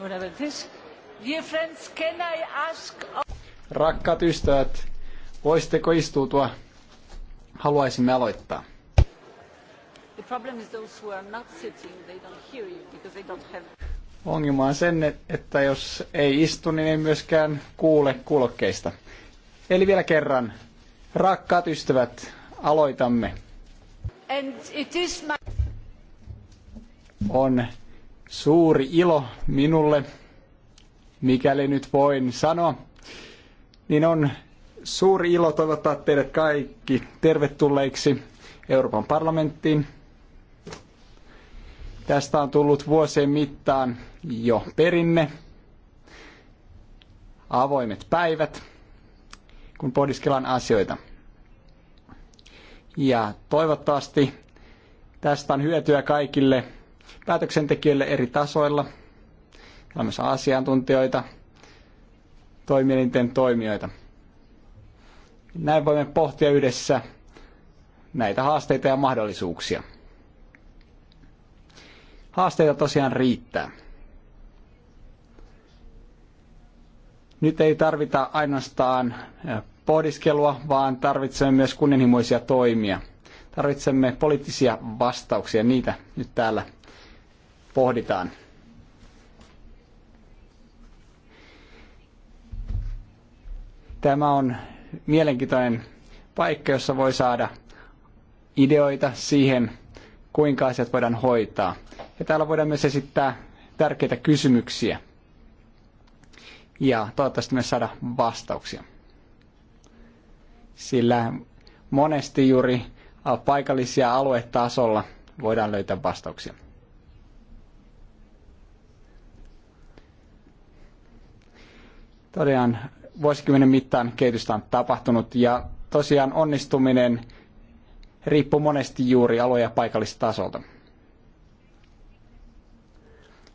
whatever it is. Dear friends, can I ask... Rakkaat ystävät, voisitteko istuutua? Haluaisimme aloittaa. The problem is those who are not sitting, they don't hear you because they don't have... Ongelma on sen, että jos ei istu, niin ei myöskään kuule kuulokkeista. Eli vielä kerran, rakkaat ystävät, aloitamme. And it is my... On suuri ilo minulle, mikäli nyt voin sanoa, niin on suuri ilo toivottaa teidät kaikki tervetulleiksi Euroopan parlamenttiin. Tästä on tullut vuosien mittaan jo perinne. Avoimet päivät, kun pohdiskellaan asioita. Ja toivottavasti tästä on hyötyä kaikille päätöksentekijöille eri tasoilla. Täällä on myös asiantuntijoita, toimielinten toimijoita. Näin voimme pohtia yhdessä näitä haasteita ja mahdollisuuksia. Haasteita tosiaan riittää. Nyt ei tarvita ainoastaan pohdiskelua, vaan tarvitsemme myös kunnianhimoisia toimia. Tarvitsemme poliittisia vastauksia, niitä nyt täällä pohditaan. Tämä on mielenkiintoinen paikka, jossa voi saada ideoita siihen, kuinka asiat voidaan hoitaa. Ja täällä voidaan myös esittää tärkeitä kysymyksiä ja toivottavasti myös saada vastauksia. Sillä monesti juuri paikallisia aluetasolla voidaan löytää vastauksia. Tosiaan vuosikymmenen mittaan kehitystä on tapahtunut ja tosiaan onnistuminen riippuu monesti juuri alue- ja paikallistasolta.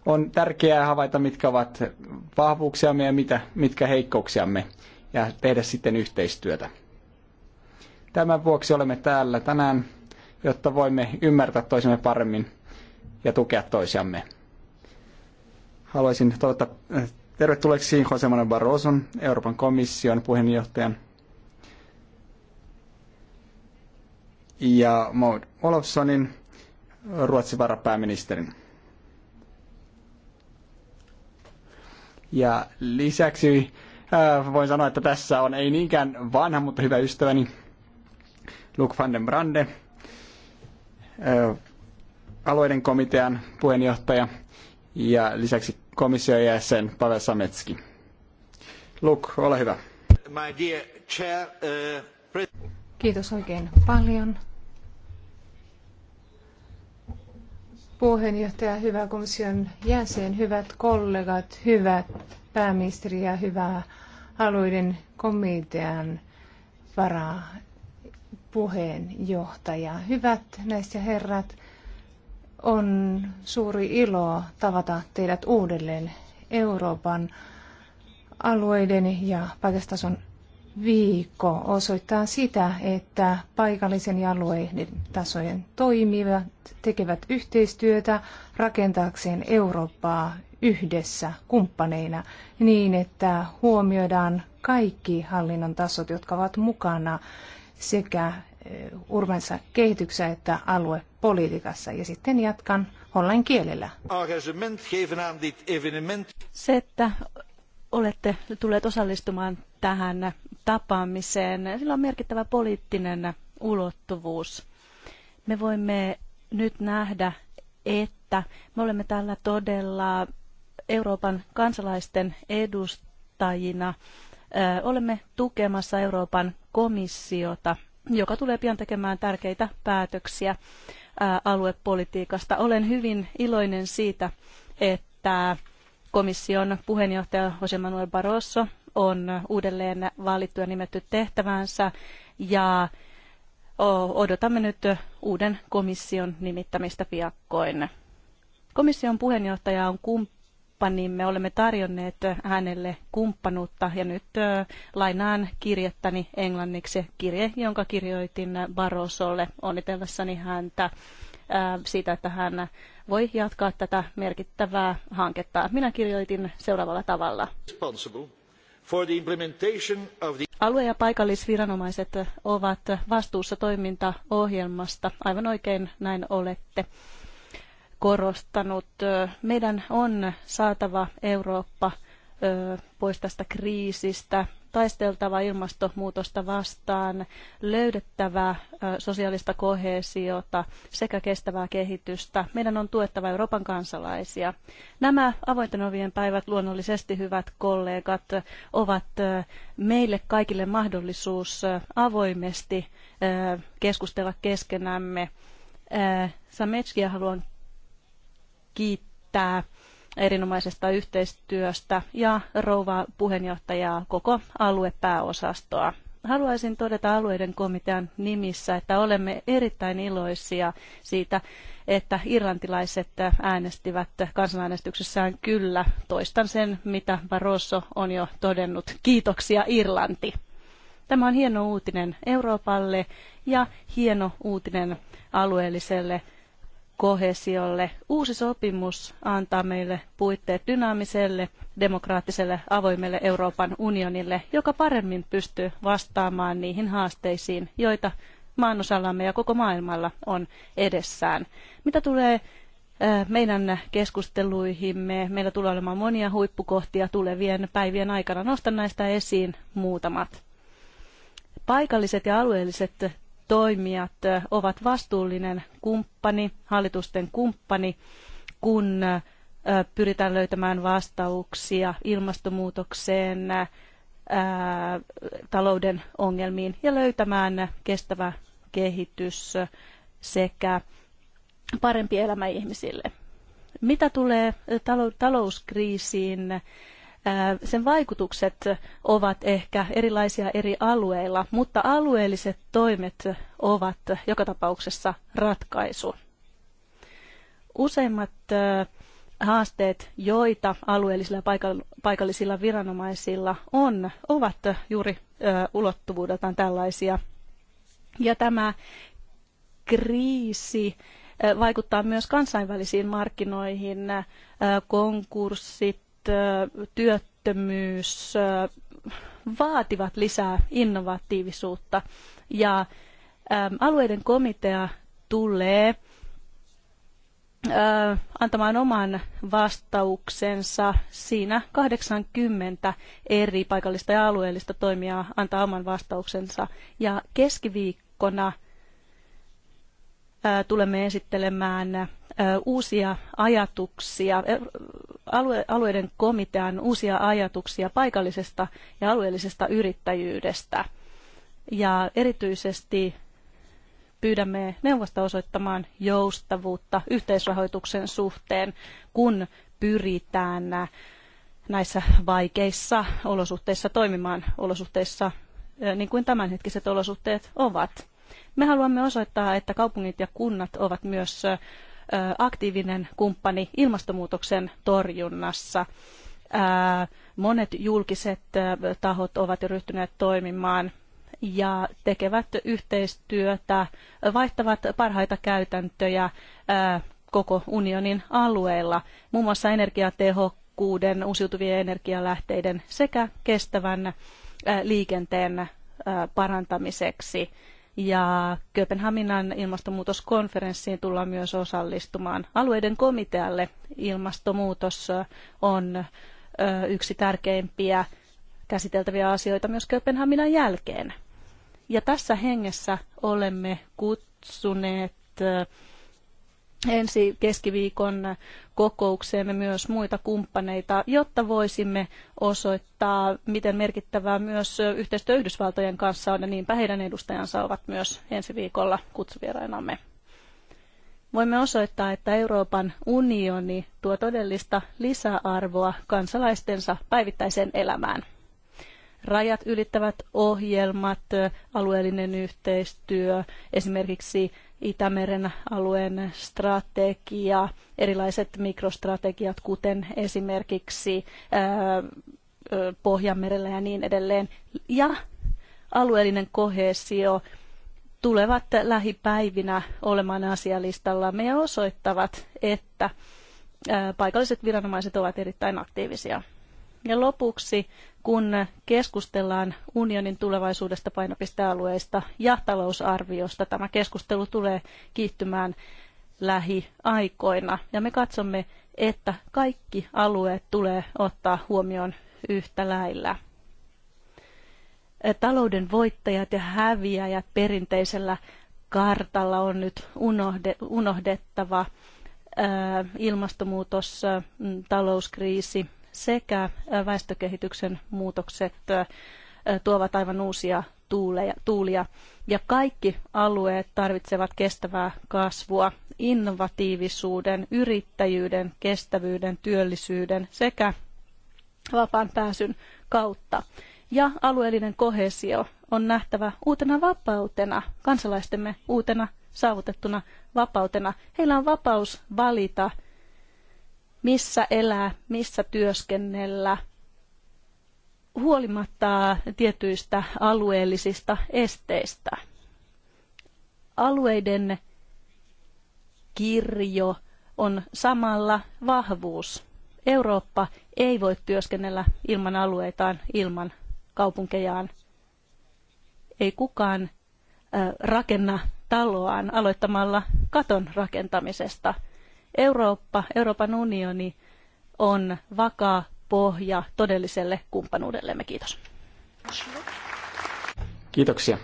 On tärkeää havaita, mitkä ovat vahvuuksiamme ja mitä, mitkä heikkouksiamme ja tehdä sitten yhteistyötä. Tämän vuoksi olemme täällä tänään, jotta voimme ymmärtää toisemme paremmin ja tukea toisiamme. Haluaisin toivottaa tervetulleeksi Jose Manuel Barroson, Euroopan komission puheenjohtajan. Ja Maud Olofssonin, Ruotsin varapääministerin. Ja lisäksi äh, voin sanoa, että tässä on ei niinkään vanha, mutta hyvä ystäväni Luke van den Brande, äh, alueiden komitean puheenjohtaja ja lisäksi komission jäsen Pavel Sametski. Luke, ole hyvä. Chair, uh, Kiitos oikein paljon. Puheenjohtaja, hyvä komission jäsen, hyvät kollegat, hyvät pääministeri ja hyvä alueiden komitean puheenjohtaja. Hyvät näistä herrat, on suuri ilo tavata teidät uudelleen Euroopan alueiden ja paikastason viikko osoittaa sitä, että paikallisen ja alueiden tasojen toimivat tekevät yhteistyötä rakentaakseen Eurooppaa yhdessä kumppaneina niin, että huomioidaan kaikki hallinnon tasot, jotka ovat mukana sekä Eh, urbanissa kehityksessä että aluepolitiikassa. Ja sitten jatkan hollannin kielellä. Se, että olette tulleet osallistumaan tähän tapaamiseen, sillä on merkittävä poliittinen ulottuvuus. Me voimme nyt nähdä, että me olemme täällä todella Euroopan kansalaisten edustajina. Olemme tukemassa Euroopan komissiota joka tulee pian tekemään tärkeitä päätöksiä aluepolitiikasta. Olen hyvin iloinen siitä, että komission puheenjohtaja Jose Manuel Barroso on uudelleen valittu ja nimetty tehtävänsä ja odotamme nyt uuden komission nimittämistä piakkoin. Komission puheenjohtaja on kumppani kumppanimme, olemme tarjonneet hänelle kumppanuutta ja nyt lainaan kirjettäni englanniksi, kirje, jonka kirjoitin Barrosolle onnitellessani häntä siitä, että hän voi jatkaa tätä merkittävää hanketta. Minä kirjoitin seuraavalla tavalla. The... Alue- ja paikallisviranomaiset ovat vastuussa toimintaohjelmasta. Aivan oikein näin olette korostanut. Meidän on saatava Eurooppa pois tästä kriisistä, taisteltava ilmastonmuutosta vastaan, löydettävä sosiaalista kohesiota sekä kestävää kehitystä. Meidän on tuettava Euroopan kansalaisia. Nämä avointen ovien päivät luonnollisesti, hyvät kollegat, ovat meille kaikille mahdollisuus avoimesti keskustella keskenämme. Sametskia haluan kiittää erinomaisesta yhteistyöstä ja rouva puheenjohtajaa koko aluepääosastoa. Haluaisin todeta alueiden komitean nimissä, että olemme erittäin iloisia siitä, että irlantilaiset äänestivät kansanäänestyksessään kyllä. Toistan sen, mitä Barroso on jo todennut. Kiitoksia Irlanti! Tämä on hieno uutinen Euroopalle ja hieno uutinen alueelliselle kohesiolle. Uusi sopimus antaa meille puitteet dynaamiselle, demokraattiselle, avoimelle Euroopan unionille, joka paremmin pystyy vastaamaan niihin haasteisiin, joita maanosallamme ja koko maailmalla on edessään. Mitä tulee meidän keskusteluihimme. Meillä tulee olemaan monia huippukohtia tulevien päivien aikana. Nostan näistä esiin muutamat. Paikalliset ja alueelliset toimijat ovat vastuullinen kumppani, hallitusten kumppani, kun pyritään löytämään vastauksia ilmastonmuutokseen, talouden ongelmiin ja löytämään kestävä kehitys sekä parempi elämä ihmisille. Mitä tulee talouskriisiin, sen vaikutukset ovat ehkä erilaisia eri alueilla, mutta alueelliset toimet ovat joka tapauksessa ratkaisu. Useimmat haasteet, joita alueellisilla ja paikallisilla viranomaisilla on, ovat juuri ulottuvuudeltaan tällaisia. Ja tämä kriisi vaikuttaa myös kansainvälisiin markkinoihin, konkurssit, työttömyys äh, vaativat lisää innovatiivisuutta ja ähm, alueiden komitea tulee äh, antamaan oman vastauksensa. Siinä 80 eri paikallista ja alueellista toimijaa antaa oman vastauksensa. Ja keskiviikkona äh, tulemme esittelemään uusia ajatuksia, alueiden komitean uusia ajatuksia paikallisesta ja alueellisesta yrittäjyydestä. Ja erityisesti pyydämme neuvosta osoittamaan joustavuutta yhteisrahoituksen suhteen, kun pyritään näissä vaikeissa olosuhteissa toimimaan olosuhteissa niin kuin tämänhetkiset olosuhteet ovat. Me haluamme osoittaa, että kaupungit ja kunnat ovat myös aktiivinen kumppani ilmastonmuutoksen torjunnassa. Monet julkiset tahot ovat jo ryhtyneet toimimaan ja tekevät yhteistyötä, vaihtavat parhaita käytäntöjä koko unionin alueella, muun muassa energiatehokkuuden, uusiutuvien energialähteiden sekä kestävän liikenteen parantamiseksi ja Kööpenhaminan ilmastonmuutoskonferenssiin tullaan myös osallistumaan. Alueiden komitealle ilmastonmuutos on yksi tärkeimpiä käsiteltäviä asioita myös Kööpenhaminan jälkeen. Ja tässä hengessä olemme kutsuneet ensi keskiviikon kokoukseemme myös muita kumppaneita, jotta voisimme osoittaa, miten merkittävää myös yhteistyö Yhdysvaltojen kanssa on, ja niinpä heidän edustajansa ovat myös ensi viikolla kutsuvierainamme. Voimme osoittaa, että Euroopan unioni tuo todellista lisäarvoa kansalaistensa päivittäiseen elämään rajat ylittävät ohjelmat, alueellinen yhteistyö, esimerkiksi Itämeren alueen strategia, erilaiset mikrostrategiat, kuten esimerkiksi Pohjanmerellä ja niin edelleen. Ja alueellinen kohesio tulevat lähipäivinä olemaan asialistalla me osoittavat, että paikalliset viranomaiset ovat erittäin aktiivisia. Ja lopuksi, kun keskustellaan unionin tulevaisuudesta, painopistealueista ja talousarviosta, tämä keskustelu tulee kiittymään lähiaikoina. Ja me katsomme, että kaikki alueet tulee ottaa huomioon yhtä lailla. Talouden voittajat ja häviäjät perinteisellä kartalla on nyt unohdettava ilmastonmuutos, mm, talouskriisi, sekä väestökehityksen muutokset tuovat aivan uusia tuulia. Ja kaikki alueet tarvitsevat kestävää kasvua, innovatiivisuuden, yrittäjyyden, kestävyyden, työllisyyden sekä vapaan pääsyn kautta. Ja alueellinen kohesio on nähtävä uutena vapautena, kansalaistemme uutena saavutettuna vapautena. Heillä on vapaus valita missä elää, missä työskennellä, huolimatta tietyistä alueellisista esteistä. Alueiden kirjo on samalla vahvuus. Eurooppa ei voi työskennellä ilman alueitaan, ilman kaupunkejaan. Ei kukaan rakenna taloaan aloittamalla katon rakentamisesta – Eurooppa, Euroopan unioni on vakaa pohja todelliselle kumppanuudellemme. Kiitos. Kiitoksia.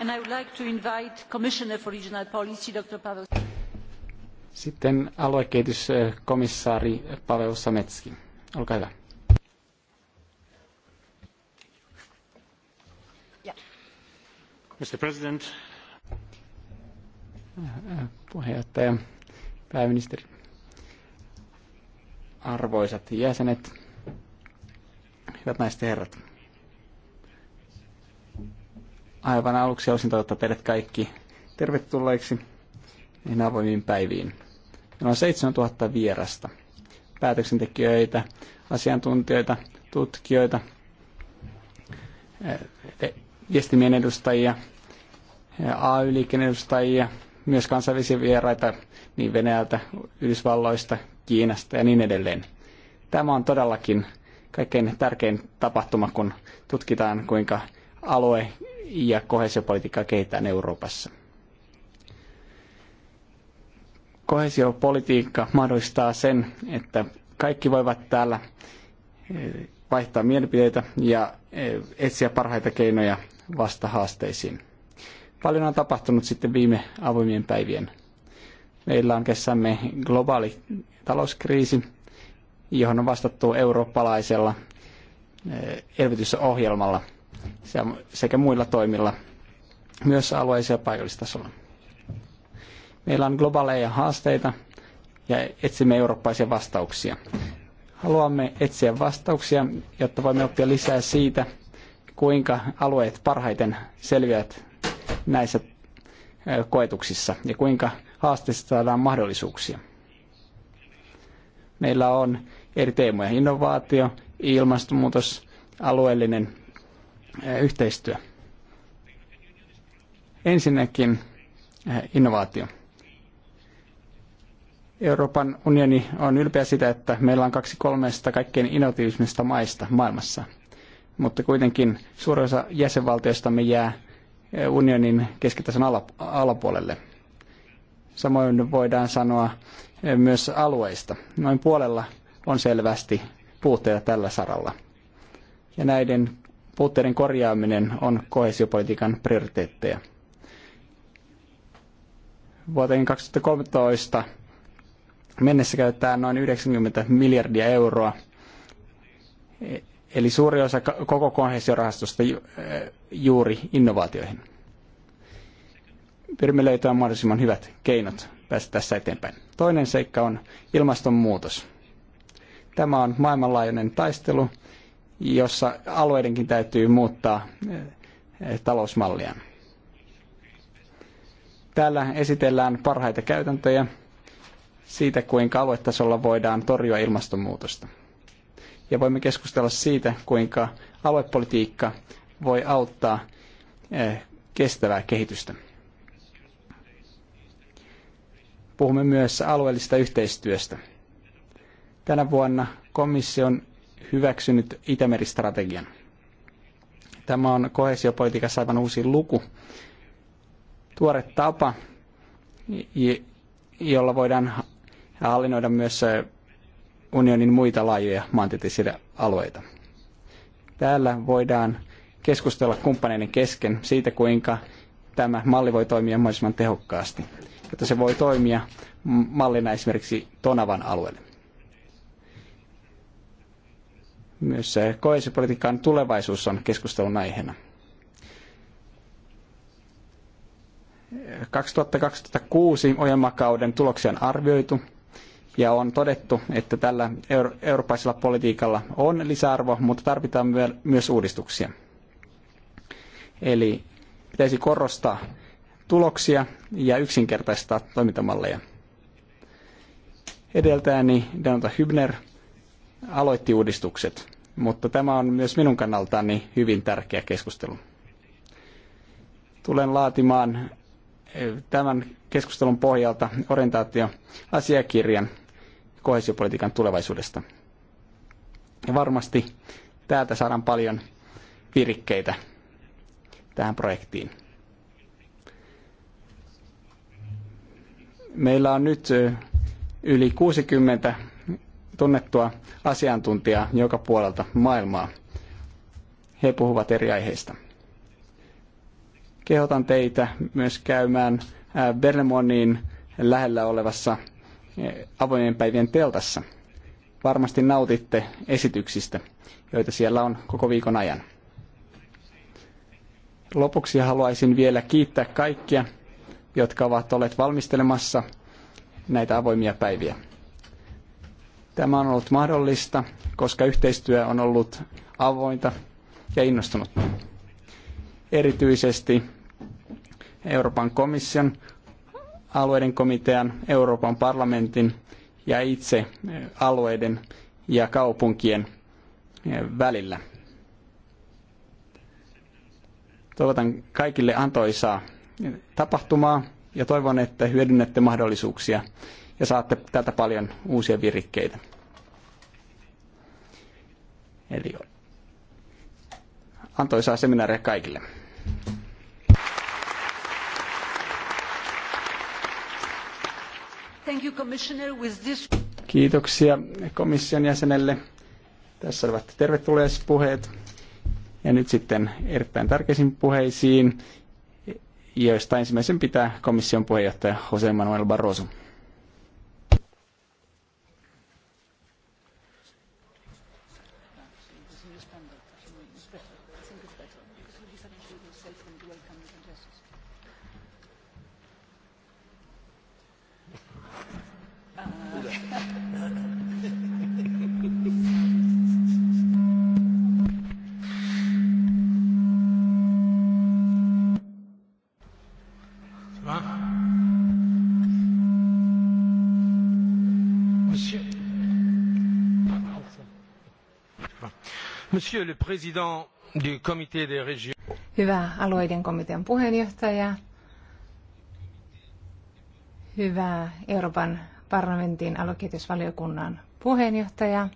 And I would like to invite Commissioner for Regional Policy, Dr. Pavel. Sitten aluekehityskomissaari Pavel Sametski. Olkaa hyvä. Mr. President, puheenjohtaja, pääministeri, arvoisat jäsenet, hyvät naiset ja herrat. Aivan aluksi haluaisin toivottaa teidät kaikki tervetulleiksi niin avoimiin päiviin. Meillä on 7000 vierasta, päätöksentekijöitä, asiantuntijoita, tutkijoita, eh, eh, viestimien edustajia, eh, AY-liikkeen edustajia, myös kansainvälisiä vieraita niin Venäjältä, Yhdysvalloista, Kiinasta ja niin edelleen. Tämä on todellakin kaikkein tärkein tapahtuma, kun tutkitaan, kuinka alue- ja kohesiopolitiikkaa kehitetään Euroopassa. Kohesiopolitiikka mahdollistaa sen, että kaikki voivat täällä eh, vaihtaa mielipiteitä ja eh, etsiä parhaita keinoja vastahaasteisiin paljon on tapahtunut sitten viime avoimien päivien. Meillä on kesämme globaali talouskriisi, johon on vastattu eurooppalaisella eh, elvytysohjelmalla sekä muilla toimilla, myös alueisia paikallistasolla. Meillä on globaaleja haasteita ja etsimme eurooppaisia vastauksia. Haluamme etsiä vastauksia, jotta voimme oppia lisää siitä, kuinka alueet parhaiten selviävät näissä koetuksissa ja kuinka haasteista saadaan mahdollisuuksia. Meillä on eri teemoja, innovaatio, ilmastonmuutos, alueellinen yhteistyö. Ensinnäkin innovaatio. Euroopan unioni on ylpeä sitä, että meillä on kaksi kolmesta kaikkein innovatiivisimmista maista maailmassa. Mutta kuitenkin suurin osa jäsenvaltioistamme jää Eh, unionin keskitason alapuolelle. Samoin voidaan sanoa eh, myös alueista. Noin puolella on selvästi puutteita tällä saralla. Ja näiden puutteiden korjaaminen on kohesiopolitiikan prioriteetteja. Vuoteen 2013 mennessä käytetään noin 90 miljardia euroa Eli suuri osa koko kohesiorahastosta eh, juuri innovaatioihin. Pyrimme löytämään mahdollisimman hyvät keinot päästä tässä eteenpäin. Toinen seikka on ilmastonmuutos. Tämä on maailmanlaajuinen taistelu, jossa alueidenkin täytyy muuttaa eh, talousmalliaan. Täällä esitellään parhaita käytäntöjä siitä, kuinka aluetasolla voidaan torjua ilmastonmuutosta ja voimme keskustella siitä, kuinka aluepolitiikka voi auttaa eh, kestävää kehitystä. Puhumme myös alueellisesta yhteistyöstä. Tänä vuonna komissio on hyväksynyt Itämeri-strategian. Tämä on kohesiopolitiikassa aivan uusi luku. Tuore tapa, jolla voidaan hallinnoida myös eh, unionin muita laajoja maantieteellisiä alueita. Täällä voidaan keskustella kumppaneiden kesken siitä, kuinka tämä malli voi toimia mahdollisimman tehokkaasti, että se voi toimia mallina esimerkiksi Tonavan alueelle. Myös koesiopolitiikan tulevaisuus on keskustelun aiheena. 2000-2006 ohjelmakauden tuloksia on arvioitu ja on todettu, että tällä euro- eurooppaisella politiikalla on lisäarvo, mutta tarvitaan myös uudistuksia. Eli pitäisi korostaa tuloksia ja yksinkertaistaa toimintamalleja. Edeltäjäni Danuta Hübner aloitti uudistukset, mutta tämä on myös minun kannaltani hyvin tärkeä keskustelu. Tulen laatimaan eh, tämän keskustelun pohjalta orientaatioasiakirjan, kohesiopolitiikan tulevaisuudesta. Ja varmasti täältä saadaan paljon virikkeitä tähän projektiin. Meillä on nyt yli 60 tunnettua asiantuntijaa joka puolelta maailmaa. He puhuvat eri aiheista. Kehotan teitä myös käymään Berlemoniin lähellä olevassa avoimien päivien teltassa. Varmasti nautitte esityksistä, joita siellä on koko viikon ajan. Lopuksi haluaisin vielä kiittää kaikkia, jotka ovat olleet valmistelemassa näitä avoimia päiviä. Tämä on ollut mahdollista, koska yhteistyö on ollut avointa ja innostunutta. Erityisesti Euroopan komission alueiden komitean, Euroopan parlamentin ja itse eh, alueiden ja kaupunkien eh, välillä. Toivotan kaikille antoisaa eh, tapahtumaa ja toivon, että hyödynnette mahdollisuuksia ja saatte tältä paljon uusia virikkeitä. Eli antoisaa seminaaria kaikille. Kiitoksia komission jäsenelle. Tässä olivat tervetulleet puheet. Ja nyt sitten erittäin tärkeisiin puheisiin, joista ensimmäisen pitää komission puheenjohtaja Jose Manuel Barroso. Monsieur le président du comité des régions. Hyvä alueiden komitean puheenjohtaja. Hyvä Euroopan parlamentin aluekehitysvaliokunnan puheenjohtaja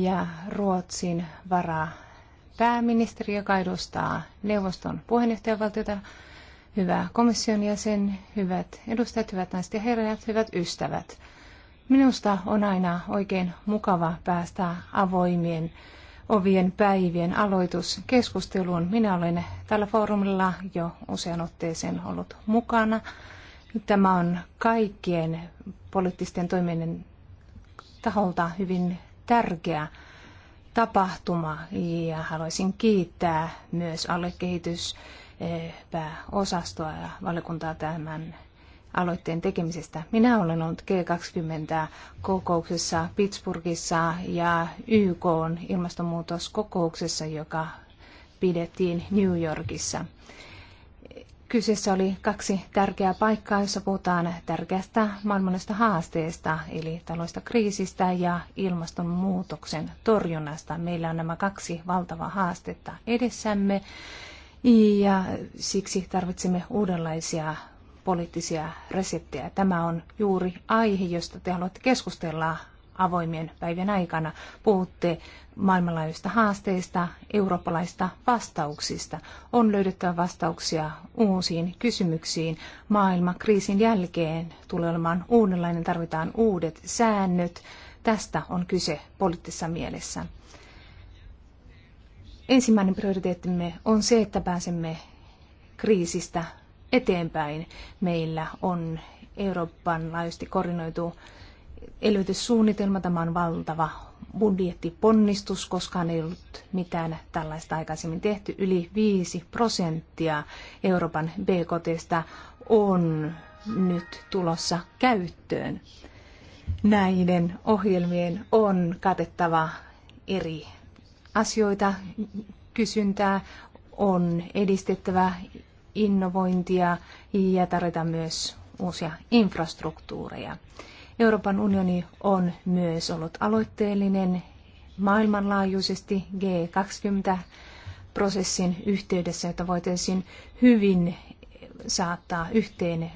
ja Ruotsin varapääministeri, joka edustaa neuvoston puheenjohtajavaltiota, hyvä komission jäsen, hyvät edustajat, hyvät naiset ja herrat, hyvät ystävät. Minusta on aina oikein mukava päästä avoimien ovien päivien aloituskeskusteluun. Minä olen tällä foorumilla jo usean otteeseen ollut mukana. Tämä on kaikkien poliittisten toiminnan taholta hyvin tärkeä tapahtuma ja haluaisin kiittää myös allekehityspääosastoa eh, ja valiokuntaa tämän aloitteen tekemisestä. Minä olen ollut G20-kokouksessa Pittsburghissa ja YK ilmastonmuutoskokouksessa, joka pidettiin New Yorkissa. Kyseessä oli kaksi tärkeää paikkaa, jossa puhutaan tärkeästä maailmanlaista haasteesta, eli taloista kriisistä ja ilmastonmuutoksen torjunnasta. Meillä on nämä kaksi valtavaa haastetta edessämme ja siksi tarvitsemme uudenlaisia poliittisia reseptejä. Tämä on juuri aihe, josta te haluatte keskustella avoimien päivien aikana. Puhutte maailmanlaajuista haasteista, eurooppalaista vastauksista. On löydettävä vastauksia uusiin kysymyksiin. Maailma kriisin jälkeen tulee olemaan uudenlainen, tarvitaan uudet säännöt. Tästä on kyse poliittisessa mielessä. Ensimmäinen prioriteettimme on se, että pääsemme kriisistä eteenpäin. Meillä on Euroopan laajasti koordinoitu elvytyssuunnitelma. Tämä on valtava budjettiponnistus, koska ei ollut mitään tällaista aikaisemmin tehty. Yli 5 prosenttia Euroopan BKTstä on nyt tulossa käyttöön. Näiden ohjelmien on katettava eri asioita, kysyntää on edistettävä innovointia ja tarvitaan myös uusia infrastruktuureja. Euroopan unioni on myös ollut aloitteellinen maailmanlaajuisesti G20-prosessin yhteydessä, jota voitaisiin hyvin saattaa yhteen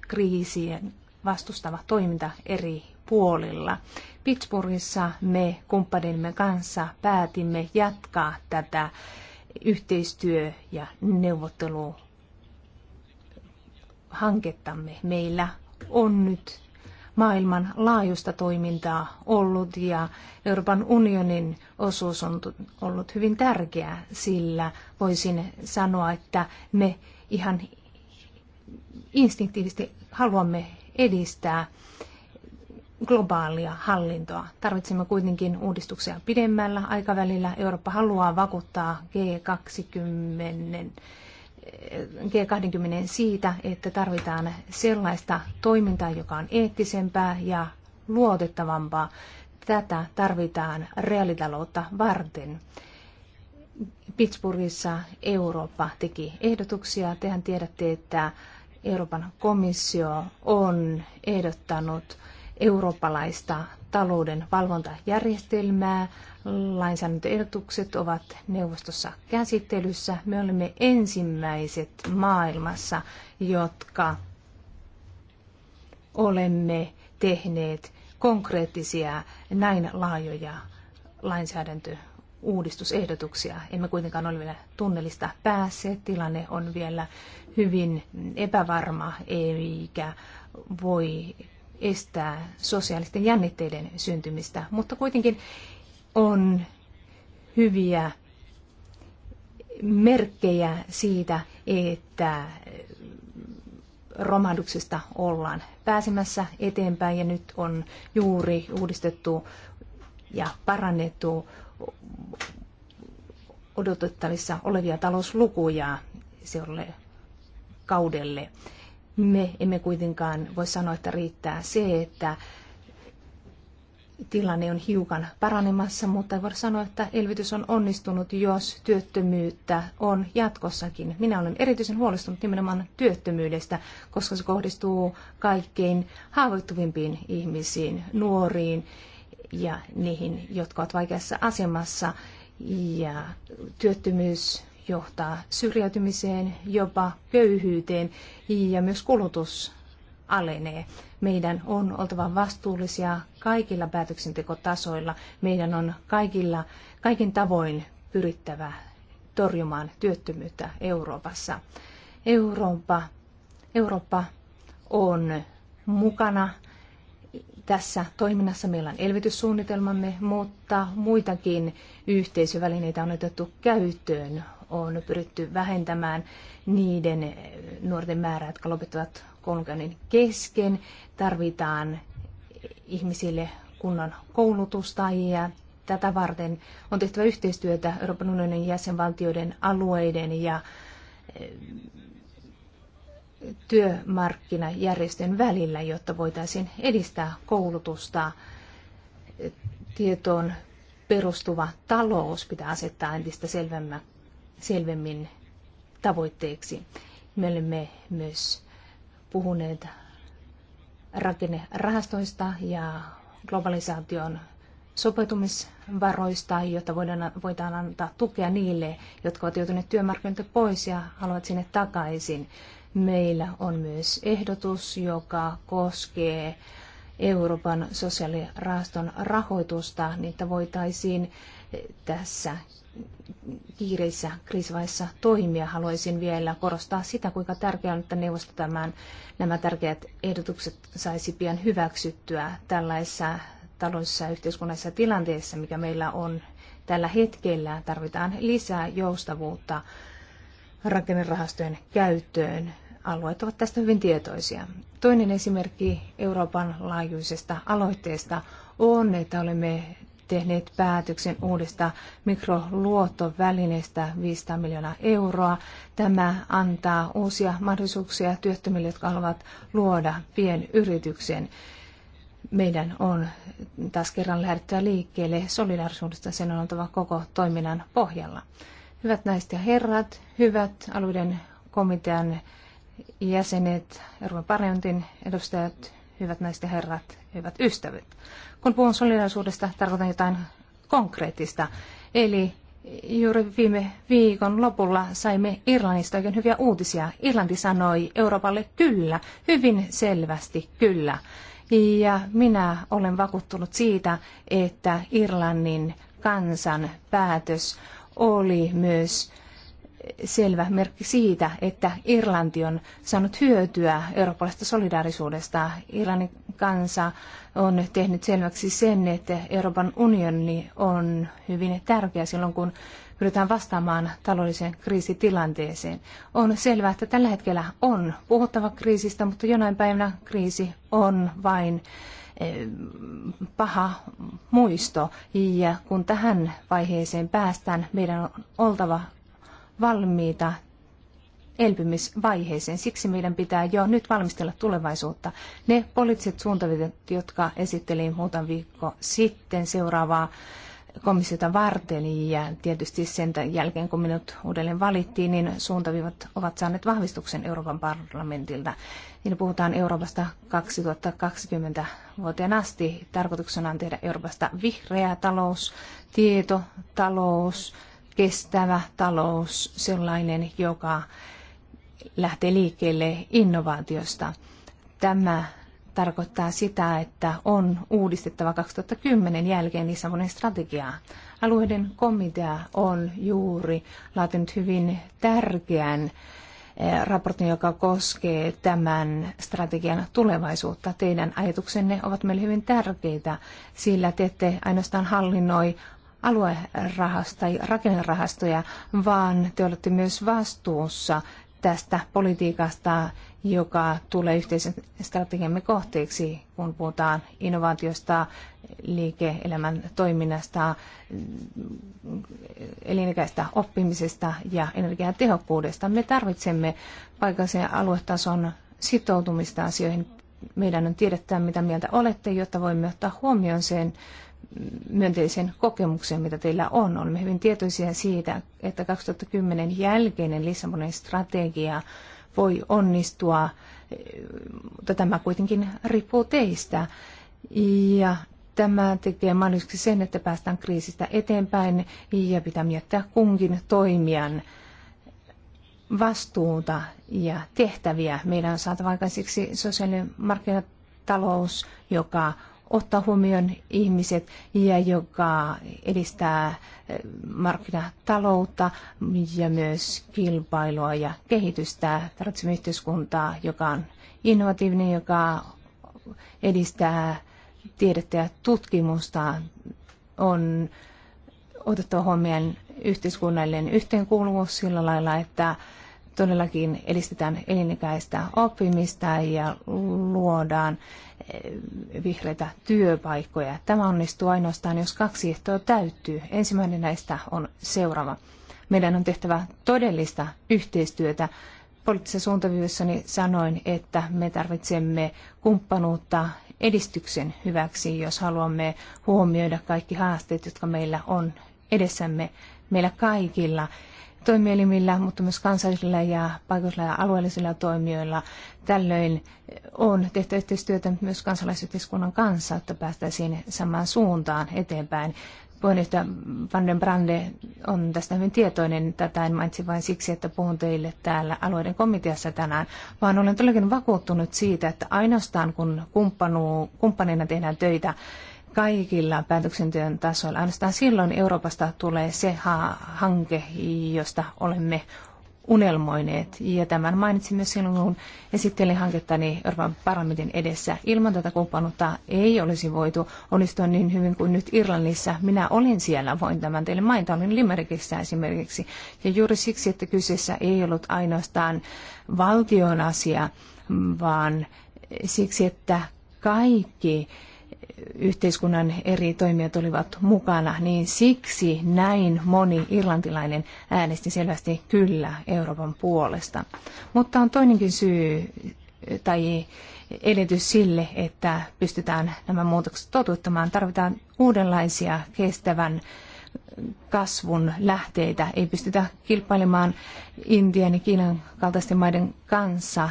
kriisien vastustava toiminta eri puolilla. Pittsburghissa me kumppanimme kanssa päätimme jatkaa tätä yhteistyö- ja neuvotteluhankettamme. Meillä on nyt maailman laajuista toimintaa ollut ja Euroopan unionin osuus on ollut hyvin tärkeä, sillä voisin sanoa, että me ihan instinktiivisesti haluamme edistää globaalia hallintoa. Tarvitsemme kuitenkin uudistuksia pidemmällä aikavälillä. Eurooppa haluaa vakuuttaa G20 G20 siitä, että tarvitaan sellaista toimintaa, joka on eettisempää ja luotettavampaa. Tätä tarvitaan reaalitaloutta varten. Pittsburghissa Eurooppa teki ehdotuksia. Tehän tiedätte, että Euroopan komissio on ehdottanut eurooppalaista talouden valvontajärjestelmää. Lainsäädäntöehdotukset ovat neuvostossa käsittelyssä. Me olemme ensimmäiset maailmassa, jotka olemme tehneet konkreettisia näin laajoja lainsäädäntöuudistusehdotuksia. Emme kuitenkaan ole vielä tunnelista päässeet. Tilanne on vielä hyvin epävarma eikä voi estää sosiaalisten jännitteiden syntymistä, mutta kuitenkin on hyviä merkkejä siitä, että romahduksesta ollaan pääsemässä eteenpäin ja nyt on juuri uudistettu ja parannettu odotettavissa olevia talouslukuja seuraavalle kaudelle. Me emme kuitenkaan voi sanoa, että riittää se, että tilanne on hiukan paranemassa, mutta ei voida sanoa, että elvytys on onnistunut, jos työttömyyttä on jatkossakin. Minä olen erityisen huolestunut nimenomaan työttömyydestä, koska se kohdistuu kaikkein haavoittuvimpiin ihmisiin, nuoriin ja niihin, jotka ovat vaikeassa asemassa. Ja työttömyys johtaa syrjäytymiseen, jopa köyhyyteen ja myös kulutus alenee. Meidän on oltava vastuullisia kaikilla päätöksentekotasoilla. Meidän on kaikilla, kaikin tavoin pyrittävä torjumaan työttömyyttä Euroopassa. Eurooppa, Eurooppa on mukana tässä toiminnassa. Meillä on elvytyssuunnitelmamme, mutta muitakin yhteisövälineitä on otettu käyttöön on pyritty vähentämään niiden nuorten määrää, jotka lopettavat koulunkäynnin kesken. Tarvitaan ihmisille kunnon koulutusta ja tätä varten on tehtävä yhteistyötä Euroopan unionin jäsenvaltioiden alueiden ja eh, työmarkkinajärjestön välillä, jotta voitaisiin edistää koulutusta. Tietoon perustuva talous pitää asettaa entistä selvemmä, selvemmin tavoitteeksi. Me olemme myös puhuneet rakennerahastoista ja globalisaation sopeutumisvaroista, jotta voidaan, voidaan antaa tukea niille, jotka ovat joutuneet työmarkkinoilta pois ja haluavat sinne takaisin. Meillä on myös ehdotus, joka koskee Euroopan sosiaalirahaston rahoitusta, niin että voitaisiin tässä kiireisessä kriisivaiheessa toimia. Haluaisin vielä korostaa sitä, kuinka tärkeää on, että neuvosto tämän, nämä tärkeät ehdotukset saisi pian hyväksyttyä tällaisessa taloudellisessa yhteiskunnallisessa tilanteessa, mikä meillä on tällä hetkellä. Tarvitaan lisää joustavuutta rakennerahastojen käyttöön. Alueet ovat tästä hyvin tietoisia. Toinen esimerkki Euroopan laajuisesta aloitteesta on, että olemme tehneet päätöksen uudesta mikroluottovälineestä 500 miljoonaa euroa. Tämä antaa uusia mahdollisuuksia työttömille, jotka haluavat luoda pienyrityksen. Meidän on taas kerran lähdettävä liikkeelle solidarisuudesta, sen on oltava koko toiminnan pohjalla. Hyvät naiset ja herrat, hyvät alueiden komitean jäsenet, Euroopan parlamentin edustajat, hyvät naiset ja herrat, hyvät ystävät. Kun puhun solidaisuudesta, tarkoitan jotain konkreettista. Eli juuri viime viikon lopulla saimme Irlannista oikein hyviä uutisia. Irlanti sanoi Euroopalle kyllä, hyvin selvästi kyllä. Ja minä olen vakuuttunut siitä, että Irlannin kansan päätös oli myös selvä merkki siitä, että Irlanti on saanut hyötyä eurooppalaisesta solidaarisuudesta. Irlannin kansa on tehnyt selväksi sen, että Euroopan unioni on hyvin tärkeä silloin, kun pyritään vastaamaan taloudelliseen kriisitilanteeseen. On selvää, että tällä hetkellä on puhuttava kriisistä, mutta jonain päivänä kriisi on vain eh, paha muisto. Ja kun tähän vaiheeseen päästään, meidän on oltava valmiita elpymisvaiheeseen. Siksi meidän pitää jo nyt valmistella tulevaisuutta. Ne poliittiset suuntaviitat, jotka esittelin muutama viikko sitten seuraavaa komissiota varten ja tietysti sen jälkeen, kun minut uudelleen valittiin, niin suuntaviivat ovat saaneet vahvistuksen Euroopan parlamentilta. Niin puhutaan Euroopasta 2020 vuoteen asti. Tarkoituksena on tehdä Euroopasta vihreä talous, tietotalous, talous kestävä talous sellainen, joka lähtee liikkeelle innovaatiosta. Tämä tarkoittaa sitä, että on uudistettava 2010 jälkeen Lissabonin strategiaa. Alueiden komitea on juuri laatinut hyvin tärkeän eh, raportin, joka koskee tämän strategian tulevaisuutta. Teidän ajatuksenne ovat meille hyvin tärkeitä, sillä te ette ainoastaan hallinnoi rakennerahastoja, vaan te olette myös vastuussa tästä politiikasta, joka tulee yhteisen strategiamme kohteeksi, kun puhutaan innovaatiosta, liike-elämän toiminnasta, elinikäistä oppimisesta ja energiatehokkuudesta. Me tarvitsemme paikallisen ja aluetason sitoutumista asioihin. Meidän on tiedettävä, mitä mieltä olette, jotta voimme ottaa huomioon sen, myönteisen kokemuksen, mitä teillä on. Olemme hyvin tietoisia siitä, että 2010 jälkeinen Lissabonin strategia voi onnistua, mutta tämä kuitenkin riippuu teistä. Ja tämä tekee mahdollisesti sen, että päästään kriisistä eteenpäin ja pitää miettiä kunkin toimijan vastuuta ja tehtäviä. Meidän on saatava aikaiseksi sosiaalinen markkinatalous, joka ottaa huomioon ihmiset ja joka edistää eh, markkinataloutta ja myös kilpailua ja kehitystä. Tarvitsemme yhteiskuntaa, joka on innovatiivinen, joka edistää tiedettä ja tutkimusta, on otettava huomioon yhteiskunnallinen yhteenkuuluvuus sillä lailla, että todellakin edistetään elinikäistä oppimista ja luodaan eh, vihreitä työpaikkoja. Tämä onnistuu ainoastaan, jos kaksi ehtoa täyttyy. Ensimmäinen näistä on seuraava. Meidän on tehtävä todellista yhteistyötä. Poliittisessa suuntaviivassani sanoin, että me tarvitsemme kumppanuutta edistyksen hyväksi, jos haluamme huomioida kaikki haasteet, jotka meillä on edessämme meillä kaikilla toimielimillä, mutta myös kansallisilla ja paikallisilla ja alueellisilla toimijoilla. Tällöin on tehty yhteistyötä myös kansalaisyhteiskunnan kanssa, että päästäisiin samaan suuntaan eteenpäin. Puheenjohtaja Van den Brande on tästä hyvin tietoinen. Tätä en mainitsi vain siksi, että puhun teille täällä alueiden komiteassa tänään, vaan olen todellakin vakuuttunut siitä, että ainoastaan kun kumppanina tehdään töitä kaikilla päätöksenteon tasoilla. Ainoastaan silloin Euroopasta tulee se ha- hanke, josta olemme unelmoineet. Ja tämän mainitsin myös silloin, kun esittelin hankettani Euroopan parlamentin edessä. Ilman tätä kumppanuutta ei olisi voitu onnistua niin hyvin kuin nyt Irlannissa. Minä olin siellä, voin tämän teille mainita, olin Limerickissä esimerkiksi. Ja juuri siksi, että kyseessä ei ollut ainoastaan valtion asia, vaan siksi, että kaikki yhteiskunnan eri toimijat olivat mukana, niin siksi näin moni irlantilainen äänesti selvästi kyllä Euroopan puolesta. Mutta on toinenkin syy tai edetys sille, että pystytään nämä muutokset toteuttamaan. Tarvitaan uudenlaisia kestävän kasvun lähteitä. Ei pystytä kilpailemaan Intian ja Kiinan kaltaisten maiden kanssa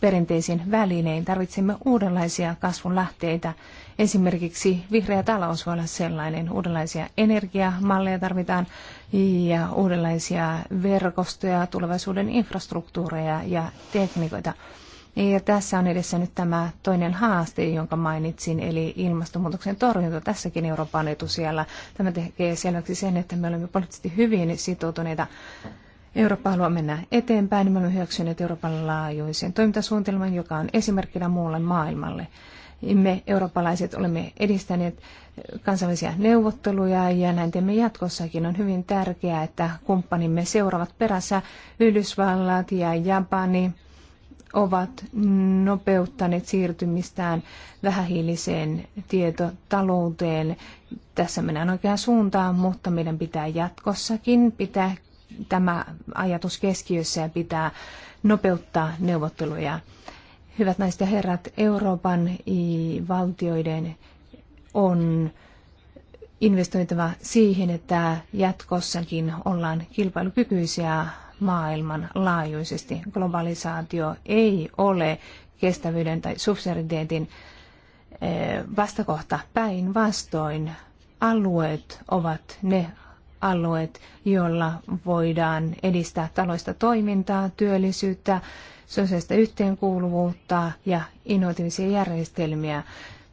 perinteisiin välinein. Tarvitsemme uudenlaisia kasvun lähteitä. Esimerkiksi vihreä talous voi olla sellainen. Uudenlaisia energiamalleja tarvitaan ja uudenlaisia verkostoja, tulevaisuuden infrastruktuureja ja tekniikoita. Ja tässä on edessä nyt tämä toinen haaste, jonka mainitsin, eli ilmastonmuutoksen torjunta. Tässäkin Euroopan etusijalla. Tämä tekee selväksi sen, että me olemme poliittisesti hyvin sitoutuneita Eurooppa haluaa mennä eteenpäin, niin me olemme hyväksyneet Euroopan laajuisen toimintasuunnitelman, joka on esimerkkinä muulle maailmalle. Me eurooppalaiset olemme edistäneet kansainvälisiä neuvotteluja ja näin teemme jatkossakin. On hyvin tärkeää, että kumppanimme seuraavat perässä Yhdysvallat ja Japani ovat nopeuttaneet siirtymistään vähähiiliseen tietotalouteen. Tässä mennään oikeaan suuntaan, mutta meidän pitää jatkossakin pitää tämä ajatus keskiössä ja pitää nopeuttaa neuvotteluja. Hyvät naiset ja herrat, Euroopan valtioiden on investoitava siihen, että jatkossakin ollaan kilpailukykyisiä maailman laajuisesti. Globalisaatio ei ole kestävyyden tai subsidiariteetin eh, vastakohta. Päinvastoin alueet ovat ne alueet, joilla voidaan edistää taloista toimintaa, työllisyyttä, sosiaalista yhteenkuuluvuutta ja innovatiivisia järjestelmiä.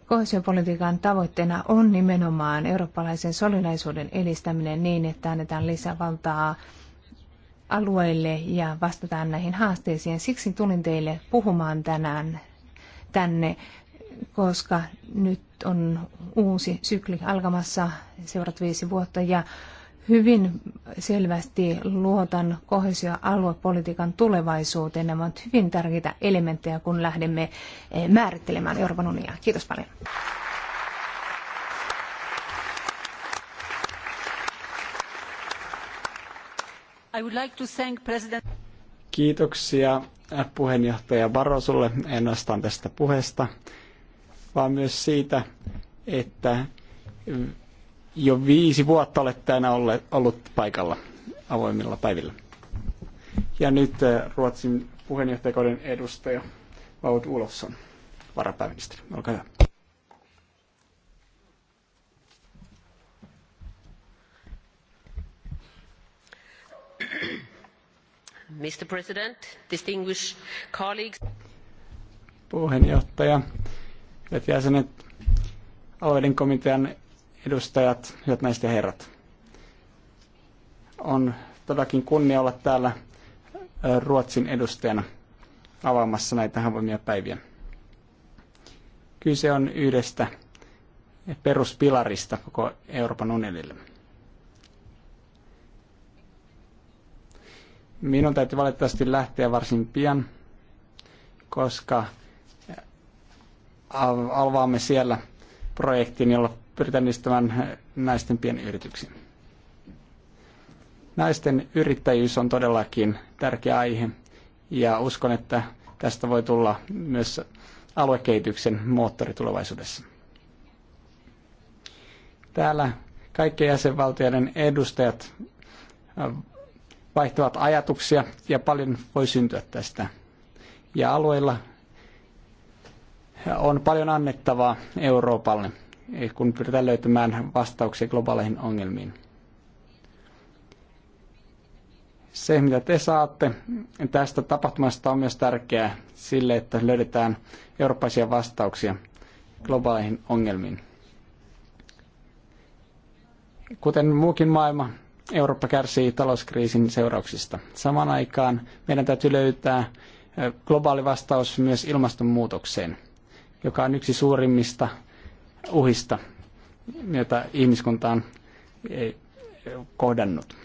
Kohesiopolitiikan tavoitteena on nimenomaan eurooppalaisen solidaisuuden edistäminen niin, että annetaan lisävaltaa alueille ja vastataan näihin haasteisiin. Siksi tulin teille puhumaan tänään tänne, koska nyt on uusi sykli alkamassa seuraavat viisi vuotta ja hyvin selvästi luotan kohesio- aluepolitiikan tulevaisuuteen. Nämä ovat hyvin tärkeitä elementtejä, kun lähdemme eh, määrittelemään Euroopan unionia. Kiitos paljon. Like Kiitoksia eh, puheenjohtaja Barrosulle en ainoastaan tästä puheesta, vaan myös siitä, että jo viisi vuotta olette aina ollut paikalla avoimilla päivillä. Ja nyt eh, Ruotsin puheenjohtajakauden edustaja Vaut Ulosson, varapääministeri. Olkaa hyvä. Mr. President, distinguished colleagues. Puheenjohtaja, hyvät jäsenet, alueiden komitean edustajat, hyvät naiset ja herrat. On todellakin kunnia olla täällä Ruotsin edustajana avaamassa näitä avoimia päiviä. Kyse on yhdestä peruspilarista koko Euroopan unionille. Minun täytyy valitettavasti lähteä varsin pian, koska avaamme siellä projektin, jolla pyritään edistämään naisten pienyrityksiä. Naisten yrittäjyys on todellakin tärkeä aihe ja uskon, että tästä voi tulla myös aluekehityksen moottori tulevaisuudessa. Täällä kaikkien jäsenvaltioiden edustajat äh, vaihtavat ajatuksia ja paljon voi syntyä tästä. Ja alueilla on paljon annettavaa Euroopalle kun pyritään löytämään vastauksia globaaleihin ongelmiin. Se, mitä te saatte tästä tapahtumasta, on myös tärkeää sille, että löydetään eurooppaisia vastauksia globaaleihin ongelmiin. Kuten muukin maailma, Eurooppa kärsii talouskriisin seurauksista. Samaan aikaan meidän täytyy löytää eh, globaali vastaus myös ilmastonmuutokseen, joka on yksi suurimmista uhista, joita ihmiskunta on kohdannut.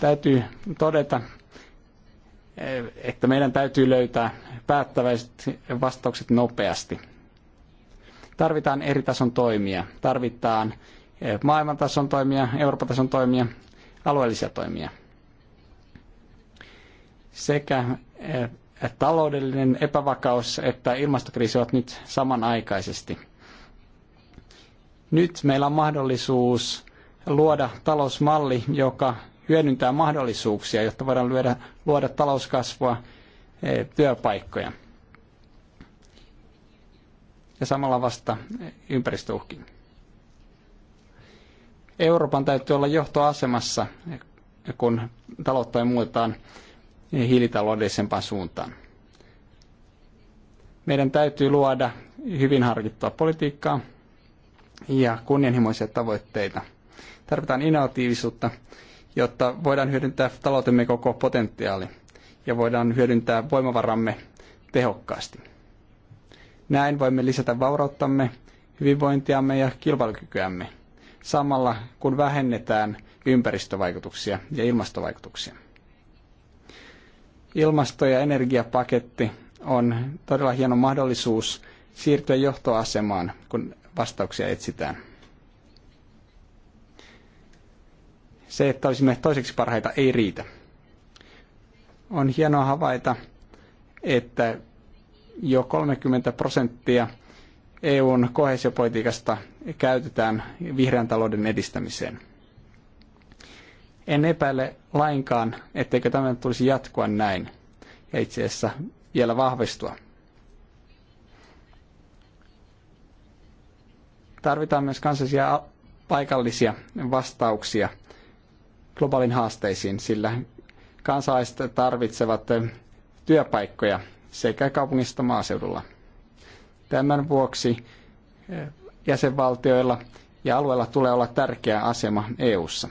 Täytyy todeta, että meidän täytyy löytää päättäväiset vastaukset nopeasti. Tarvitaan eri tason toimia. Tarvitaan eh, tason toimia, Euroopan tason toimia, alueellisia toimia. Sekä eh, taloudellinen epävakaus että ilmastokriisi ovat nyt samanaikaisesti. Nyt meillä on mahdollisuus luoda talousmalli, joka hyödyntää mahdollisuuksia, jotta voidaan lyödä, luoda talouskasvua, eh, työpaikkoja. Ja samalla vasta ympäristöuhkiin. Euroopan täytyy olla johtoasemassa, kun taloutta muutetaan hiilitaloudellisempaan suuntaan. Meidän täytyy luoda hyvin harkittua politiikkaa ja kunnianhimoisia tavoitteita. Tarvitaan innovatiivisuutta, jotta voidaan hyödyntää taloutemme koko potentiaali ja voidaan hyödyntää voimavaramme tehokkaasti. Näin voimme lisätä vaurauttamme, hyvinvointiamme ja kilpailukykyämme, samalla kun vähennetään ympäristövaikutuksia ja ilmastovaikutuksia. Ilmasto- ja energiapaketti on todella hieno mahdollisuus siirtyä johtoasemaan, kun vastauksia etsitään. Se, että olisimme toiseksi parhaita, ei riitä. On hienoa havaita, että jo 30 prosenttia EUn kohesiopolitiikasta käytetään vihreän talouden edistämiseen – en epäile lainkaan, etteikö tämä tulisi jatkua näin ja itse asiassa vielä vahvistua. Tarvitaan myös kansallisia paikallisia vastauksia globaalin haasteisiin, sillä kansalaiset tarvitsevat työpaikkoja sekä kaupungista maaseudulla. Tämän vuoksi eh, jäsenvaltioilla ja alueilla tulee olla tärkeä asema EU:ssa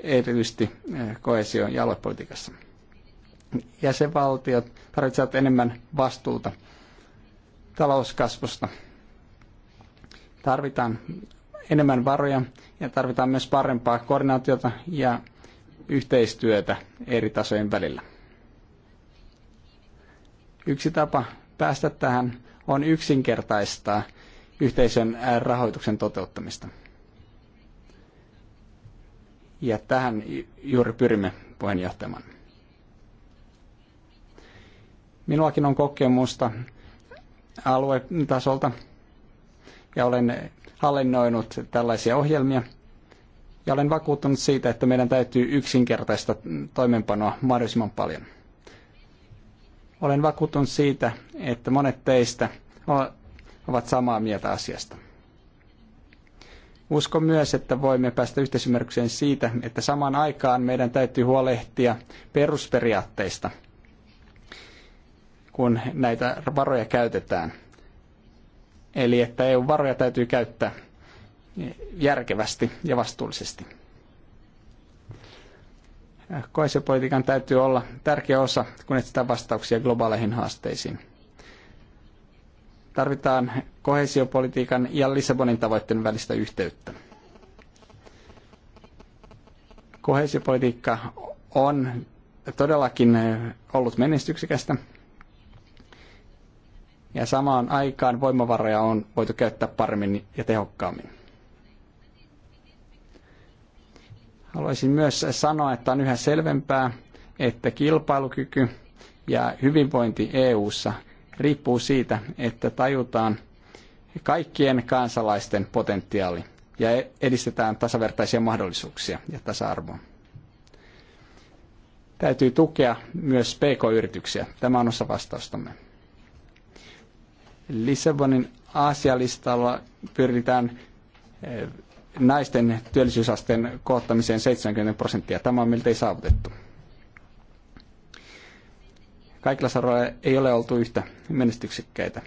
erityisesti eh, koesion ja aluepolitiikassa. Jäsenvaltiot tarvitsevat enemmän vastuuta talouskasvusta. Tarvitaan enemmän varoja ja tarvitaan myös parempaa koordinaatiota ja yhteistyötä eri tasojen välillä. Yksi tapa päästä tähän on yksinkertaistaa yhteisön eh, rahoituksen toteuttamista. Ja tähän juuri pyrimme puheenjohtajamaan. Minullakin on kokemusta aluetasolta ja olen hallinnoinut tällaisia ohjelmia. Ja olen vakuuttunut siitä, että meidän täytyy yksinkertaista toimenpanoa mahdollisimman paljon. Olen vakuuttunut siitä, että monet teistä ovat samaa mieltä asiasta. Uskon myös, että voimme päästä yhteisymmärrykseen siitä, että samaan aikaan meidän täytyy huolehtia perusperiaatteista, kun näitä varoja käytetään. Eli että EU-varoja täytyy käyttää järkevästi ja vastuullisesti. Koesiopolitiikan täytyy olla tärkeä osa, kun etsitään vastauksia globaaleihin haasteisiin. Tarvitaan koheesiopolitiikan ja Lissabonin tavoitteiden välistä yhteyttä. Koheesiopolitiikka on todellakin ollut menestyksekästä. Ja samaan aikaan voimavaroja on voitu käyttää paremmin ja tehokkaammin. Haluaisin myös sanoa, että on yhä selvempää, että kilpailukyky ja hyvinvointi EU:ssa riippuu siitä, että tajutaan kaikkien kansalaisten potentiaali ja edistetään tasavertaisia mahdollisuuksia ja tasa-arvoa. Täytyy tukea myös PK-yrityksiä. Tämä on osa vastaustamme. Lissabonin Aasialistalla pyritään eh, naisten työllisyysasteen koottamiseen 70 prosenttia. Tämä on miltei saavutettu. Kaikilla saroilla ei ole oltu yhtä menestyksekkäitä.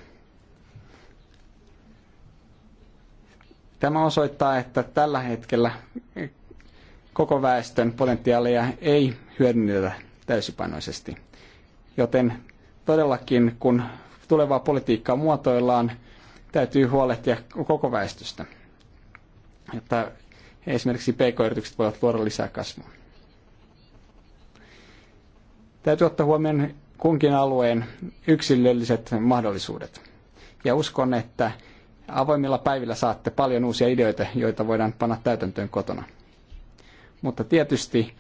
Tämä osoittaa, että tällä hetkellä koko väestön potentiaalia ei hyödynnetä täysipainoisesti. Joten todellakin, kun tulevaa politiikkaa muotoillaan, täytyy huolehtia koko väestöstä, jotta esimerkiksi pk-yritykset voivat luoda lisää kasvua. Täytyy ottaa huomioon kunkin alueen yksilölliset mahdollisuudet. Ja uskon, että avoimilla päivillä saatte paljon uusia ideoita, joita voidaan panna täytäntöön kotona. Mutta tietysti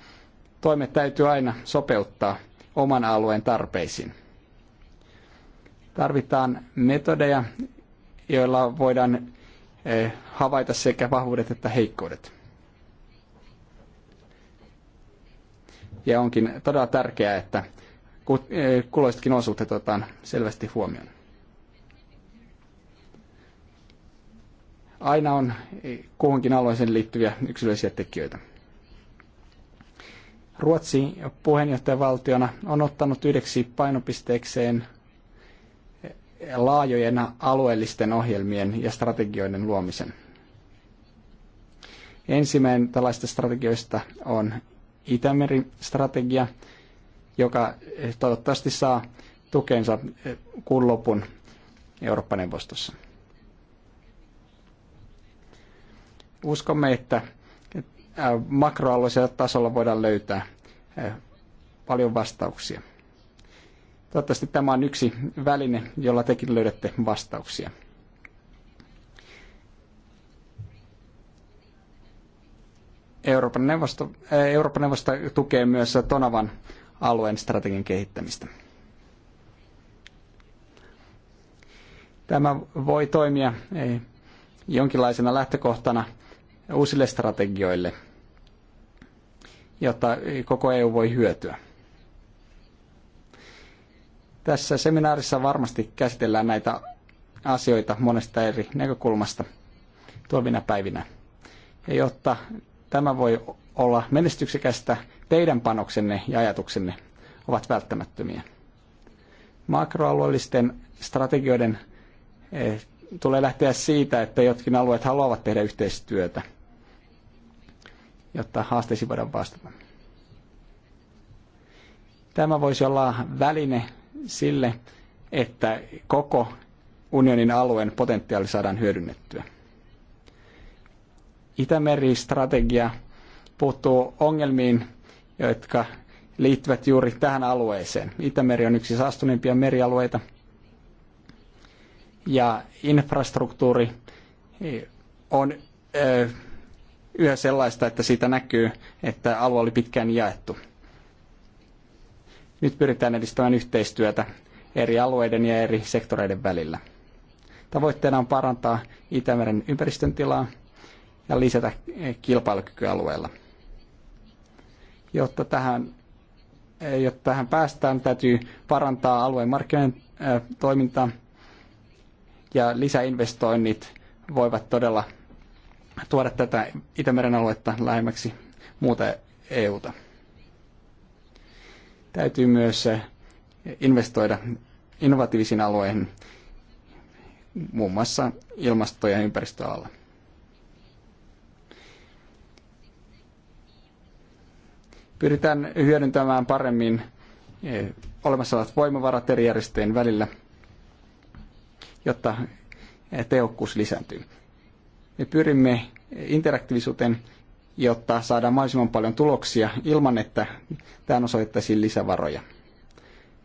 toimet täytyy aina sopeuttaa oman alueen tarpeisiin. Tarvitaan metodeja, joilla voidaan eh, havaita sekä vahvuudet että heikkoudet. Ja onkin todella tärkeää, että kuloisetkin eh, osuudet otetaan selvästi huomioon. Aina on eh, kuhunkin alueeseen liittyviä yksilöllisiä tekijöitä. Ruotsi puheenjohtajavaltiona on ottanut yhdeksi painopisteekseen eh, laajojen alueellisten ohjelmien ja strategioiden luomisen. Ensimmäinen tällaista strategioista on Itämeri-strategia, joka toivottavasti saa tukensa eh, kuun lopun Eurooppa-neuvostossa. Uskomme, että eh, makroalueisella tasolla voidaan löytää eh, paljon vastauksia. Toivottavasti tämä on yksi väline, jolla tekin löydätte vastauksia. Euroopan neuvosto, Euroopan neuvosto tukee myös Tonavan alueen strategian kehittämistä. Tämä voi toimia ei, eh, jonkinlaisena lähtökohtana uusille strategioille, jotta koko EU voi hyötyä. Tässä seminaarissa varmasti käsitellään näitä asioita monesta eri näkökulmasta tulevina päivinä. Ja jotta tämä voi olla menestyksekästä, Teidän panoksenne ja ajatuksenne ovat välttämättömiä. Makroalueellisten strategioiden eh, tulee lähteä siitä, että jotkin alueet haluavat tehdä yhteistyötä, jotta haasteisiin voidaan vastata. Tämä voisi olla väline sille, että koko unionin alueen potentiaali saadaan hyödynnettyä. Itämeri-strategia puuttuu ongelmiin, jotka liittyvät juuri tähän alueeseen. Itämeri on yksi saastuneimpia merialueita. Ja infrastruktuuri eh, on eh, yhä sellaista, että siitä näkyy, että alue oli pitkään jaettu. Nyt pyritään edistämään yhteistyötä eri alueiden ja eri sektoreiden välillä. Tavoitteena on parantaa Itämeren ympäristön tilaa ja lisätä eh, kilpailukykyä alueella. Jotta tähän, eh, jotta tähän päästään, täytyy parantaa alueen markkinoiden eh, toimintaa ja lisäinvestoinnit voivat todella tuoda tätä Itämeren aluetta lähemmäksi muuta EUta. Täytyy myös eh, investoida innovatiivisiin alueihin, muun muassa ilmasto- ja ympäristöalalla. pyritään hyödyntämään paremmin eh, olemassa olevat voimavarat eri järjestöjen välillä, jotta eh, tehokkuus lisääntyy. Me pyrimme interaktiivisuuteen, jotta saadaan mahdollisimman paljon tuloksia ilman, että tähän osoittaisiin lisävaroja.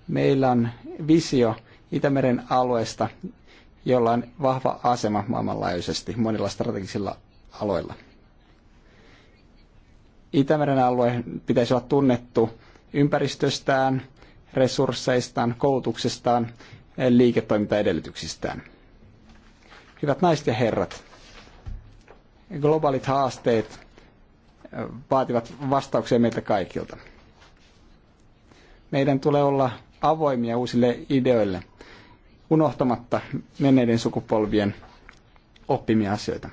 Meillä on visio Itämeren alueesta, jolla on vahva asema maailmanlaajuisesti monilla strategisilla aloilla. Itämeren alue pitäisi olla tunnettu ympäristöstään, resursseistaan, koulutuksestaan, liiketoimintaedellytyksistään. Hyvät naiset ja herrat, globaalit haasteet äh, vaativat vastauksia meiltä kaikilta. Meidän tulee olla avoimia uusille ideoille, unohtamatta menneiden sukupolvien oppimia asioita.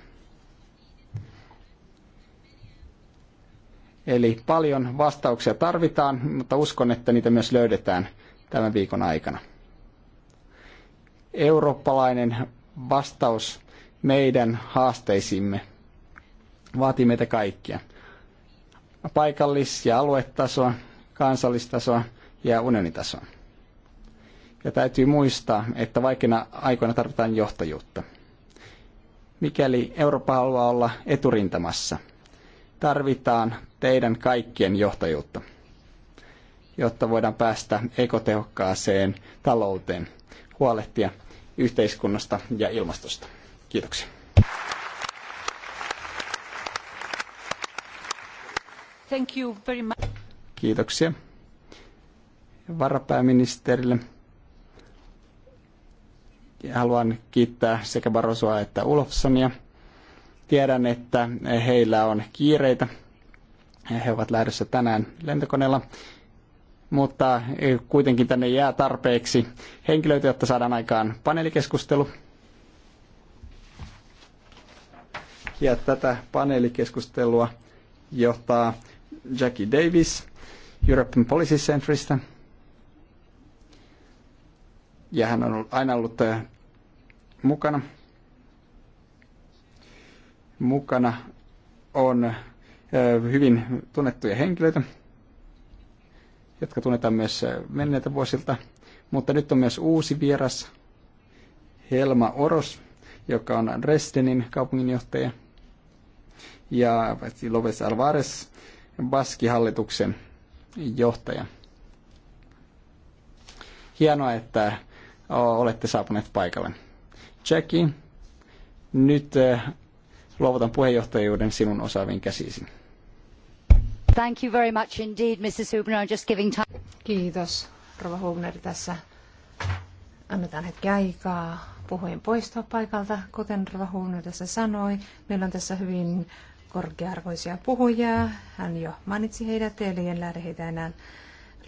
Eli paljon vastauksia tarvitaan, mutta uskon, että niitä myös löydetään tämän viikon aikana. Eurooppalainen vastaus meidän haasteisimme vaatii meitä kaikkia. Paikallis- ja aluetasoa, kansallistasoa ja unionitasoa. Ja täytyy muistaa, että vaikeina aikoina tarvitaan johtajuutta. Mikäli Eurooppa haluaa olla eturintamassa – tarvitaan teidän kaikkien johtajuutta, jotta voidaan päästä ekotehokkaaseen talouteen, huolehtia yhteiskunnasta ja ilmastosta. Kiitoksia. Thank you very much. Kiitoksia varapääministerille. Ja haluan kiittää sekä Barrosoa että Ulofsonia Tiedän, että heillä on kiireitä. He ovat lähdössä tänään lentokoneella. Mutta e, kuitenkin tänne jää tarpeeksi henkilöitä, jotta saadaan aikaan paneelikeskustelu. Ja tätä paneelikeskustelua johtaa Jackie Davis European Policy Centerista. Ja hän on aina ollut e, mukana mukana on hyvin tunnettuja henkilöitä, jotka tunnetaan myös menneiltä vuosilta. Mutta nyt on myös uusi vieras, Helma Oros, joka on Dresdenin kaupunginjohtaja, ja Loves Alvarez, Baskihallituksen johtaja. Hienoa, että olette saapuneet paikalle. Jackie, nyt luovutan puheenjohtajuuden sinun osaaviin käsiisi. Thank you very much indeed, Mrs. Hubner. I'm just giving time. Kiitos, Rova Hubner. Tässä annetaan hetki aikaa puhujen poistua paikalta, kuten Rova Hubner tässä sanoi. Meillä on tässä hyvin korkearvoisia puhujia. Hän jo mainitsi heidät, eli en lähde heitä enää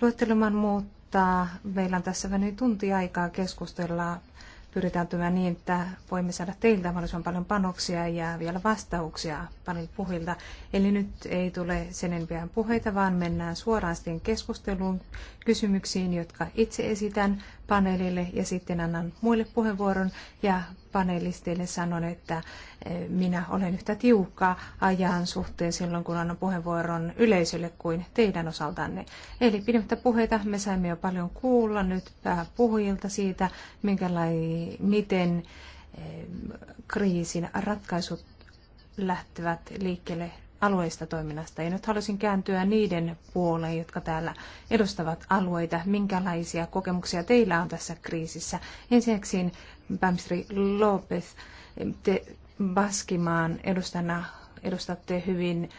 luettelemaan, mutta meillä on tässä vähän tunti aikaa keskustella pyritään tekemään niin, että voimme saada teiltä mahdollisimman paljon panoksia ja vielä vastauksia paljon puhilta. Eli nyt ei tule sen enempää puheita, vaan mennään suoraan sitten keskusteluun kysymyksiin, jotka itse esitän paneelille ja sitten annan muille puheenvuoron ja panelisteille sanon, että eh, minä olen yhtä tiukka ajan suhteen silloin, kun annan puheenvuoron yleisölle kuin teidän osaltanne. Eli pidemmittä puheita me saimme jo paljon kuulla nyt puhujilta siitä, miten eh, kriisin ratkaisut lähtevät liikkeelle alueista toiminnasta. Ja nyt haluaisin kääntyä niiden puoleen, jotka täällä edustavat alueita. Minkälaisia kokemuksia teillä on tässä kriisissä? Ensinnäksi pääministeri Lopez, te Baskimaan edustana, edustatte hyvin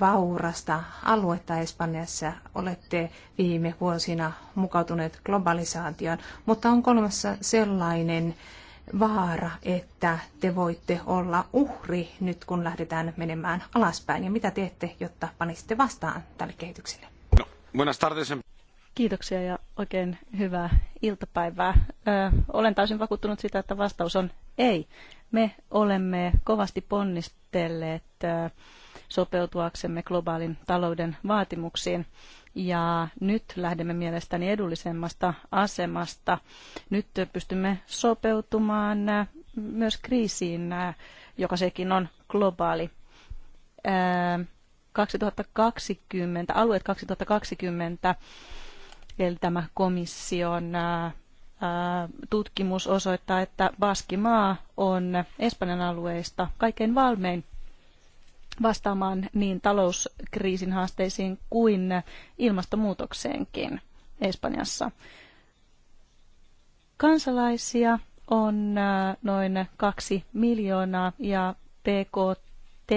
vaurasta aluetta Espanjassa. Olette viime vuosina mukautuneet globalisaatioon, mutta on kolmassa sellainen vaara, että te voitte olla uhri nyt, kun lähdetään menemään alaspäin? Ja mitä teette, jotta panisitte vastaan tälle kehitykselle? No, buenas tardes. Kiitoksia ja oikein hyvää iltapäivää. Ö, olen täysin vakuuttunut siitä, että vastaus on ei. Me olemme kovasti ponnistelleet ö, sopeutuaksemme globaalin talouden vaatimuksiin ja nyt lähdemme mielestäni edullisemmasta asemasta. Nyt pystymme sopeutumaan äh, myös kriisiin, äh, joka sekin on globaali. 2020, äh, alueet 2020, eli tämä komission tutkimus osoittaa, että Baskimaa on Espanjan alueista kaikkein valmein vastaamaan niin talouskriisin haasteisiin kuin ilmastonmuutokseenkin Espanjassa. Kansalaisia on äh, noin kaksi miljoonaa ja PKT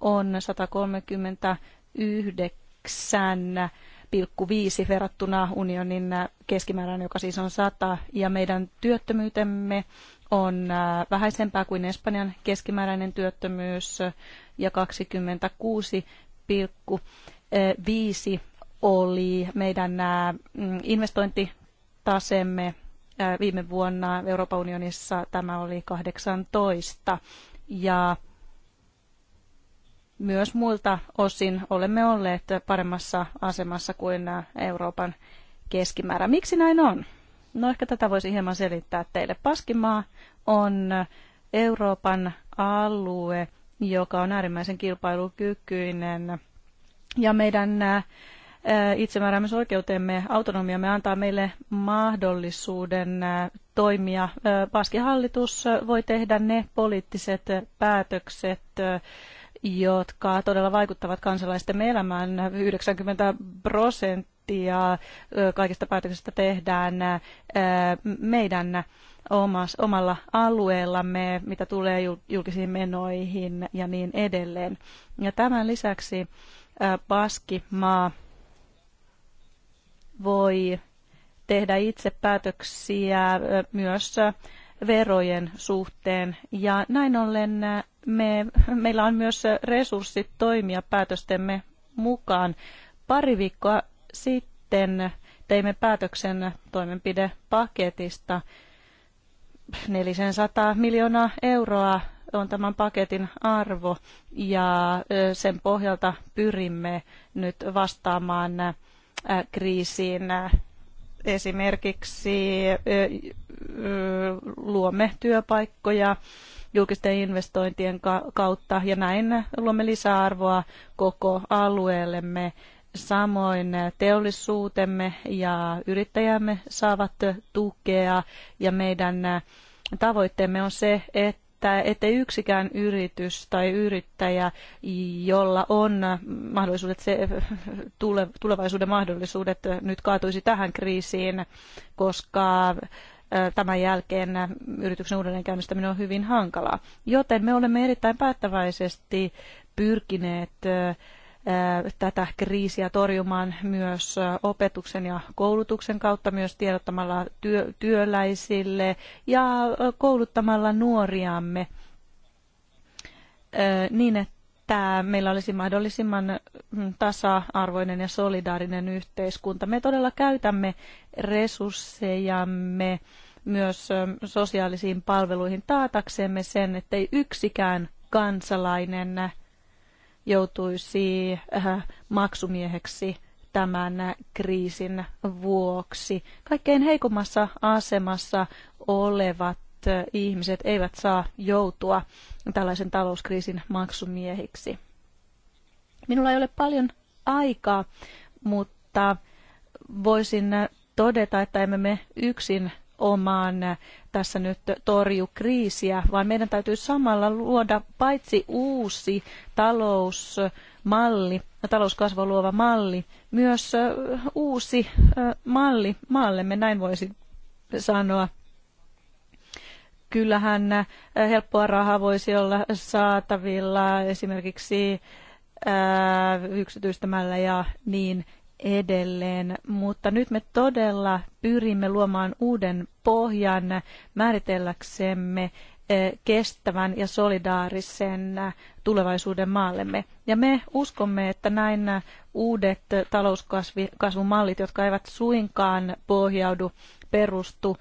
on 139 viisi verrattuna unionin äh, keskimäärään, joka siis on 100, ja meidän työttömyytemme on äh, vähäisempää kuin Espanjan keskimääräinen työttömyys, ja 26,5 eh, oli meidän eh, mm, investointitasemme eh, viime vuonna Euroopan unionissa tämä oli 18 ja myös muilta osin olemme olleet paremmassa asemassa kuin Euroopan keskimäärä. Miksi näin on? No ehkä tätä voisi hieman selittää teille. Paskimaa on Euroopan alue, joka on äärimmäisen kilpailukykyinen. Ja meidän itsemääräämisoikeutemme, autonomiamme antaa meille mahdollisuuden toimia. Paskihallitus voi tehdä ne poliittiset päätökset, jotka todella vaikuttavat kansalaisten elämään. 90 prosenttia kaikista päätöksistä tehdään meidän omas, omalla alueellamme, mitä tulee julkisiin menoihin ja niin edelleen. Ja tämän lisäksi Baskimaa voi tehdä itse päätöksiä myös verojen suhteen. Ja näin ollen me, meillä on myös resurssit toimia päätöstemme mukaan. Pari viikkoa sitten teimme päätöksen toimenpidepaketista, 400 miljoonaa euroa on tämän paketin arvo ja sen pohjalta pyrimme nyt vastaamaan kriisiin. Esimerkiksi luomme työpaikkoja julkisten investointien kautta ja näin luomme lisäarvoa koko alueellemme Samoin teollisuutemme ja yrittäjämme saavat tukea ja meidän tavoitteemme on se, että että yksikään yritys tai yrittäjä, jolla on mahdollisuudet, se, tulevaisuuden mahdollisuudet nyt kaatuisi tähän kriisiin, koska tämän jälkeen yrityksen uudelleenkäynnistäminen on hyvin hankalaa. Joten me olemme erittäin päättäväisesti pyrkineet tätä kriisiä torjumaan myös opetuksen ja koulutuksen kautta, myös tiedottamalla työ, työläisille ja kouluttamalla nuoriamme niin, että meillä olisi mahdollisimman mm, tasa-arvoinen ja solidaarinen yhteiskunta. Me todella käytämme resurssejamme myös sosiaalisiin palveluihin taataksemme sen, ettei yksikään kansalainen joutuisi äh, maksumieheksi tämän kriisin vuoksi. Kaikkein heikommassa asemassa olevat äh, ihmiset eivät saa joutua tällaisen talouskriisin maksumiehiksi. Minulla ei ole paljon aikaa, mutta voisin äh, todeta, että emme me yksin omaan tässä nyt torju kriisiä, vaan meidän täytyy samalla luoda paitsi uusi talousmalli, talouskasvua luova malli, myös uusi malli maallemme, näin voisi sanoa. Kyllähän helppoa rahaa voisi olla saatavilla esimerkiksi yksityistämällä ja niin edelleen, mutta nyt me todella pyrimme luomaan uuden pohjan määritelläksemme eh, kestävän ja solidaarisen eh, tulevaisuuden maallemme. Ja me uskomme, että näin eh, uudet talouskasvumallit, jotka eivät suinkaan pohjaudu, perustu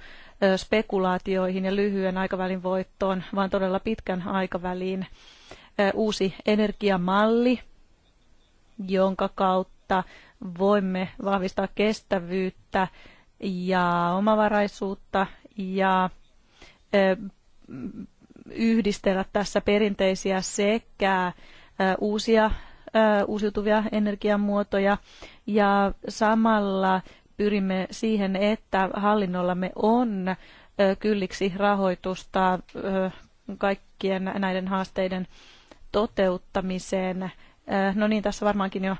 spekulaatioihin ja lyhyen aikavälin voittoon, vaan todella pitkän aikavälin uusi energiamalli, jonka kautta voimme vahvistaa kestävyyttä ja omavaraisuutta ja yhdistellä tässä perinteisiä sekä uusia uusiutuvia energiamuotoja ja samalla pyrimme siihen, että hallinnollamme on kylliksi rahoitusta kaikkien näiden haasteiden toteuttamiseen. No niin, tässä varmaankin jo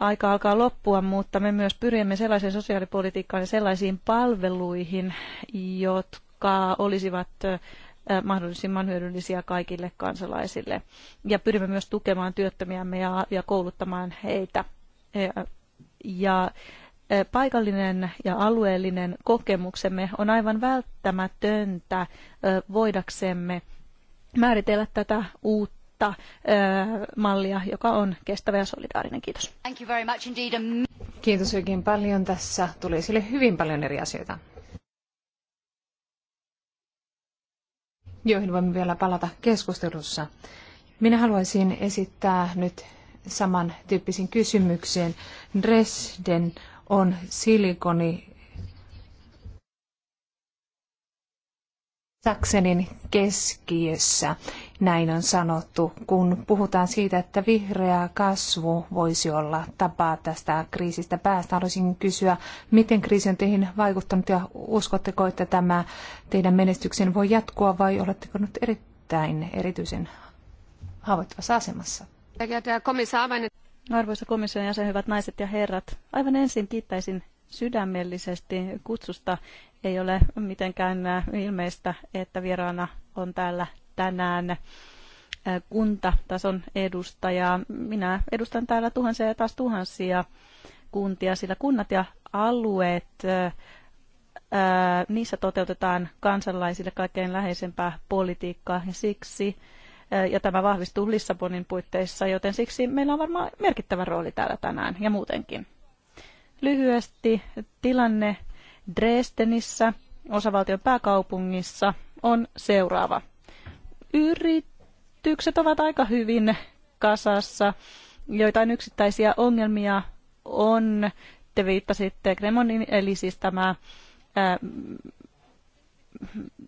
aika alkaa loppua, mutta me myös pyrimme sellaiseen sosiaalipolitiikkaan ja sellaisiin palveluihin, jotka olisivat mahdollisimman hyödyllisiä kaikille kansalaisille. Ja pyrimme myös tukemaan työttömiämme ja, ja kouluttamaan heitä. E, ja paikallinen ja alueellinen kokemuksemme on aivan välttämätöntä voidaksemme määritellä tätä uutta uutta mallia, joka on kestävä ja solidaarinen. Kiitos. Kiitos oikein paljon. Tässä tuli esille hyvin paljon eri asioita. joihin voimme vielä palata keskustelussa. Minä haluaisin esittää nyt samantyyppisen kysymyksen. Dresden on silikoni Saksenin keskiössä, näin on sanottu, kun puhutaan siitä, että vihreä kasvu voisi olla tapa tästä kriisistä päästä. Haluaisin kysyä, miten kriisi on teihin vaikuttanut ja uskotteko, että tämä teidän menestyksen voi jatkua vai oletteko nyt erittäin erityisen haavoittuvassa asemassa? Arvoisa komission jäsen, hyvät naiset ja herrat, aivan ensin kiittäisin sydämellisesti kutsusta ei ole mitenkään ilmeistä, että vieraana on täällä tänään kuntatason edustaja. Minä edustan täällä tuhansia ja taas tuhansia kuntia, sillä kunnat ja alueet, niissä toteutetaan kansalaisille kaikkein läheisempää politiikkaa ja siksi ja tämä vahvistuu Lissabonin puitteissa, joten siksi meillä on varmaan merkittävä rooli täällä tänään ja muutenkin. Lyhyesti tilanne Dresdenissä, osavaltion pääkaupungissa, on seuraava. Yritykset ovat aika hyvin kasassa. Joitain yksittäisiä ongelmia on. Te viittasitte Kremonin, eli siis tämä, ää, äh,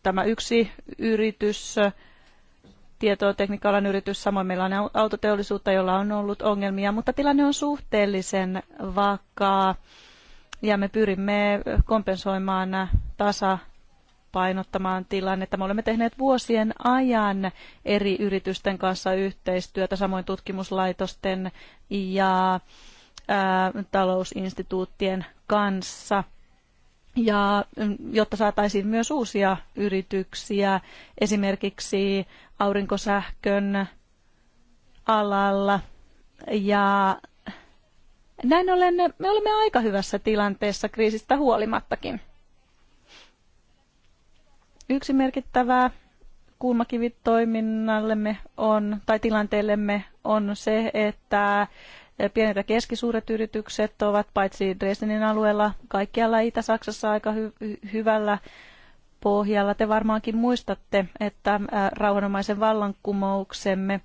tämä yksi yritys, tietotekniikka yritys, samoin meillä on autoteollisuutta, jolla on ollut ongelmia, mutta tilanne on suhteellisen vakaa ja me pyrimme kompensoimaan äh, tasa painottamaan tilannetta. Me olemme tehneet vuosien ajan eri yritysten kanssa yhteistyötä, samoin tutkimuslaitosten ja ää, äh, talousinstituuttien kanssa. Ja mm, jotta saataisiin myös uusia yrityksiä, esimerkiksi aurinkosähkön alalla ja näin ollen me olemme aika hyvässä tilanteessa kriisistä huolimattakin. Yksi merkittävä kulmakivitoiminnallemme on, tai tilanteellemme on se, että pienet ja keskisuuret yritykset ovat paitsi Dresdenin alueella kaikkialla Itä-Saksassa aika hy- hyvällä pohjalla. Te varmaankin muistatte, että rauhanomaisen vallankumouksemme –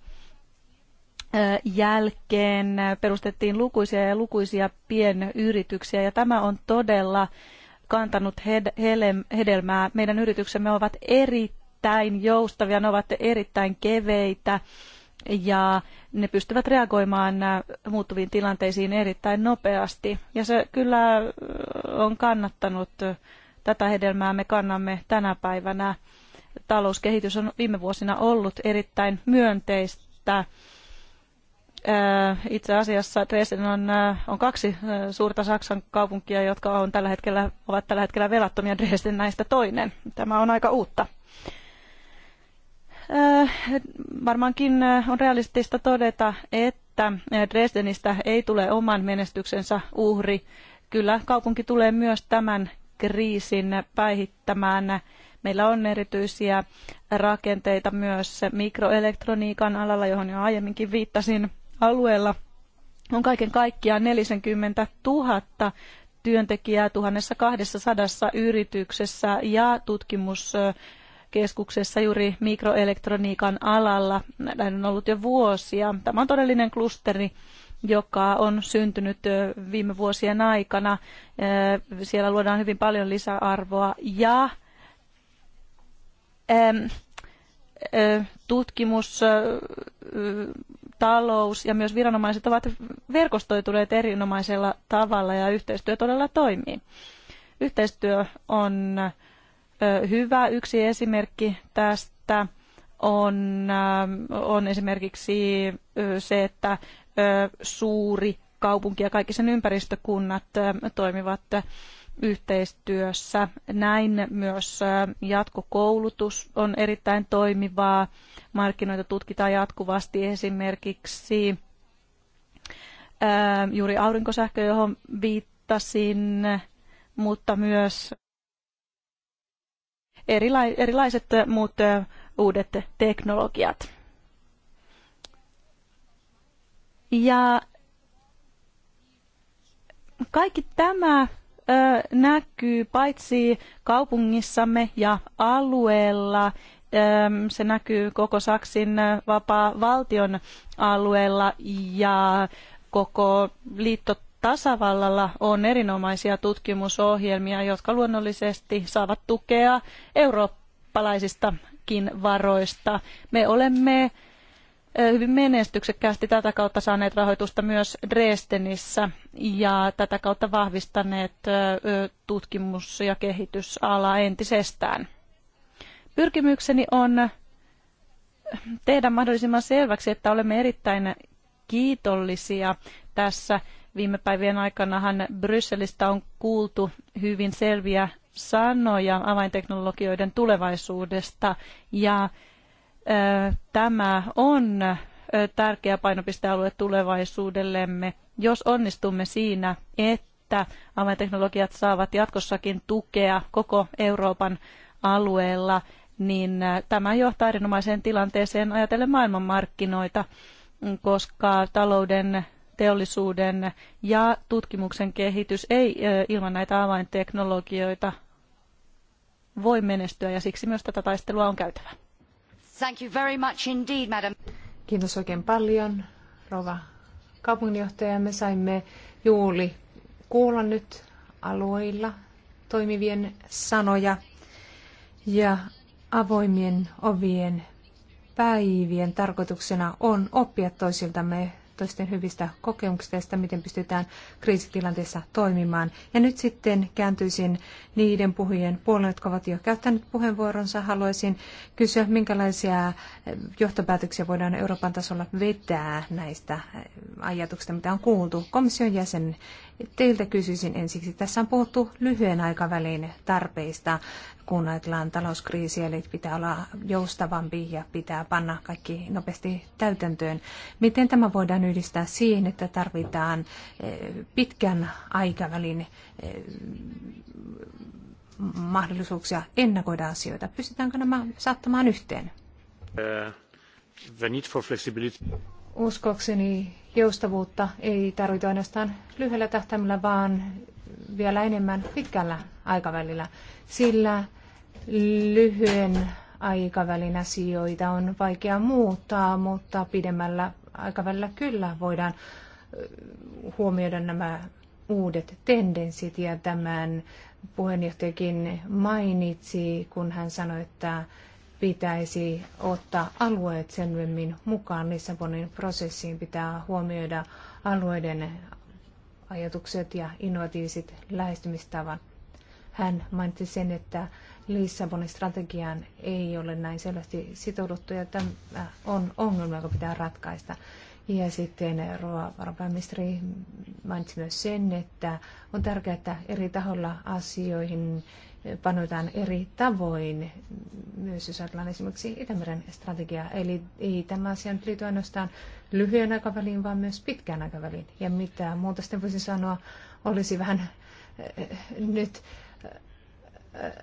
jälkeen perustettiin lukuisia ja lukuisia pienyrityksiä ja tämä on todella kantanut hedelmää. Meidän yrityksemme ovat erittäin joustavia, ne ovat erittäin keveitä ja ne pystyvät reagoimaan muuttuviin tilanteisiin erittäin nopeasti. Ja se kyllä on kannattanut tätä hedelmää me kannamme tänä päivänä. Talouskehitys on viime vuosina ollut erittäin myönteistä. Äh, itse asiassa Dresden on, äh, on kaksi äh, suurta Saksan kaupunkia, jotka on tällä hetkellä, ovat tällä hetkellä velattomia. Dresden näistä toinen. Tämä on aika uutta. Varmaankin on realistista todeta, että Dresdenistä ei tule oman menestyksensä uhri. Kyllä kaupunki tulee myös tämän kriisin päihittämään. Meillä on erityisiä rakenteita myös mikroelektroniikan alalla, johon jo aiemminkin viittasin – alueella on kaiken kaikkiaan 40 000 työntekijää 1200 yrityksessä ja tutkimuskeskuksessa juuri mikroelektroniikan alalla. Näin on ollut jo vuosia. Tämä on todellinen klusteri joka on syntynyt viime vuosien aikana. Siellä luodaan hyvin paljon lisäarvoa ja tutkimus talous ja myös viranomaiset ovat verkostoituneet erinomaisella tavalla ja yhteistyö todella toimii. Yhteistyö on hyvä. Yksi esimerkki tästä on, on esimerkiksi se, että suuri kaupunki ja kaikki sen ympäristökunnat toimivat yhteistyössä. Näin myös jatkokoulutus on erittäin toimivaa. Markkinoita tutkitaan jatkuvasti esimerkiksi juuri aurinkosähkö, johon viittasin, mutta myös erilaiset muut uudet teknologiat. Ja kaikki tämä näkyy paitsi kaupungissamme ja alueella, se näkyy koko Saksin vapaa-valtion alueella ja koko liitto tasavallalla on erinomaisia tutkimusohjelmia, jotka luonnollisesti saavat tukea eurooppalaisistakin varoista. Me olemme hyvin menestyksekkäästi tätä kautta saaneet rahoitusta myös Dresdenissä ja tätä kautta vahvistaneet tutkimus- ja kehitysalaa entisestään. Pyrkimykseni on tehdä mahdollisimman selväksi, että olemme erittäin kiitollisia tässä. Viime päivien aikanahan Brysselistä on kuultu hyvin selviä sanoja avainteknologioiden tulevaisuudesta ja Tämä on tärkeä painopistealue tulevaisuudellemme, jos onnistumme siinä, että avainteknologiat saavat jatkossakin tukea koko Euroopan alueella, niin tämä johtaa erinomaiseen tilanteeseen ajatellen maailmanmarkkinoita, koska talouden, teollisuuden ja tutkimuksen kehitys ei ilman näitä avainteknologioita voi menestyä ja siksi myös tätä taistelua on käytävä. Thank you very much indeed, madam. Kiitos oikein paljon, rouva kaupunginjohtaja. Me saimme juuri kuulla nyt alueilla toimivien sanoja ja avoimien ovien päivien tarkoituksena on oppia toisiltamme toisten hyvistä kokemuksista ja sitä, miten pystytään kriisitilanteessa toimimaan. Ja nyt sitten kääntyisin niiden puhujien puolelle, jotka ovat jo käyttäneet puheenvuoronsa. Haluaisin kysyä, minkälaisia johtopäätöksiä voidaan Euroopan tasolla vetää näistä ajatuksista, mitä on kuultu. Komission jäsen, teiltä kysyisin ensiksi. Tässä on puhuttu lyhyen aikavälin tarpeista kun ajatellaan talouskriisiä, eli pitää olla joustavampi ja pitää panna kaikki nopeasti täytäntöön. Miten tämä voidaan voidaan yhdistää siihen, että tarvitaan eh, pitkän aikavälin eh, mahdollisuuksia ennakoida asioita. Pystytäänkö nämä saattamaan yhteen? Eh, Uskokseni joustavuutta ei tarvita ainoastaan lyhyellä tähtäimellä, vaan vielä enemmän pitkällä aikavälillä, sillä lyhyen aikavälin asioita on vaikea muuttaa, mutta pidemmällä aikavälillä kyllä voidaan huomioida nämä uudet tendenssit ja tämän puheenjohtajakin mainitsi, kun hän sanoi, että pitäisi ottaa alueet selvemmin mukaan Lissabonin prosessiin. Pitää huomioida alueiden ajatukset ja innovatiiviset lähestymistavat. Hän mainitsi sen, että Lissabonin strategiaan ei ole näin selvästi sitouduttu ja tämä on ongelma, joka pitää ratkaista. Ja sitten Ruoan varapääministeri mainitsi myös sen, että on tärkeää, että eri tahoilla asioihin panotaan eri tavoin, myös jos ajatellaan esimerkiksi Itämeren strategiaa. Eli ei tämä asia nyt liity ainoastaan lyhyen aikaväliin, vaan myös pitkään aikaväliin. Ja mitä muuta sitten voisin sanoa, olisi vähän eh, eh, nyt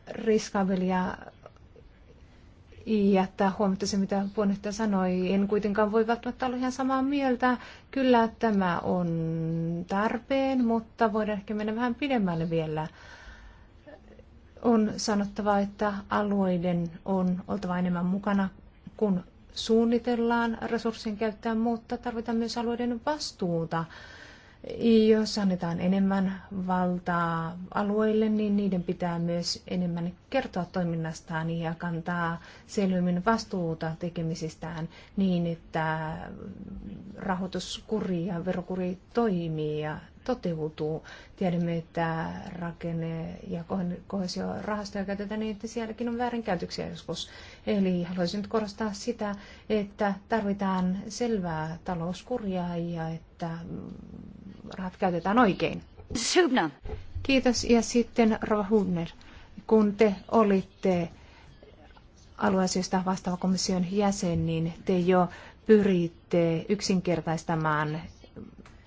riskaabelia jättää huomatta se, mitä puheenjohtaja sanoi. En kuitenkaan voi välttämättä olla ihan samaa mieltä. Kyllä tämä on tarpeen, mutta voidaan ehkä mennä vähän pidemmälle vielä. On sanottava, että alueiden on oltava enemmän mukana, kun suunnitellaan resurssien käyttöä, mutta tarvitaan myös alueiden vastuuta jos annetaan enemmän valtaa alueille, niin niiden pitää myös enemmän kertoa toiminnastaan ja kantaa selvemmin vastuuta tekemisistään niin, että rahoituskuri ja verokuri toimii ja toteutuu. Tiedämme, että rakenne- ja kohesiorahastoja käytetään niin, että sielläkin on väärinkäytöksiä joskus. Eli haluaisin nyt korostaa sitä, että tarvitaan selvää talouskuria ja että rahat käytetään oikein. Hübner. Kiitos. Ja sitten Rova Hunner, kun te olitte alueasioista vastaava komission jäsen, niin te jo pyritte yksinkertaistamaan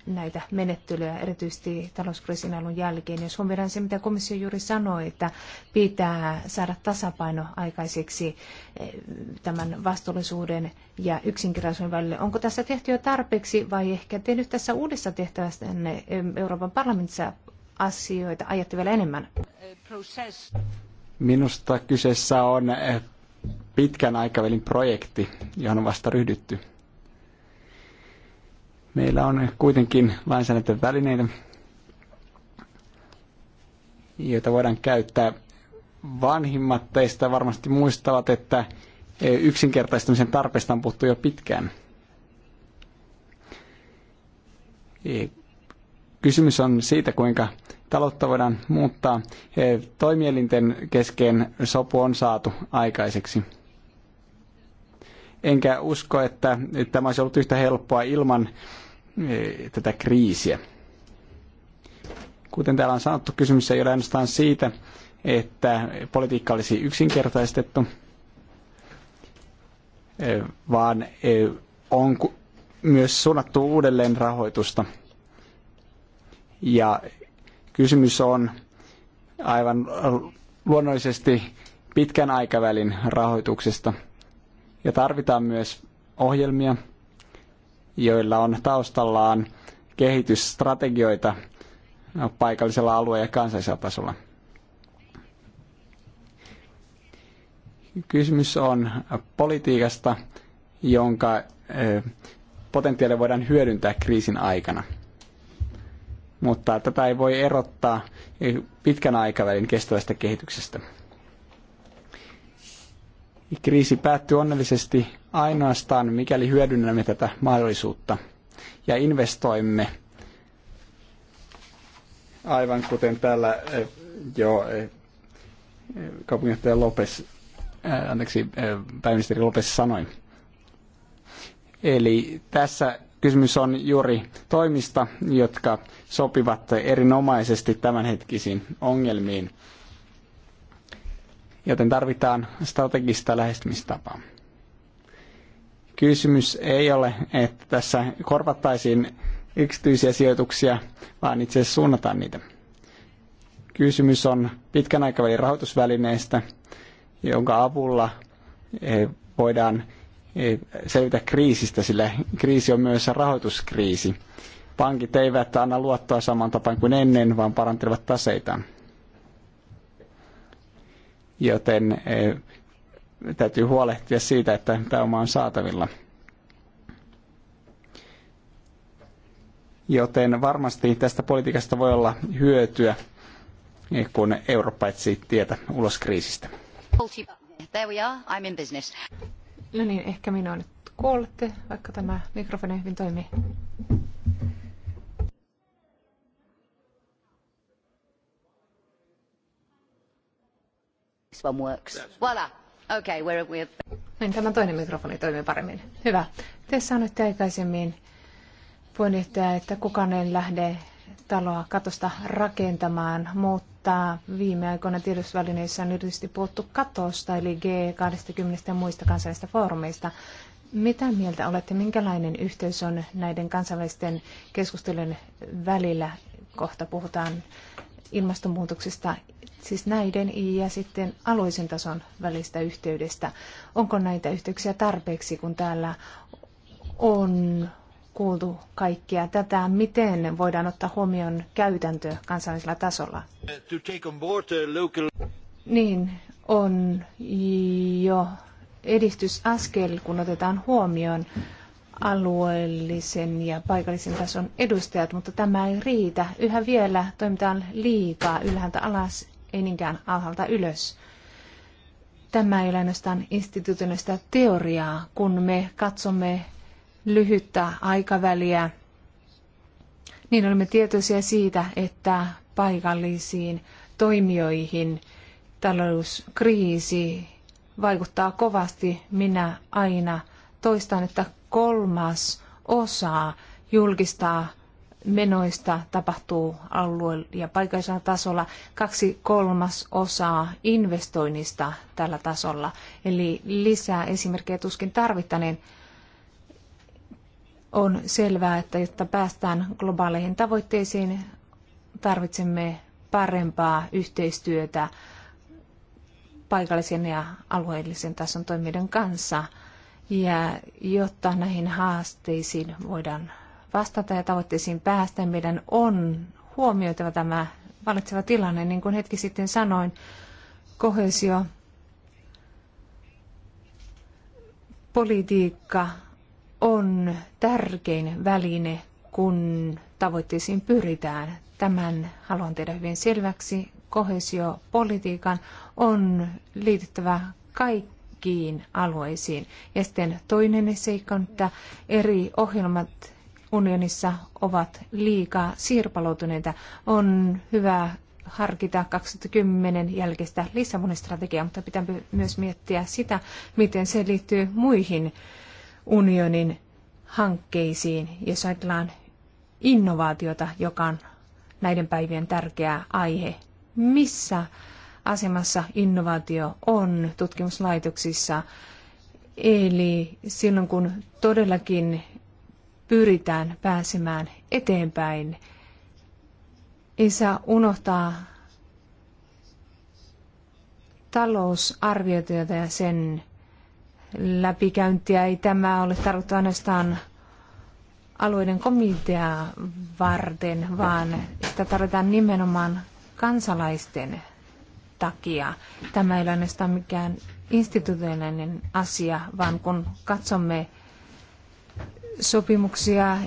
näitä menettelyjä, erityisesti talouskriisin alun jälkeen. Jos huomioidaan se, mitä komissio juuri sanoi, että pitää saada tasapaino aikaiseksi eh, tämän vastuullisuuden ja yksinkertaisuuden välille. Onko tässä tehty jo tarpeeksi vai ehkä te nyt tässä uudessa tehtävässä Euroopan parlamentissa asioita ajatte vielä enemmän? Minusta kyseessä on eh, pitkän aikavälin projekti, johon on vasta ryhdytty. Meillä on kuitenkin lainsäädäntövälineitä, joita voidaan käyttää. Vanhimmat teistä varmasti muistavat, että yksinkertaistamisen tarpeesta on puhuttu jo pitkään. E, kysymys on siitä, kuinka taloutta voidaan muuttaa. E, toimielinten kesken sopu on saatu aikaiseksi enkä usko, että tämä olisi ollut yhtä helppoa ilman e, tätä kriisiä. Kuten täällä on sanottu, kysymys ei ole ainoastaan siitä, että politiikka olisi yksinkertaistettu, e, vaan e, on myös suunnattu uudelleen rahoitusta. Ja kysymys on aivan luonnollisesti pitkän aikavälin rahoituksesta – ja tarvitaan myös ohjelmia, joilla on taustallaan kehitysstrategioita paikallisella alueella ja kansallisella tasolla. Kysymys on politiikasta, jonka potentiaali voidaan hyödyntää kriisin aikana. Mutta tätä ei voi erottaa pitkän aikavälin kestävästä kehityksestä kriisi päättyy onnellisesti ainoastaan, mikäli hyödynnämme tätä mahdollisuutta ja investoimme, aivan kuten täällä eh, jo eh, kaupunginjohtaja Lopes, eh, anteeksi, pääministeri Lopes sanoi. Eli tässä kysymys on juuri toimista, jotka sopivat erinomaisesti tämänhetkisiin ongelmiin joten tarvitaan strategista lähestymistapaa. Kysymys ei ole, että tässä korvattaisiin yksityisiä sijoituksia, vaan itse asiassa suunnataan niitä. Kysymys on pitkän aikavälin rahoitusvälineestä, jonka avulla eh, voidaan eh, selvitä kriisistä, sillä kriisi on myös rahoituskriisi. Pankit eivät anna luottoa saman tapaan kuin ennen, vaan parantelevat taseitaan joten e, täytyy huolehtia siitä, että pääoma on saatavilla. Joten varmasti tästä politiikasta voi olla hyötyä, e, kun Eurooppa etsii tietä ulos kriisistä. There we are. I'm in business. No niin, ehkä minua nyt kuulette, vaikka tämä mikrofoni hyvin toimii. This one tämä toinen mikrofoni toimii paremmin. Hyvä. Te sanoitte aikaisemmin, puheenjohtaja, että kukaan ei lähde taloa katosta rakentamaan, mutta viime aikoina tiedotusvälineissä on erityisesti puhuttu katosta, eli G20 ja muista kansallisista foorumeista. Mitä mieltä olette, minkälainen yhteys on näiden kansainvälisten keskustelujen välillä? Kohta puhutaan ilmastonmuutoksesta siis näiden ja sitten alueisen tason välistä yhteydestä. Onko näitä yhteyksiä tarpeeksi, kun täällä on kuultu kaikkia tätä? Miten voidaan ottaa huomioon käytäntö kansallisella tasolla? Uh, niin, on jo edistysaskel, kun otetaan huomioon alueellisen ja paikallisen tason edustajat, mutta tämä ei riitä. Yhä vielä toimitaan liikaa ylhäältä alas ei niinkään alhaalta ylös. Tämä ei ole ainoastaan instituutioista teoriaa, kun me katsomme lyhyttä aikaväliä, niin olemme tietoisia siitä, että paikallisiin toimijoihin talouskriisi vaikuttaa kovasti. Minä aina toistan, että kolmas osa julkistaa menoista tapahtuu alueella ja paikallisella tasolla, kaksi kolmasosaa investoinnista tällä tasolla. Eli lisää esimerkkejä tuskin tarvittaneen. On selvää, että jotta päästään globaaleihin tavoitteisiin, tarvitsemme parempaa yhteistyötä paikallisen ja alueellisen tason toimijoiden kanssa. Ja jotta näihin haasteisiin voidaan vastata ja tavoitteisiin päästä, meidän on huomioitava tämä valitseva tilanne. Niin kuin hetki sitten sanoin, kohesio politiikka on tärkein väline, kun tavoitteisiin pyritään. Tämän haluan tehdä hyvin selväksi. Kohesiopolitiikan on liitettävä kaikkiin alueisiin. Ja sitten toinen seikka on, että eri ohjelmat unionissa ovat liikaa sirpaloituneita. On hyvä harkita 2010 jälkeistä Lissabonin strategiaa, mutta pitää myös miettiä sitä, miten se liittyy muihin unionin hankkeisiin. Jos ajatellaan innovaatiota, joka on näiden päivien tärkeä aihe, missä asemassa innovaatio on tutkimuslaitoksissa, Eli silloin kun todellakin pyritään pääsemään eteenpäin. Ei saa unohtaa talousarviota ja sen läpikäyntiä. Ei tämä ole tarkoittu ainoastaan alueiden komitea varten, vaan sitä tarvitaan nimenomaan kansalaisten takia. Tämä ei ole ainoastaan mikään instituutioinen asia, vaan kun katsomme sopimuksia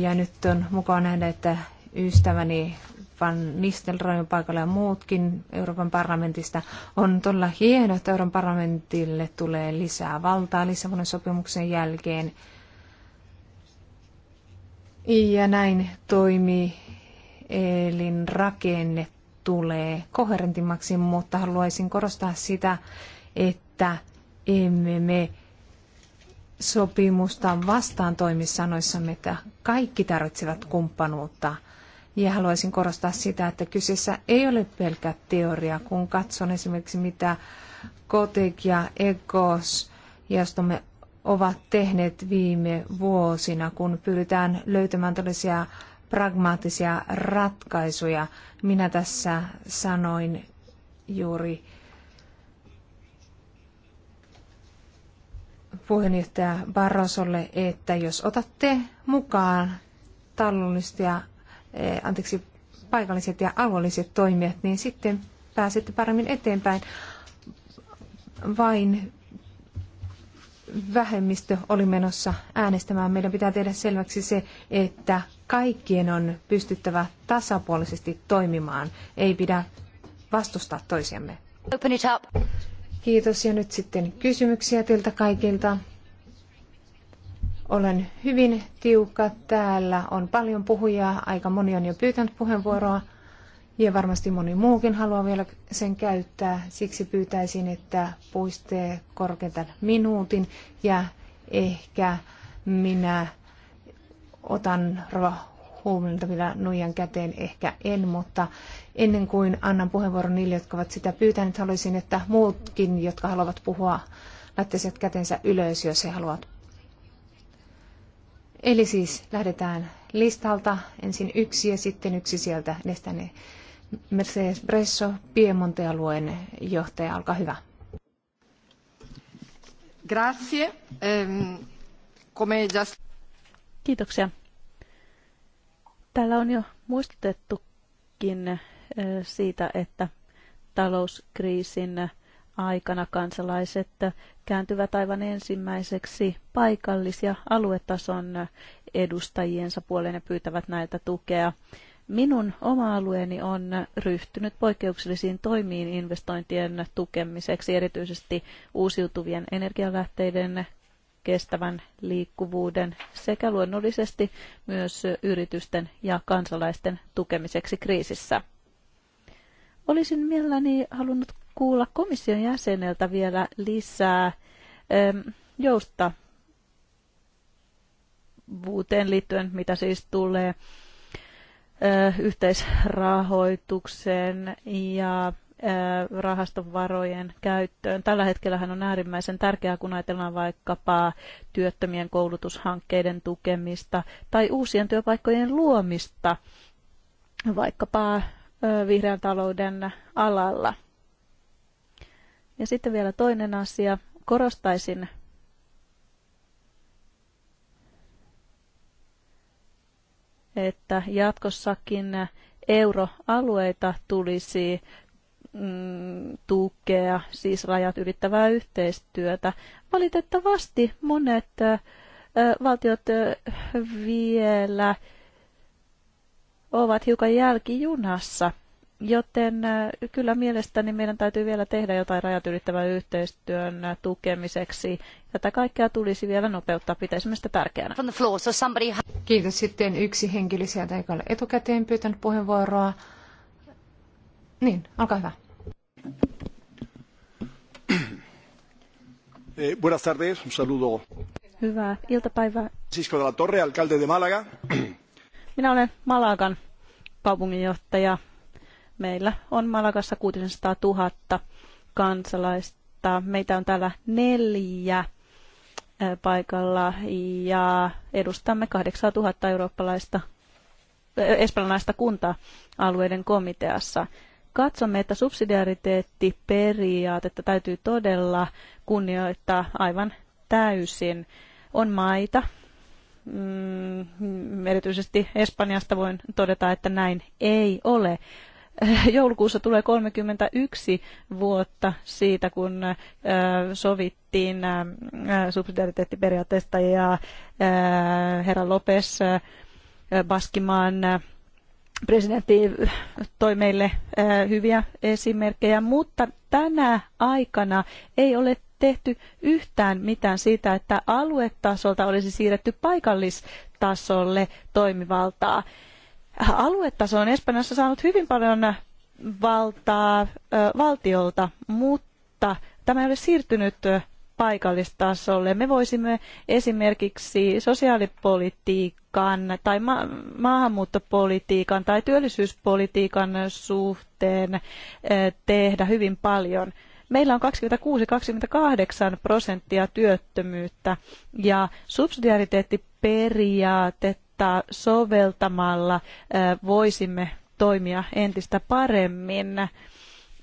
ja nyt on mukava nähdä, että ystäväni Van Nistelrooy paikalla ja muutkin Euroopan parlamentista. On todella hienoa, että Euroopan parlamentille tulee lisää valtaa Lissabonin sopimuksen jälkeen. Ja näin toimii elin rakenne tulee koherentimmaksi, mutta haluaisin korostaa sitä, että emme me sopimusta vastaan toimi sanoissamme, että kaikki tarvitsevat kumppanuutta. Ja haluaisin korostaa sitä, että kyseessä ei ole pelkkä teoria. Kun katson esimerkiksi, mitä Kotek ja Ekos jaostomme ovat tehneet viime vuosina, kun pyritään löytämään tällaisia pragmaattisia ratkaisuja. Minä tässä sanoin juuri puheenjohtaja Barrosolle, että jos otatte mukaan taloudelliset ja eh, anteeksi, paikalliset ja alueelliset toimijat, niin sitten pääsette paremmin eteenpäin. Vain vähemmistö oli menossa äänestämään. Meidän pitää tehdä selväksi se, että kaikkien on pystyttävä tasapuolisesti toimimaan. Ei pidä vastustaa toisiamme. Open it up. Kiitos ja nyt sitten kysymyksiä teiltä kaikilta. Olen hyvin tiukka täällä. On paljon puhujaa. Aika moni on jo pyytänyt puheenvuoroa. Ja varmasti moni muukin haluaa vielä sen käyttää. Siksi pyytäisin, että puistee korkeintaan minuutin. Ja ehkä minä otan huumilta vielä nuijan käteen, ehkä en, mutta ennen kuin annan puheenvuoron niille, jotka ovat sitä pyytäneet, haluaisin, että muutkin, jotka haluavat puhua, laittaisivat kätensä ylös, jos he haluavat. Eli siis lähdetään listalta. Ensin yksi ja sitten yksi sieltä edestäni. Mercedes Bresso, Piemonte-alueen johtaja, olkaa hyvä. Grazie. Ehm, Kiitoksia. Täällä on jo muistutettukin siitä, että talouskriisin aikana kansalaiset kääntyvät aivan ensimmäiseksi paikallis- ja aluetason edustajiensa puoleen ja pyytävät näiltä tukea. Minun oma alueeni on ryhtynyt poikkeuksellisiin toimiin investointien tukemiseksi, erityisesti uusiutuvien energialähteiden kestävän liikkuvuuden sekä luonnollisesti myös yritysten ja kansalaisten tukemiseksi kriisissä. Olisin mielelläni halunnut kuulla komission jäseneltä vielä lisää joustavuuteen liittyen, mitä siis tulee yhteisrahoitukseen ja rahaston varojen käyttöön. Tällä hetkellä hän on äärimmäisen tärkeää, kun ajatellaan vaikkapa työttömien koulutushankkeiden tukemista tai uusien työpaikkojen luomista vaikkapa vihreän talouden alalla. Ja sitten vielä toinen asia. Korostaisin että jatkossakin euroalueita tulisi Mm, tukea, siis rajat ylittävää yhteistyötä. Valitettavasti monet valtiot vielä ovat hiukan jälkijunassa, joten kyllä mielestäni meidän täytyy vielä tehdä jotain rajat ylittävän yhteistyön tukemiseksi. Tätä kaikkea tulisi vielä nopeuttaa, pitäisimme sitä tärkeänä. Kiitos sitten yksi henkilö sieltä, joka oli etukäteen pyytänyt puheenvuoroa. Niin, olkaa hyvä. Eh, Hyvää iltapäivää. de la Torre, Málaga. Minä olen Malagan kaupunginjohtaja. Meillä on Malagassa kuusisataa 000 kansalaista. Meitä on täällä neljä eh, paikalla ja edustamme 8000 eurooppalaista eh, espanjalaista kunta-alueiden komiteassa katsomme, että subsidiariteettiperiaatetta täytyy todella kunnioittaa aivan täysin. On maita, mm, erityisesti Espanjasta voin todeta, että näin ei ole. Joulukuussa tulee 31 vuotta siitä, kun sovittiin subsidiariteettiperiaatteesta ja herra Lopes Baskimaan presidentti äh, toi meille äh, hyviä esimerkkejä, mutta tänä aikana ei ole tehty yhtään mitään siitä, että aluetasolta olisi siirretty paikallistasolle toimivaltaa. Aluetaso on Espanjassa saanut hyvin paljon valtaa äh, valtiolta, mutta tämä ei ole siirtynyt paikallistasolle. Me voisimme esimerkiksi sosiaalipolitiikan tai ma- maahanmuuttopolitiikan tai työllisyyspolitiikan suhteen eh, tehdä hyvin paljon. Meillä on 26-28 prosenttia työttömyyttä ja subsidiariteettiperiaatetta soveltamalla eh, voisimme toimia entistä paremmin.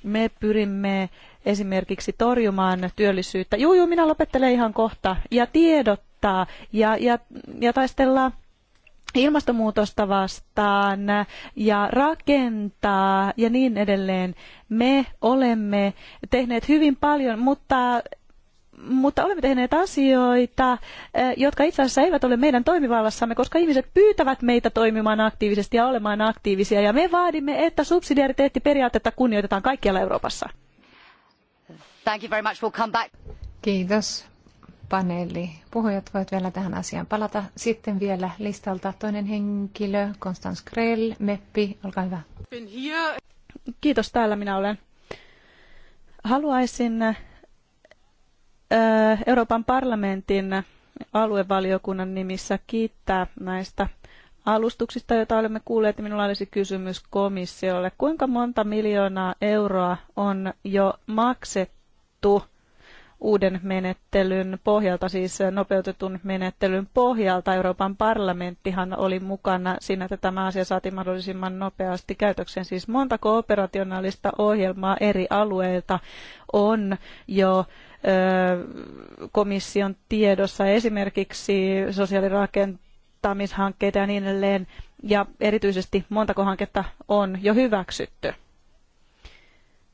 Me pyrimme esimerkiksi torjumaan työllisyyttä. Juu, juu, minä lopettelen ihan kohta. Ja tiedottaa ja, ja, ja taistellaan ilmastonmuutosta vastaan ja rakentaa ja niin edelleen. Me olemme tehneet hyvin paljon, mutta mutta olemme tehneet asioita, eh, jotka itse asiassa eivät ole meidän toimivallassamme, koska ihmiset pyytävät meitä toimimaan aktiivisesti ja olemaan aktiivisia, ja me vaadimme, että subsidiariteettiperiaatetta kunnioitetaan kaikkialla Euroopassa. Thank you very much. We'll come back. Kiitos. Paneeli. Puhujat voivat vielä tähän asiaan palata. Sitten vielä listalta toinen henkilö, Konstans Krell, Meppi, olkaa hyvä. Kiitos, täällä minä olen. Haluaisin äh, Euroopan parlamentin aluevaliokunnan nimissä kiittää näistä alustuksista, joita olemme kuulleet. Minulla olisi kysymys komissiolle. Kuinka monta miljoonaa euroa on jo maksettu? sovittu uuden menettelyn pohjalta, siis nopeutetun menettelyn pohjalta. Euroopan parlamenttihan oli mukana siinä, että tämä asia saatiin mahdollisimman nopeasti käytökseen. Siis montako operationaalista ohjelmaa eri alueilta on jo komission tiedossa, esimerkiksi sosiaalirakentamishankkeita ja niin edelleen. Ja erityisesti montako hanketta on jo hyväksytty.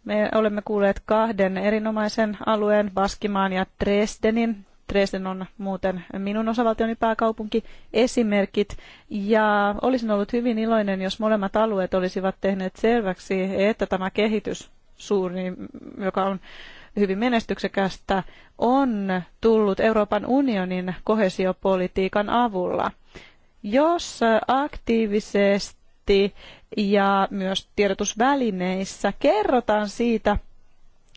Me olemme kuulleet kahden erinomaisen alueen, Baskimaan ja Dresdenin. Dresden on muuten minun osavaltioni pääkaupunki, esimerkit. Ja olisin ollut hyvin iloinen, jos molemmat alueet olisivat tehneet selväksi, että tämä kehitys suuri, joka on hyvin menestyksekästä, on tullut Euroopan unionin kohesiopolitiikan avulla. Jos aktiivisesti viesti ja myös tiedotusvälineissä kerrotaan siitä,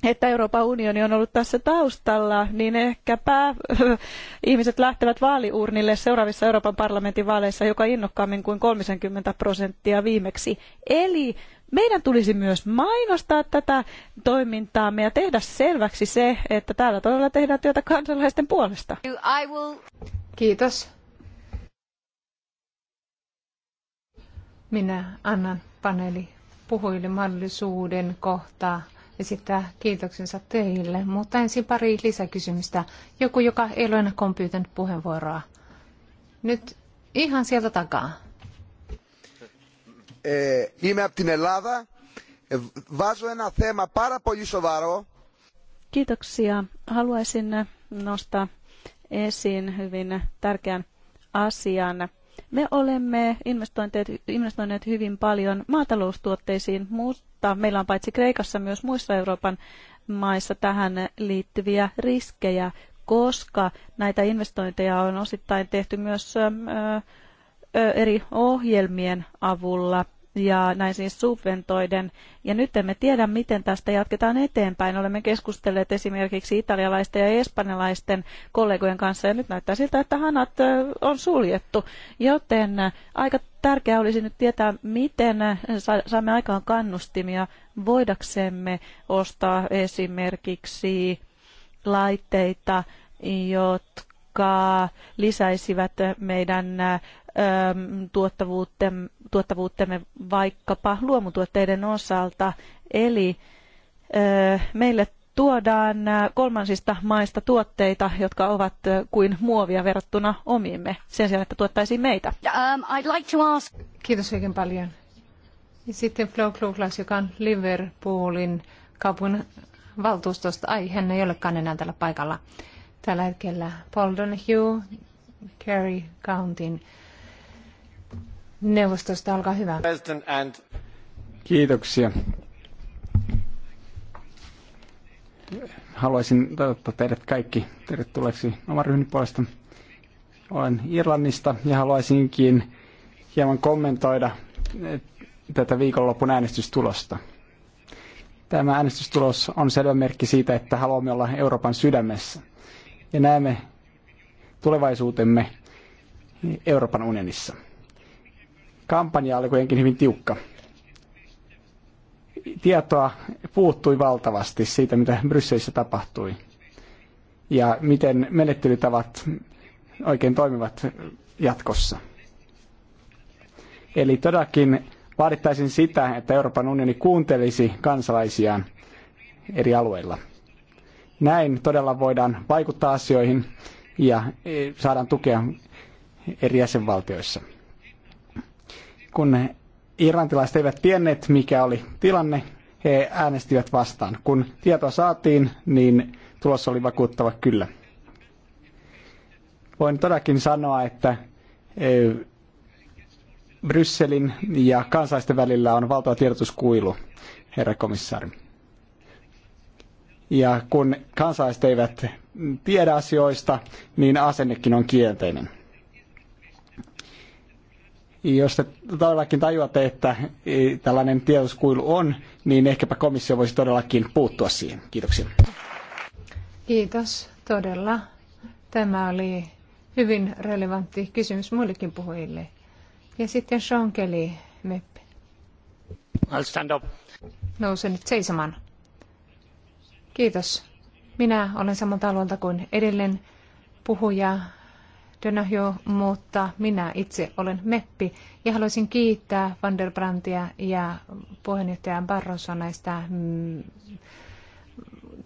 että Euroopan unioni on ollut tässä taustalla, niin ehkäpä ihmiset lähtevät vaaliurnille seuraavissa Euroopan parlamentin vaaleissa joka innokkaammin kuin 30 prosenttia viimeksi. Eli meidän tulisi myös mainostaa tätä toimintaamme ja tehdä selväksi se, että täällä todella tehdään työtä kansalaisten puolesta. Kiitos. Minä annan paneeli puhujille mahdollisuuden kohtaa esittää kiitoksensa teille, mutta ensin pari lisäkysymystä. Joku, joka ei ole ennakkoon pyytänyt puheenvuoroa. Nyt ihan sieltä takaa. Ε, eh, είμαι από την Ελλάδα. Ε, βάζω ένα θέμα πάρα πολύ σοβαρό. Kiitoksia. Haluaisin nostaa esiin hyvin tärkeän asian me olemme investoineet hyvin paljon maataloustuotteisiin, mutta meillä on paitsi Kreikassa myös muissa Euroopan maissa tähän liittyviä riskejä, koska näitä investointeja on osittain tehty myös ähm, äh, eri ohjelmien avulla – ja näin siis subventoiden. Ja nyt emme tiedä, miten tästä jatketaan eteenpäin. Olemme keskustelleet esimerkiksi italialaisten ja espanjalaisten kollegojen kanssa ja nyt näyttää siltä, että hanat on suljettu. Joten aika tärkeää olisi nyt tietää, miten saamme aikaan kannustimia voidaksemme ostaa esimerkiksi laitteita, jotka jotka lisäisivät meidän ähm, tuottavuuttemme vaikkapa luomutuotteiden osalta. Eli äh, meille tuodaan äh, kolmansista maista tuotteita, jotka ovat äh, kuin muovia verrattuna omiimme, sen sijaan, että tuottaisiin meitä. Um, I'd like to ask... Kiitos oikein paljon. sitten Flo Kluglas, joka on Liverpoolin kaupungin valtuustosta. Ai, hän ei olekaan enää tällä paikalla tällä hetkellä Paul Donahue, Kerry Countin neuvostosta. Olkaa hyvä. Kiitoksia. Haluaisin toivottaa teidät kaikki tervetulleeksi oman ryhmän puolesta. Olen Irlannista ja haluaisinkin hieman kommentoida tätä viikonlopun äänestystulosta. Tämä äänestystulos on selvä merkki siitä, että haluamme olla Euroopan sydämessä ja näemme tulevaisuutemme Euroopan unionissa. Kampanja oli kuitenkin hyvin tiukka. Tietoa puuttui valtavasti siitä, mitä Brysselissä tapahtui ja miten menettelytavat oikein toimivat jatkossa. Eli todellakin vaadittaisin sitä, että Euroopan unioni kuuntelisi kansalaisiaan eri alueilla. Näin todella voidaan vaikuttaa asioihin ja e, saadaan tukea eri jäsenvaltioissa. Kun irlantilaiset eivät tienneet, mikä oli tilanne, he äänestivät vastaan. Kun tietoa saatiin, niin tulos oli vakuuttava kyllä. Voin todellakin sanoa, että e, Brysselin ja kansalaisten välillä on valtava tiedotuskuilu, herra komissaari. Ja kun kansalaiset eivät tiedä asioista, niin asennekin on kielteinen. Jos te todellakin tajuatte, että e, tällainen tietoiskuilu on, niin ehkäpä komissio voisi todellakin puuttua siihen. Kiitoksia. Kiitos todella. Tämä oli hyvin relevantti kysymys muillekin puhujille. Ja sitten Sean Kelly, MEP. I'll stand up. Nouse nyt seisomaan. Kiitos. Minä olen samalta alueelta kuin edellinen puhuja Dönahjo, mutta minä itse olen meppi ja haluaisin kiittää Van der Brandtia ja puheenjohtaja Barrosa näistä mm,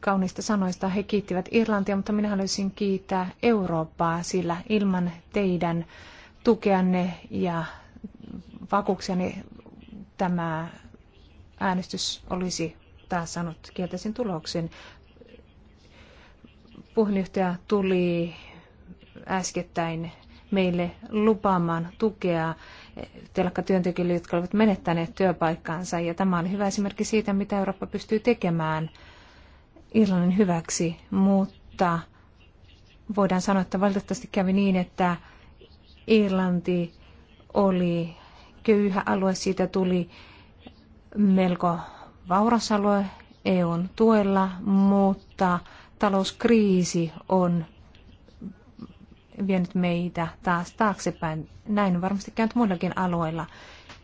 kauniista sanoista. He kiittivät Irlantia, mutta minä haluaisin kiittää Eurooppaa, sillä ilman teidän tukeanne ja vakuuksianne tämä äänestys olisi taas saanut kielteisen tuloksen. Puheenjohtaja tuli äskettäin meille lupaamaan tukea telkkatyöntekijöille, jotka olivat menettäneet työpaikkaansa. Ja tämä on hyvä esimerkki siitä, mitä Eurooppa pystyy tekemään Irlannin hyväksi, mutta voidaan sanoa, että valitettavasti kävi niin, että Irlanti oli köyhä alue, siitä tuli melko Vaurasalue EUn tuella, mutta talouskriisi on vienyt meitä taas taaksepäin. Näin on varmasti käynyt muillakin alueilla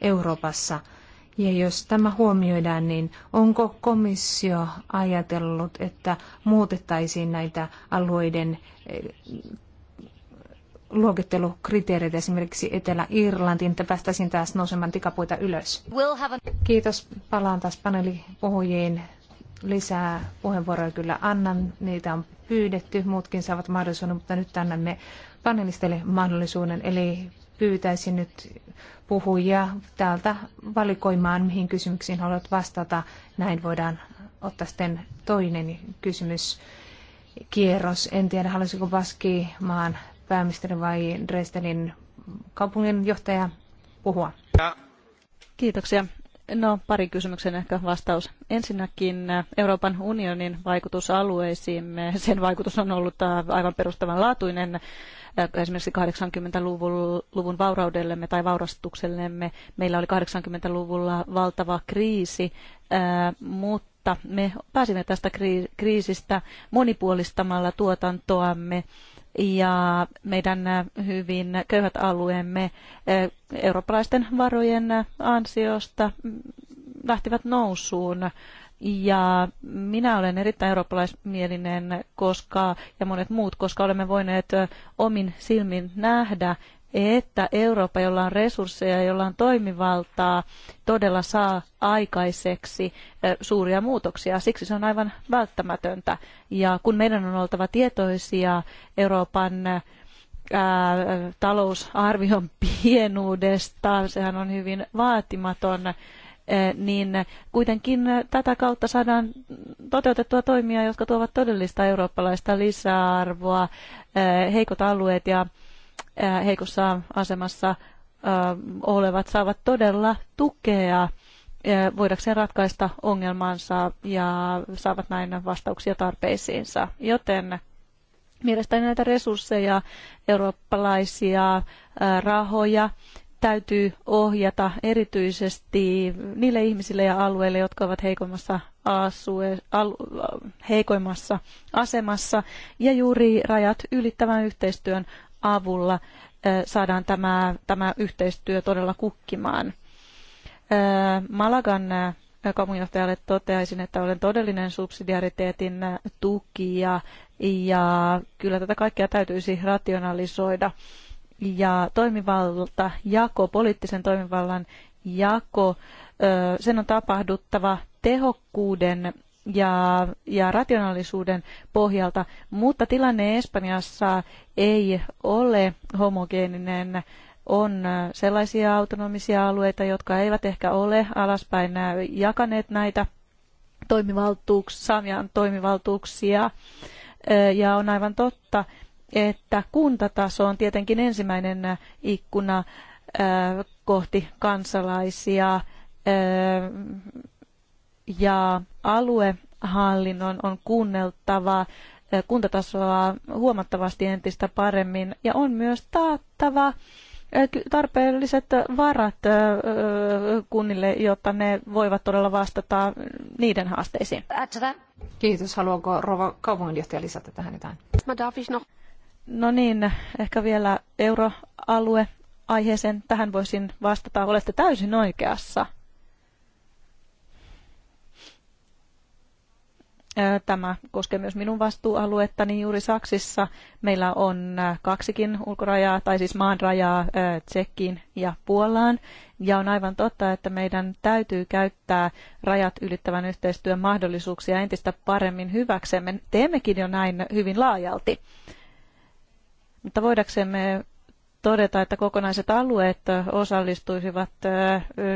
Euroopassa. Ja jos tämä huomioidaan, niin onko komissio ajatellut, että muutettaisiin näitä alueiden eh, luokittelukriteereitä esimerkiksi Etelä-Irlantiin, että päästäisiin taas nousemaan tikapuita ylös? Kiitos. Palaan taas paneelipuhujiin. Lisää puheenvuoroja kyllä annan. Niitä on pyydetty. Muutkin saavat mahdollisuuden, mutta nyt annamme panelisteille mahdollisuuden. Eli pyytäisin nyt puhujia täältä valikoimaan, mihin kysymyksiin haluat vastata. Näin voidaan ottaa sitten toinen kysymys. Kierros. En tiedä, halusiko Baski maan pääministeri vai Dresdenin kaupunginjohtaja puhua. Kiitoksia. No, pari kysymyksen ehkä vastaus. Ensinnäkin äh, Euroopan unionin vaikutusalueisiimme, sen vaikutus on ollut äh, aivan perustavanlaatuinen äh, esimerkiksi 80-luvun vauraudellemme tai vaurastuksellemme. Meillä oli 80-luvulla valtava kriisi, mutta me pääsimme tästä kriisistä monipuolistamalla tuotantoamme ja meidän hyvin köyhät alueemme eurooppalaisten varojen ansiosta lähtivät nousuun. Ja minä olen erittäin eurooppalaismielinen koska, ja monet muut, koska olemme voineet omin silmin nähdä, että Eurooppa, jolla on resursseja, jolla on toimivaltaa, todella saa aikaiseksi suuria muutoksia. Siksi se on aivan välttämätöntä. Ja kun meidän on oltava tietoisia Euroopan talousarvion pienuudesta, sehän on hyvin vaatimaton, niin kuitenkin tätä kautta saadaan toteutettua toimia, jotka tuovat todellista eurooppalaista lisäarvoa. Heikot alueet ja Äh, heikossa asemassa äh, olevat saavat todella tukea äh, voidakseen ratkaista ongelmansa ja saavat näin vastauksia tarpeisiinsa. Joten mielestäni näitä resursseja, eurooppalaisia rahoja täytyy ohjata erityisesti niille ihmisille ja alueille, jotka ovat heikoimmassa, asue, al, heikoimmassa asemassa ja juuri rajat ylittävän yhteistyön avulla saadaan tämä, tämä yhteistyö todella kukkimaan. Malagan kaupunginjohtajalle toteaisin, että olen todellinen subsidiariteetin tukija ja kyllä tätä kaikkea täytyisi rationalisoida. Ja toimivalta jako, poliittisen toimivallan jako, sen on tapahduttava tehokkuuden ja, ja rationaalisuuden pohjalta, mutta tilanne Espanjassa ei ole homogeeninen. On äh, sellaisia autonomisia alueita, jotka eivät ehkä ole alaspäin äh, jakaneet näitä toimivaltuuksia, toimivaltuuksia. Äh, ja on aivan totta, että kuntataso on tietenkin ensimmäinen ikkuna kohti kansalaisia ja aluehallinnon on kuunneltava eh, kuntatasoa huomattavasti entistä paremmin ja on myös taattava eh, tarpeelliset varat eh, kunnille, jotta ne voivat todella vastata niiden haasteisiin. Kiitos. Haluanko Rova kaupunginjohtaja lisätä tähän jotain? No niin, ehkä vielä euroalue aiheeseen. Tähän voisin vastata. Olette täysin oikeassa. Tämä koskee myös minun vastuualuettani. Juuri Saksissa meillä on kaksikin ulkorajaa, tai siis maan rajaa Tsekkiin ja Puolaan. Ja on aivan totta, että meidän täytyy käyttää rajat ylittävän yhteistyön mahdollisuuksia entistä paremmin hyväksemme. Teemmekin jo näin hyvin laajalti. Mutta voidaksemme todeta, että kokonaiset alueet osallistuisivat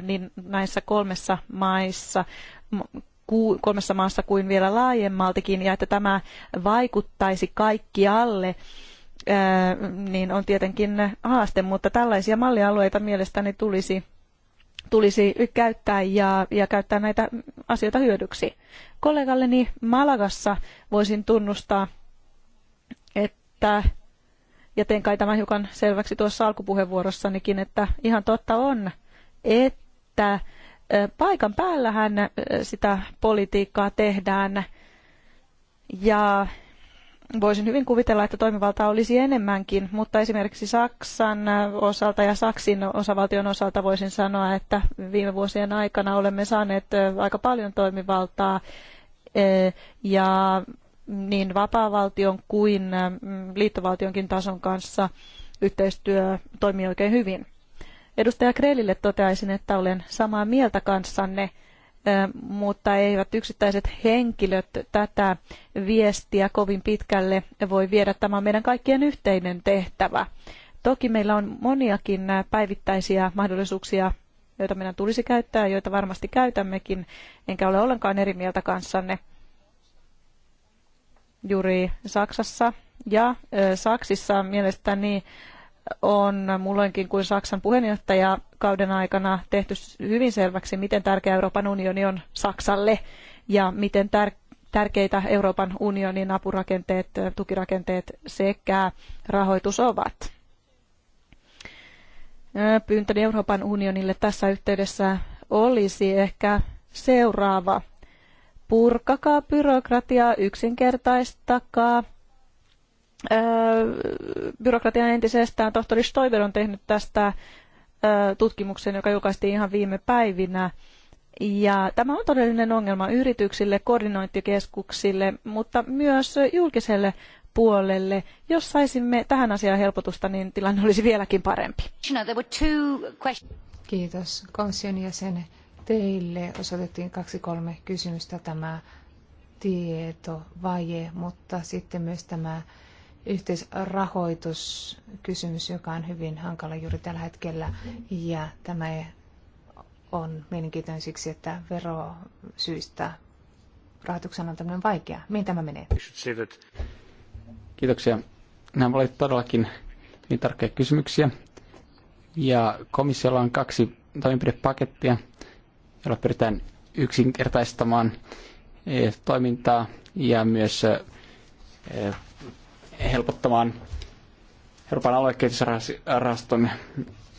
niin näissä kolmessa maissa kolmessa maassa kuin vielä laajemmaltikin ja että tämä vaikuttaisi kaikkialle, niin on tietenkin haaste, mutta tällaisia mallialueita mielestäni tulisi tulisi käyttää ja, ja käyttää näitä asioita hyödyksi. Kollegalleni Malagassa voisin tunnustaa, että, ja teen kai tämän hiukan selväksi tuossa alkupuheenvuorossanikin, että ihan totta on, että paikan päällähän sitä politiikkaa tehdään ja voisin hyvin kuvitella, että toimivaltaa olisi enemmänkin, mutta esimerkiksi Saksan osalta ja Saksin osavaltion osalta voisin sanoa, että viime vuosien aikana olemme saaneet aika paljon toimivaltaa ja niin vapaavaltion kuin liittovaltionkin tason kanssa yhteistyö toimii oikein hyvin. Edustaja Krellille toteaisin, että olen samaa mieltä kanssanne, mutta eivät yksittäiset henkilöt tätä viestiä kovin pitkälle voi viedä. Tämä on meidän kaikkien yhteinen tehtävä. Toki meillä on moniakin päivittäisiä mahdollisuuksia joita meidän tulisi käyttää, joita varmasti käytämmekin, enkä ole ollenkaan eri mieltä kanssanne. Juuri Saksassa ja Saksissa mielestäni on mulloinkin kuin Saksan puheenjohtajakauden aikana tehty hyvin selväksi, miten tärkeä Euroopan unioni on Saksalle ja miten tärkeitä Euroopan unionin apurakenteet, tukirakenteet sekä rahoitus ovat. Pyyntöni Euroopan unionille tässä yhteydessä olisi ehkä seuraava. Purkakaa byrokratiaa, yksinkertaistakaa byrokratian entisestään. Tohtori Stoiber on tehnyt tästä tutkimuksen, joka julkaistiin ihan viime päivinä. Ja tämä on todellinen ongelma yrityksille, koordinointikeskuksille, mutta myös julkiselle puolelle. Jos saisimme tähän asiaan helpotusta, niin tilanne olisi vieläkin parempi. No, Kiitos komission jäsen. Teille osoitettiin kaksi kolme kysymystä tämä tietovaje, mutta sitten myös tämä yhteisrahoituskysymys, joka on hyvin hankala juuri tällä hetkellä. Ja tämä on mielenkiintoinen siksi, että verosyistä rahoituksen antaminen on vaikeaa. Mihin tämä menee? Kiitoksia. Nämä olivat todellakin niin tarkkoja kysymyksiä. Ja komissiolla on kaksi toimenpidepakettia, joilla pyritään yksinkertaistamaan eh, toimintaa ja myös eh, helpottamaan Euroopan aluekehitysrahaston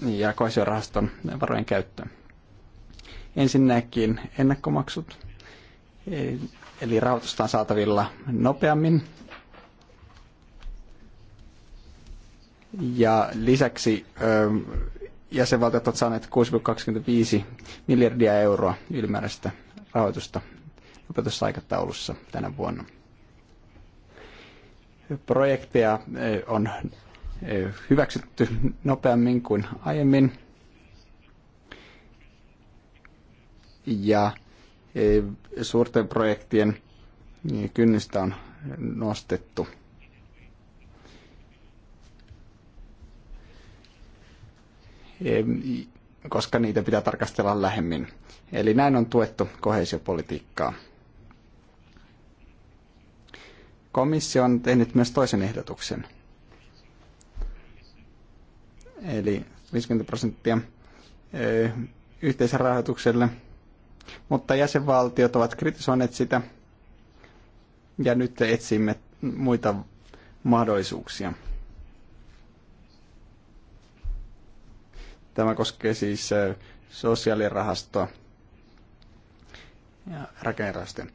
ja koesiorahaston varojen käyttöä. Ensinnäkin ennakkomaksut, eli rahoitusta on saatavilla nopeammin. Ja lisäksi ähm, jäsenvaltiot ovat saaneet 6,25 miljardia euroa ylimääräistä rahoitusta opetusaikataulussa tänä vuonna projekteja eh, on eh, hyväksytty nopeammin kuin aiemmin. Ja eh, suurten projektien kynnystä on nostettu. koska niitä pitää tarkastella lähemmin. Eli näin on tuettu kohesiopolitiikkaa komissio on tehnyt myös toisen ehdotuksen. Eli 50 prosenttia yhteisrahoitukselle, mutta jäsenvaltiot ovat kritisoineet sitä ja nyt etsimme muita mahdollisuuksia. Tämä koskee siis sosiaalirahastoa ja rakennerahastoja.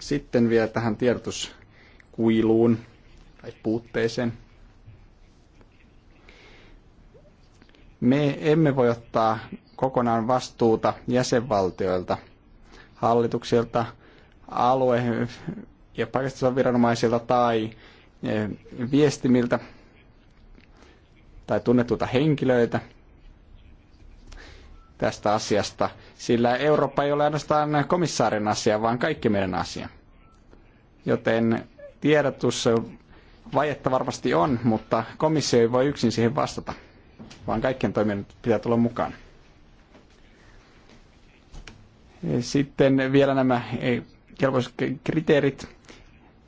Sitten vielä tähän tiedotuskuiluun tai puutteeseen. Me emme voi ottaa kokonaan vastuuta jäsenvaltioilta, hallituksilta, alue- ja paikallisviranomaisilta tai eh, viestimiltä tai tunnetuilta henkilöiltä – tästä asiasta, sillä Eurooppa ei ole ainoastaan komissaarin asia, vaan kaikki meidän asia. Joten tiedotus vajetta varmasti on, mutta komissio ei voi yksin siihen vastata, vaan kaikkien toimijoiden pitää tulla mukaan. Sitten vielä nämä eh, kelpoisuuskriteerit.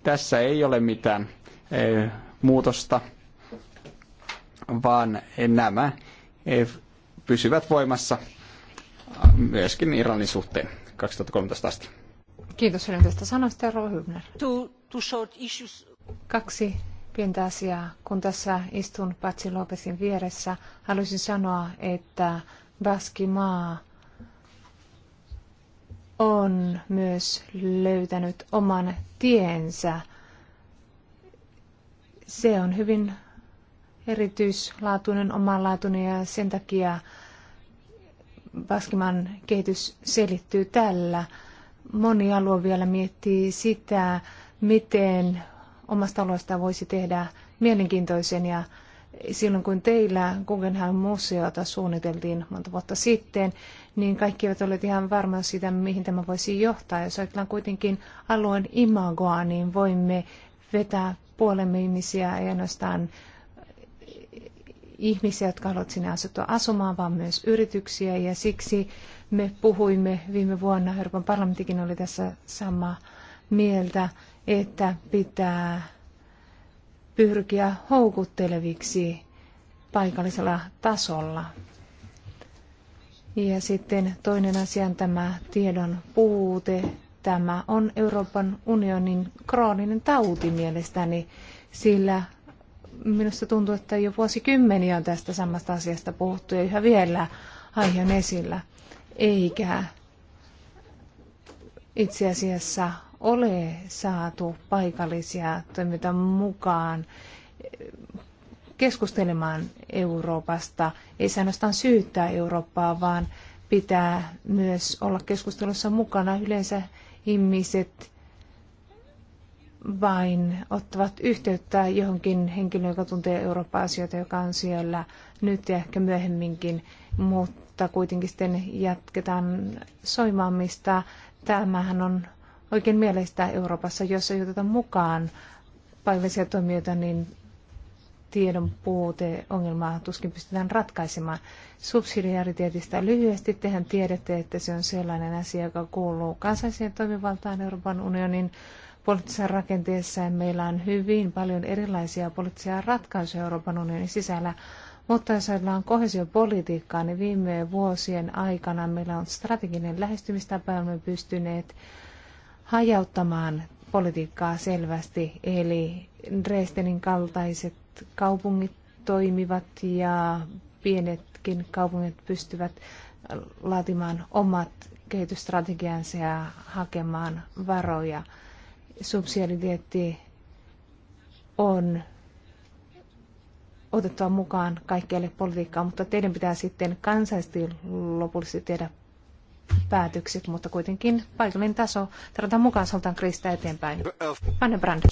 Tässä ei ole mitään eh, muutosta, vaan nämä eh, pysyvät voimassa myöskin Iranin suhteen 2013 asti. Kiitos sinun tästä sanoista, Rova Kaksi pientä asiaa. Kun tässä istun Patsi Lopesin vieressä, haluaisin sanoa, että Baskimaa on myös löytänyt oman tiensä. Se on hyvin erityislaatuinen, omanlaatuinen ja sen takia Baskiman kehitys selittyy tällä. Moni alue vielä miettii sitä, miten omasta alueesta voisi tehdä mielenkiintoisen ja silloin kun teillä Guggenheim museota suunniteltiin monta vuotta sitten, niin kaikki eivät ole ihan varmoja siitä, mihin tämä voisi johtaa. Jos ajatellaan kuitenkin alueen imagoa, niin voimme vetää puolemme ihmisiä ja ainoastaan ihmisiä, jotka haluavat sinne asuttua asumaan, vaan myös yrityksiä. Ja siksi me puhuimme viime vuonna, Euroopan parlamenttikin oli tässä sama mieltä, että pitää pyrkiä houkutteleviksi paikallisella tasolla. Ja sitten toinen asia on tämä tiedon puute. Tämä on Euroopan unionin krooninen tauti mielestäni, sillä minusta tuntuu, että jo vuosikymmeniä on tästä samasta asiasta puhuttu ja yhä vielä aihe on esillä. Eikä itse asiassa ole saatu paikallisia toimijoita mukaan keskustelemaan Euroopasta. Ei ainoastaan syyttää Eurooppaa, vaan pitää myös olla keskustelussa mukana. Yleensä ihmiset vain ottavat yhteyttä johonkin henkilöön, joka tuntee Eurooppa-asioita, joka on siellä nyt ja ehkä myöhemminkin, mutta kuitenkin sitten jatketaan soimaamista. Tämähän on oikein mieleistä Euroopassa, jos ei oteta mukaan paikallisia toimijoita, niin tiedon puute ongelmaa tuskin pystytään ratkaisemaan. Subsidiariteetista lyhyesti tehän tiedätte, että se on sellainen asia, joka kuuluu kansalliseen toimivaltaan Euroopan unionin poliittisessa rakenteessa meillä on hyvin paljon erilaisia poliittisia ratkaisuja Euroopan unionin sisällä. Mutta jos ajatellaan kohesiopolitiikkaa, niin viime vuosien aikana meillä on strateginen lähestymistapa, ja me pystyneet hajauttamaan politiikkaa selvästi. Eli Dresdenin kaltaiset kaupungit toimivat ja pienetkin kaupungit pystyvät laatimaan omat kehitysstrategiansa ja hakemaan varoja subsidiariteetti on otettava mukaan kaikkeelle politiikkaan, mutta teidän pitää sitten kansallisesti lopullisesti tehdä päätökset, mutta kuitenkin paikallinen taso tarvitaan mukaan soltaan kriisistä eteenpäin. Anne Brand.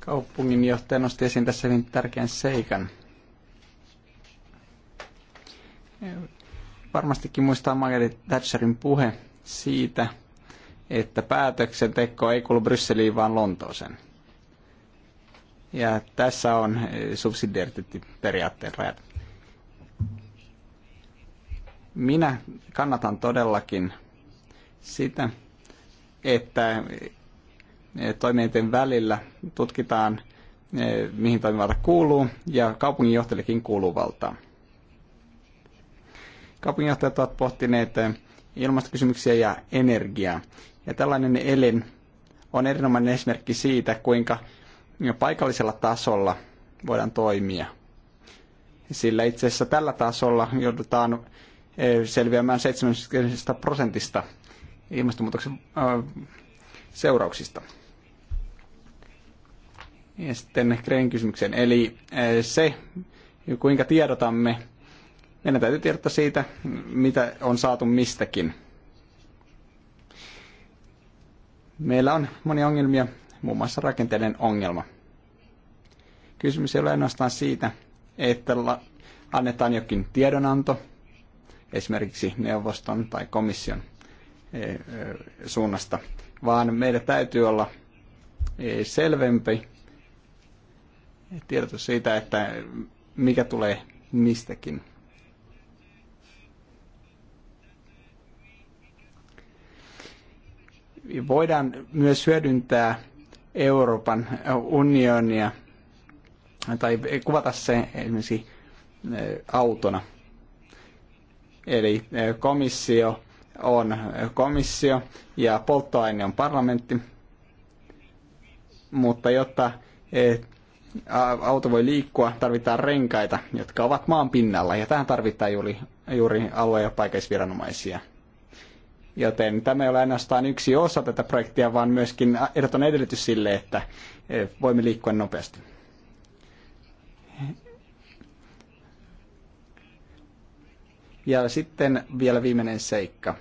Kaupunginjohtaja nosti esiin tässä hyvin tärkeän seikan. Varmastikin muistaa Margaret Thatcherin puhe siitä, että päätöksenteko ei kuulu Brysseliin vaan Lontooseen. Ja tässä on eh, periaatteen rajat. Minä kannatan todellakin sitä, että eh, toimijoiden välillä tutkitaan, eh, mihin toimivalta kuuluu, ja kaupunginjohtajillekin kuuluu valtaa. Kaupunginjohtajat ovat pohtineet ilmastokysymyksiä ja energiaa. Ja tällainen elin on erinomainen esimerkki siitä, kuinka paikallisella tasolla voidaan toimia. Sillä itse asiassa tällä tasolla joudutaan eh, selviämään 70 prosentista ilmastonmuutoksen eh, seurauksista. Ja sitten Kreen kysymykseen. Eli eh, se, kuinka tiedotamme, meidän täytyy tiedottaa siitä, mitä on saatu mistäkin – meillä on monia ongelmia, muun muassa rakenteiden ongelma. Kysymys ei ole ainoastaan siitä, että annetaan jokin tiedonanto, esimerkiksi neuvoston tai komission e, e, suunnasta, vaan meidän täytyy olla e, selvempi tieto siitä, että mikä tulee mistäkin. voidaan myös hyödyntää Euroopan unionia tai kuvata se esimerkiksi eh, autona. Eli eh, komissio on komissio ja polttoaine on parlamentti. Mutta jotta eh, auto voi liikkua, tarvitaan renkaita, jotka ovat maan pinnalla. Ja tähän tarvitaan juuri, juuri alue- ja paikallisviranomaisia. Joten tämä ei ole ainoastaan yksi osa tätä projektia, vaan myöskin ehdoton edellytys sille, että eh, voimme liikkua nopeasti. Ja sitten vielä viimeinen seikka.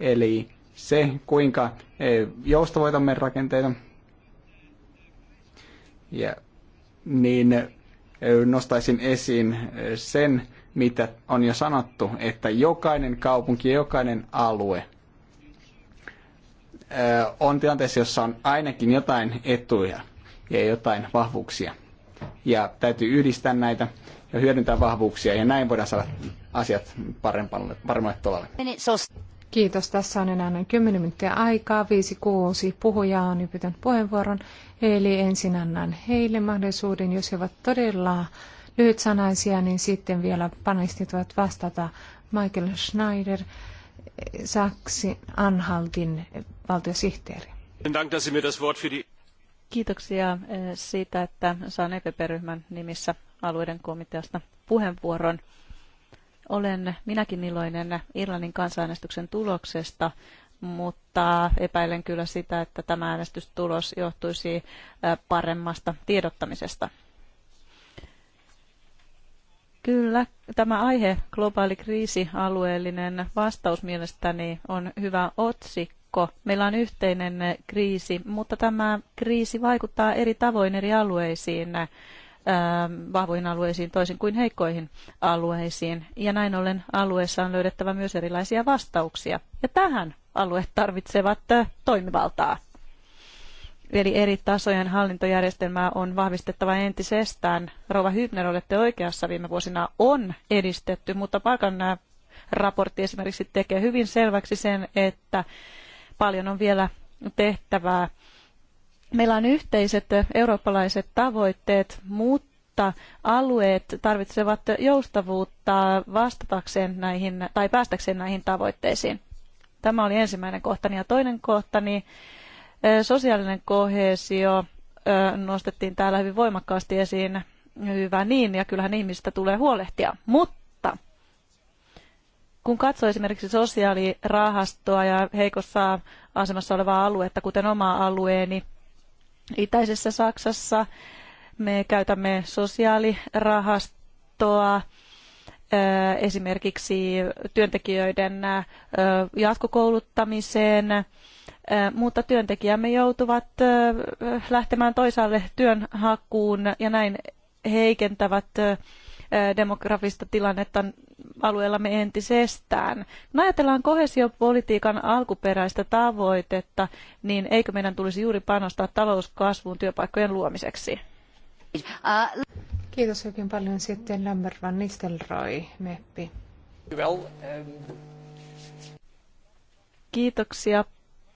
Eli se, kuinka eh, joustavoitamme rakenteita, ja, niin eh, nostaisin esiin sen, mitä on jo sanottu, että jokainen kaupunki ja jokainen alue on tilanteessa, jossa on ainakin jotain etuja ja jotain vahvuuksia. Ja täytyy yhdistää näitä ja hyödyntää vahvuuksia ja näin voidaan saada asiat parempalle, paremmalle tolalle. Kiitos. Tässä on enää noin 10 minuuttia aikaa. 5-6 puhujaa on jo pitänyt puheenvuoron. Eli ensin annan heille mahdollisuuden, jos he ovat todella lyhytsanaisia, niin sitten vielä panelistit voivat vastata. Michael Schneider, Saksin Anhaltin valtiosihteeri. Kiitoksia eh, siitä, että saan EPP-ryhmän nimissä alueiden komiteasta puheenvuoron. Olen minäkin iloinen Irlannin kansanäänestyksen tuloksesta, mutta epäilen kyllä sitä, että tämä äänestystulos johtuisi eh, paremmasta tiedottamisesta. Kyllä, tämä aihe, globaali kriisi, alueellinen vastaus mielestäni on hyvä otsikko. Meillä on yhteinen kriisi, mutta tämä kriisi vaikuttaa eri tavoin eri alueisiin, vahvoihin alueisiin toisin kuin heikkoihin alueisiin. Ja näin ollen alueessa on löydettävä myös erilaisia vastauksia. Ja tähän alueet tarvitsevat toimivaltaa. Eli eri tasojen hallintojärjestelmää on vahvistettava entisestään. Rova Hybner, olette oikeassa, viime vuosina on edistetty, mutta palkan äh, raportti esimerkiksi tekee hyvin selväksi sen, että paljon on vielä tehtävää. Meillä on yhteiset eurooppalaiset tavoitteet, mutta alueet tarvitsevat joustavuutta vastatakseen näihin tai päästäkseen näihin tavoitteisiin. Tämä oli ensimmäinen kohtani ja toinen kohtani. Niin Sosiaalinen kohesio nostettiin täällä hyvin voimakkaasti esiin. Hyvä niin, ja kyllähän ihmistä tulee huolehtia. Mutta kun katsoo esimerkiksi sosiaalirahastoa ja heikossa asemassa olevaa aluetta, kuten omaa alueeni, itäisessä Saksassa me käytämme sosiaalirahastoa esimerkiksi työntekijöiden jatkokouluttamiseen, mutta työntekijämme joutuvat lähtemään toisaalle työnhakuun ja näin heikentävät demografista tilannetta alueellamme entisestään. Kun ajatellaan kohesiopolitiikan alkuperäistä tavoitetta, niin eikö meidän tulisi juuri panostaa talouskasvuun työpaikkojen luomiseksi? Kiitos oikein paljon. Sitten Lambert van Nistelrooy, Meppi. Um, Kiitoksia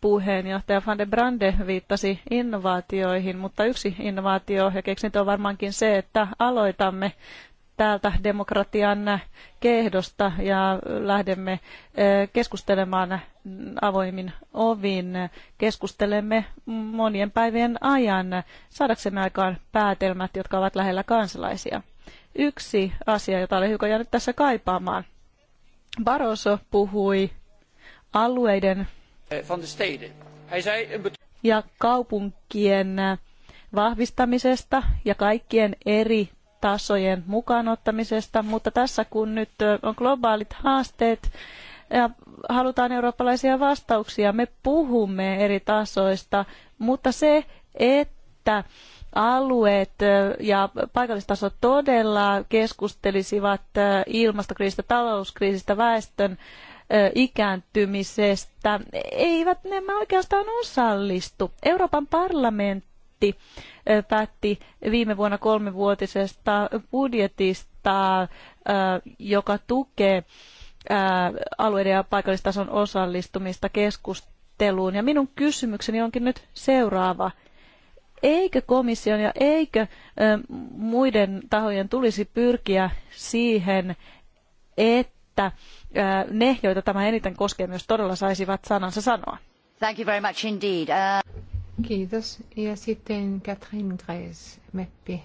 puheenjohtaja Van de Brande viittasi innovaatioihin, mutta yksi innovaatio ja keksintö on varmaankin se, että aloitamme täältä demokratian kehdosta ja lähdemme eh, keskustelemaan avoimin ovin. Keskustelemme monien päivien ajan saadaksemme aikaan päätelmät, jotka ovat lähellä kansalaisia. Yksi asia, jota olen hiukan jäänyt tässä kaipaamaan. Barroso puhui alueiden Eh, ja kaupunkien eh, vahvistamisesta ja kaikkien eri tasojen mukaanottamisesta, mutta tässä kun nyt eh, on globaalit haasteet ja halutaan eurooppalaisia vastauksia, me puhumme eri tasoista, mutta se, että alueet ja paikallistasot todella keskustelisivat ilmastokriisistä, talouskriisistä, väestön ikääntymisestä, eivät nämä oikeastaan osallistu. Euroopan parlamentti päätti viime vuonna kolmivuotisesta budjetista, joka tukee alueiden ja paikallistason osallistumista keskusteluun. Ja minun kysymykseni onkin nyt seuraava eikö komission ja eikö muiden tahojen tulisi pyrkiä siihen, että että ne, joita tämä eniten koskee, myös todella saisivat sanansa sanoa. Thank you very much indeed. Uh... Kiitos. Ja sitten Catherine Grace, Meppi.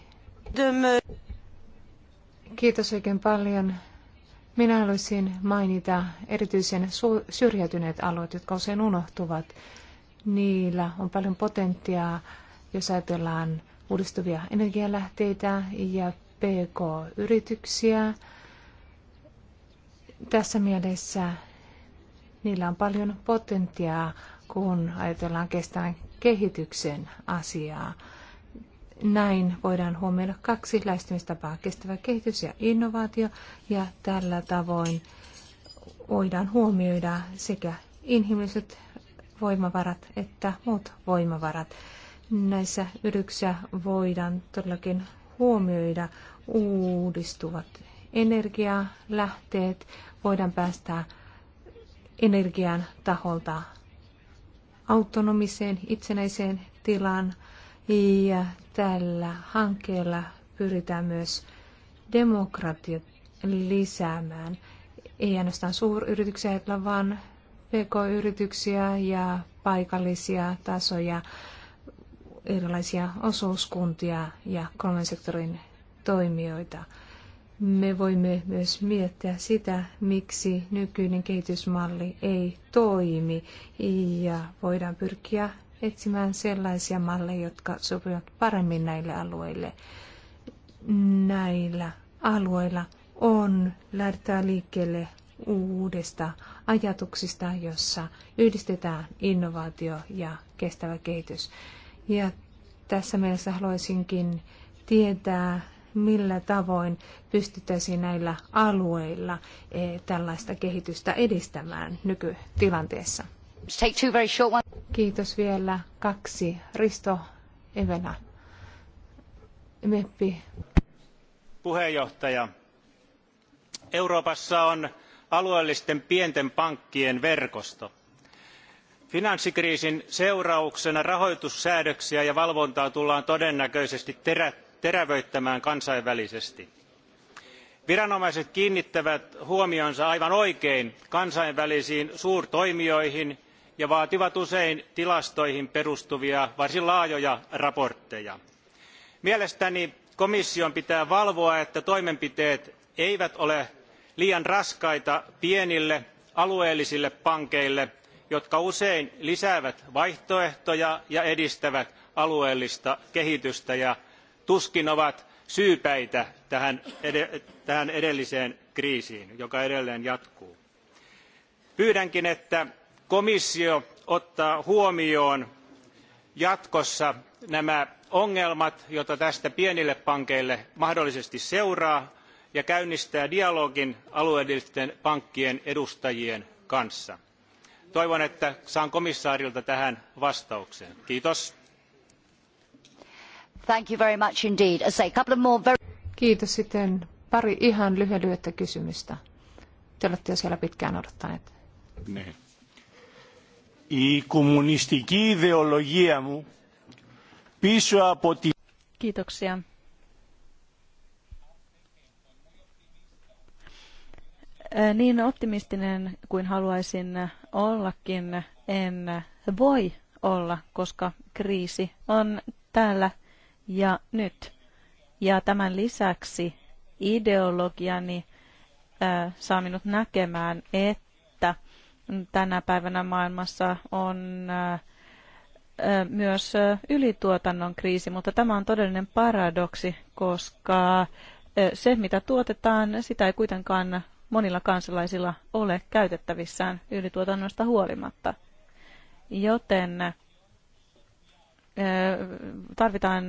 Kiitos oikein paljon. Minä haluaisin mainita erityisen syrjäytyneet alueet, jotka usein unohtuvat. Niillä on paljon potentiaa, jos ajatellaan uudistuvia energialähteitä ja PK-yrityksiä tässä mielessä niillä on paljon potentiaa, kun ajatellaan kestävän kehityksen asiaa. Näin voidaan huomioida kaksi lähestymistapaa, kestävä kehitys ja innovaatio, ja tällä tavoin voidaan huomioida sekä inhimilliset voimavarat että muut voimavarat. Näissä yrityksissä voidaan todellakin huomioida uudistuvat energialähteet, voidaan päästä energian taholta autonomiseen itsenäiseen tilaan ja tällä hankkeella pyritään myös demokratiot lisäämään. Ei ainoastaan suuryrityksiä vaan pk-yrityksiä ja paikallisia tasoja, erilaisia osuuskuntia ja kolmen sektorin toimijoita me voimme myös miettiä sitä, miksi nykyinen kehitysmalli ei toimi ja voidaan pyrkiä etsimään sellaisia malleja, jotka sopivat paremmin näille alueille. Näillä alueilla on lähdetään liikkeelle uudesta ajatuksista, jossa yhdistetään innovaatio ja kestävä kehitys. Ja tässä mielessä haluaisinkin tietää, millä tavoin pystyttäisiin näillä alueilla e, tällaista kehitystä edistämään nykytilanteessa. Kiitos vielä kaksi. Risto Evelä. Meppi. Puheenjohtaja. Euroopassa on alueellisten pienten pankkien verkosto. Finanssikriisin seurauksena rahoitussäädöksiä ja valvontaa tullaan todennäköisesti terät terävöittämään kansainvälisesti. viranomaiset kiinnittävät huomionsa aivan oikein kansainvälisiin suurtoimijoihin ja vaativat usein tilastoihin perustuvia varsin laajoja raportteja. mielestäni komission pitää valvoa että toimenpiteet eivät ole liian raskaita pienille alueellisille pankeille jotka usein lisäävät vaihtoehtoja ja edistävät alueellista kehitystä ja tuskin ovat syypäitä tähän edelliseen kriisiin joka edelleen jatkuu. pyydänkin että komissio ottaa huomioon jatkossa nämä ongelmat joita tästä pienille pankeille mahdollisesti seuraa ja käynnistää dialogin alueellisten pankkien edustajien kanssa. toivon että saan komissaarilta tähän vastauksen. kiitos. Thank you very much indeed. As a couple of more very... Kiitos sitten. Pari ihan lyhyen kysymystä. Te olette jo siellä pitkään odottaneet. Ne. Η κομμουνιστική ιδεολογία μου πίσω από Kiitoksia. Niin optimistinen kuin haluaisin ollakin, en voi olla, koska kriisi on täällä ja nyt. Ja tämän lisäksi ideologiani äh, saa minut näkemään, että tänä päivänä maailmassa on äh, myös ylituotannon kriisi, mutta tämä on todellinen paradoksi, koska se, mitä tuotetaan, sitä ei kuitenkaan monilla kansalaisilla ole käytettävissään ylituotannosta huolimatta. Joten tarvitaan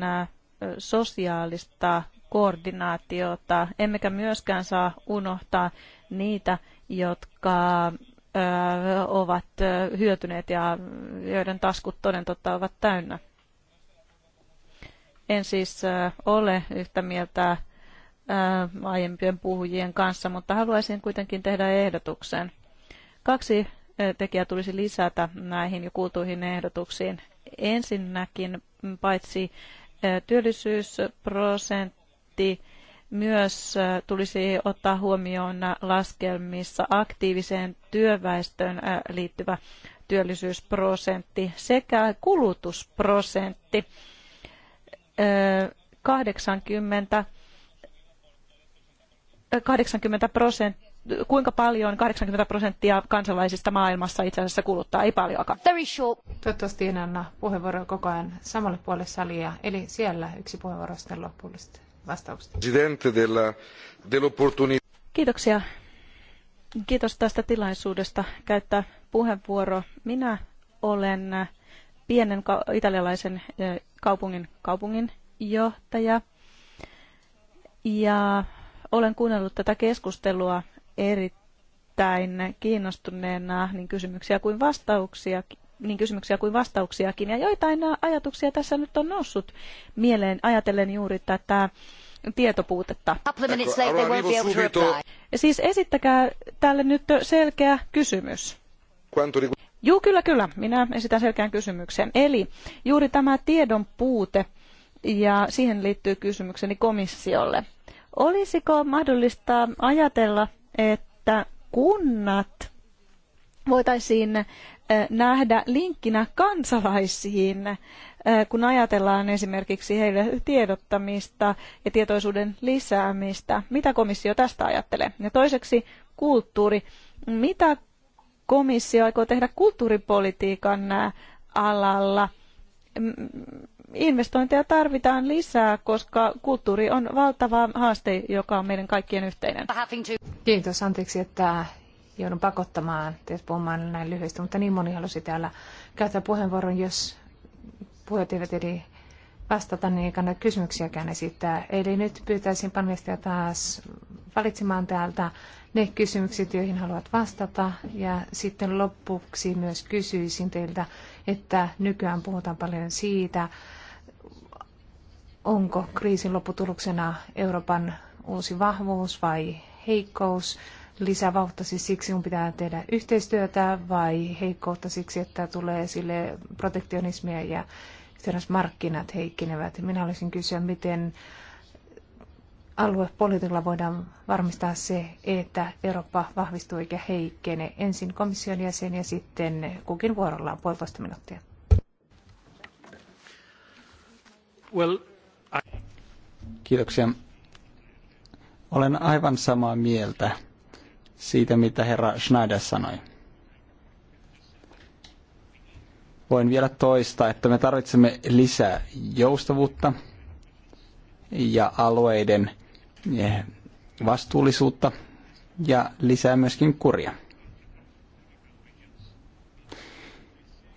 sosiaalista koordinaatiota, emmekä myöskään saa unohtaa niitä, jotka ovat hyötyneet ja joiden taskut toden totta ovat täynnä. En siis ole yhtä mieltä aiempien puhujien kanssa, mutta haluaisin kuitenkin tehdä ehdotuksen. Kaksi tekijää tulisi lisätä näihin jo kuultuihin ehdotuksiin. Ensinnäkin paitsi työllisyysprosentti, myös tulisi ottaa huomioon laskelmissa aktiiviseen työväestöön liittyvä työllisyysprosentti sekä kulutusprosentti. 80 80 prosenttia kuinka paljon 80 prosenttia kansalaisista maailmassa itse asiassa kuluttaa, ei paljonkaan. Very short. Toivottavasti en anna puheenvuoroa koko ajan samalle puolelle salia, eli siellä yksi puheenvuoro sitten lopullista vastausta. Kiitoksia. Kiitos tästä tilaisuudesta käyttää puheenvuoro. Minä olen pienen italialaisen kaupungin kaupungin johtaja ja olen kuunnellut tätä keskustelua erittäin kiinnostuneena niin kysymyksiä kuin vastauksia niin kysymyksiä kuin vastauksiakin. Ja joitain ajatuksia tässä nyt on noussut mieleen ajatellen juuri tätä tietopuutetta. Siis esittäkää tälle nyt selkeä kysymys. Juu, kyllä, kyllä. Minä esitän selkeän kysymyksen. Eli juuri tämä tiedon puute ja siihen liittyy kysymykseni komissiolle. Olisiko mahdollista ajatella että kunnat voitaisiin nähdä linkkinä kansalaisiin, kun ajatellaan esimerkiksi heille tiedottamista ja tietoisuuden lisäämistä. Mitä komissio tästä ajattelee? Ja toiseksi kulttuuri. Mitä komissio aikoo tehdä kulttuuripolitiikan alalla? investointeja tarvitaan lisää, koska kulttuuri on valtava haaste, joka on meidän kaikkien yhteinen. Kiitos, anteeksi, että joudun pakottamaan teidät puhumaan näin lyhyesti, mutta niin moni halusi täällä käyttää puheenvuoron, jos puhujat eivät edi vastata, niin ei kannata kysymyksiäkään esittää. Eli nyt pyytäisin panelistia taas valitsemaan täältä ne kysymykset, joihin haluat vastata. Ja sitten lopuksi myös kysyisin teiltä, että nykyään puhutaan paljon siitä, onko kriisin lopputuloksena Euroopan uusi vahvuus vai heikkous, lisävauhta siis siksi, kun pitää tehdä yhteistyötä vai heikkoutta siksi, että tulee sille protektionismia ja markkinat heikkenevät. Minä olisin kysyä, miten aluepolitiikalla voidaan varmistaa se, että Eurooppa vahvistuu eikä heikkene. Ensin komission jäsen ja sitten kukin vuorollaan puolitoista minuuttia. Well, Kiitoksia. Olen aivan samaa mieltä siitä, mitä herra Schneider sanoi. Voin vielä toistaa, että me tarvitsemme lisää joustavuutta ja alueiden eh, vastuullisuutta ja lisää myöskin kuria.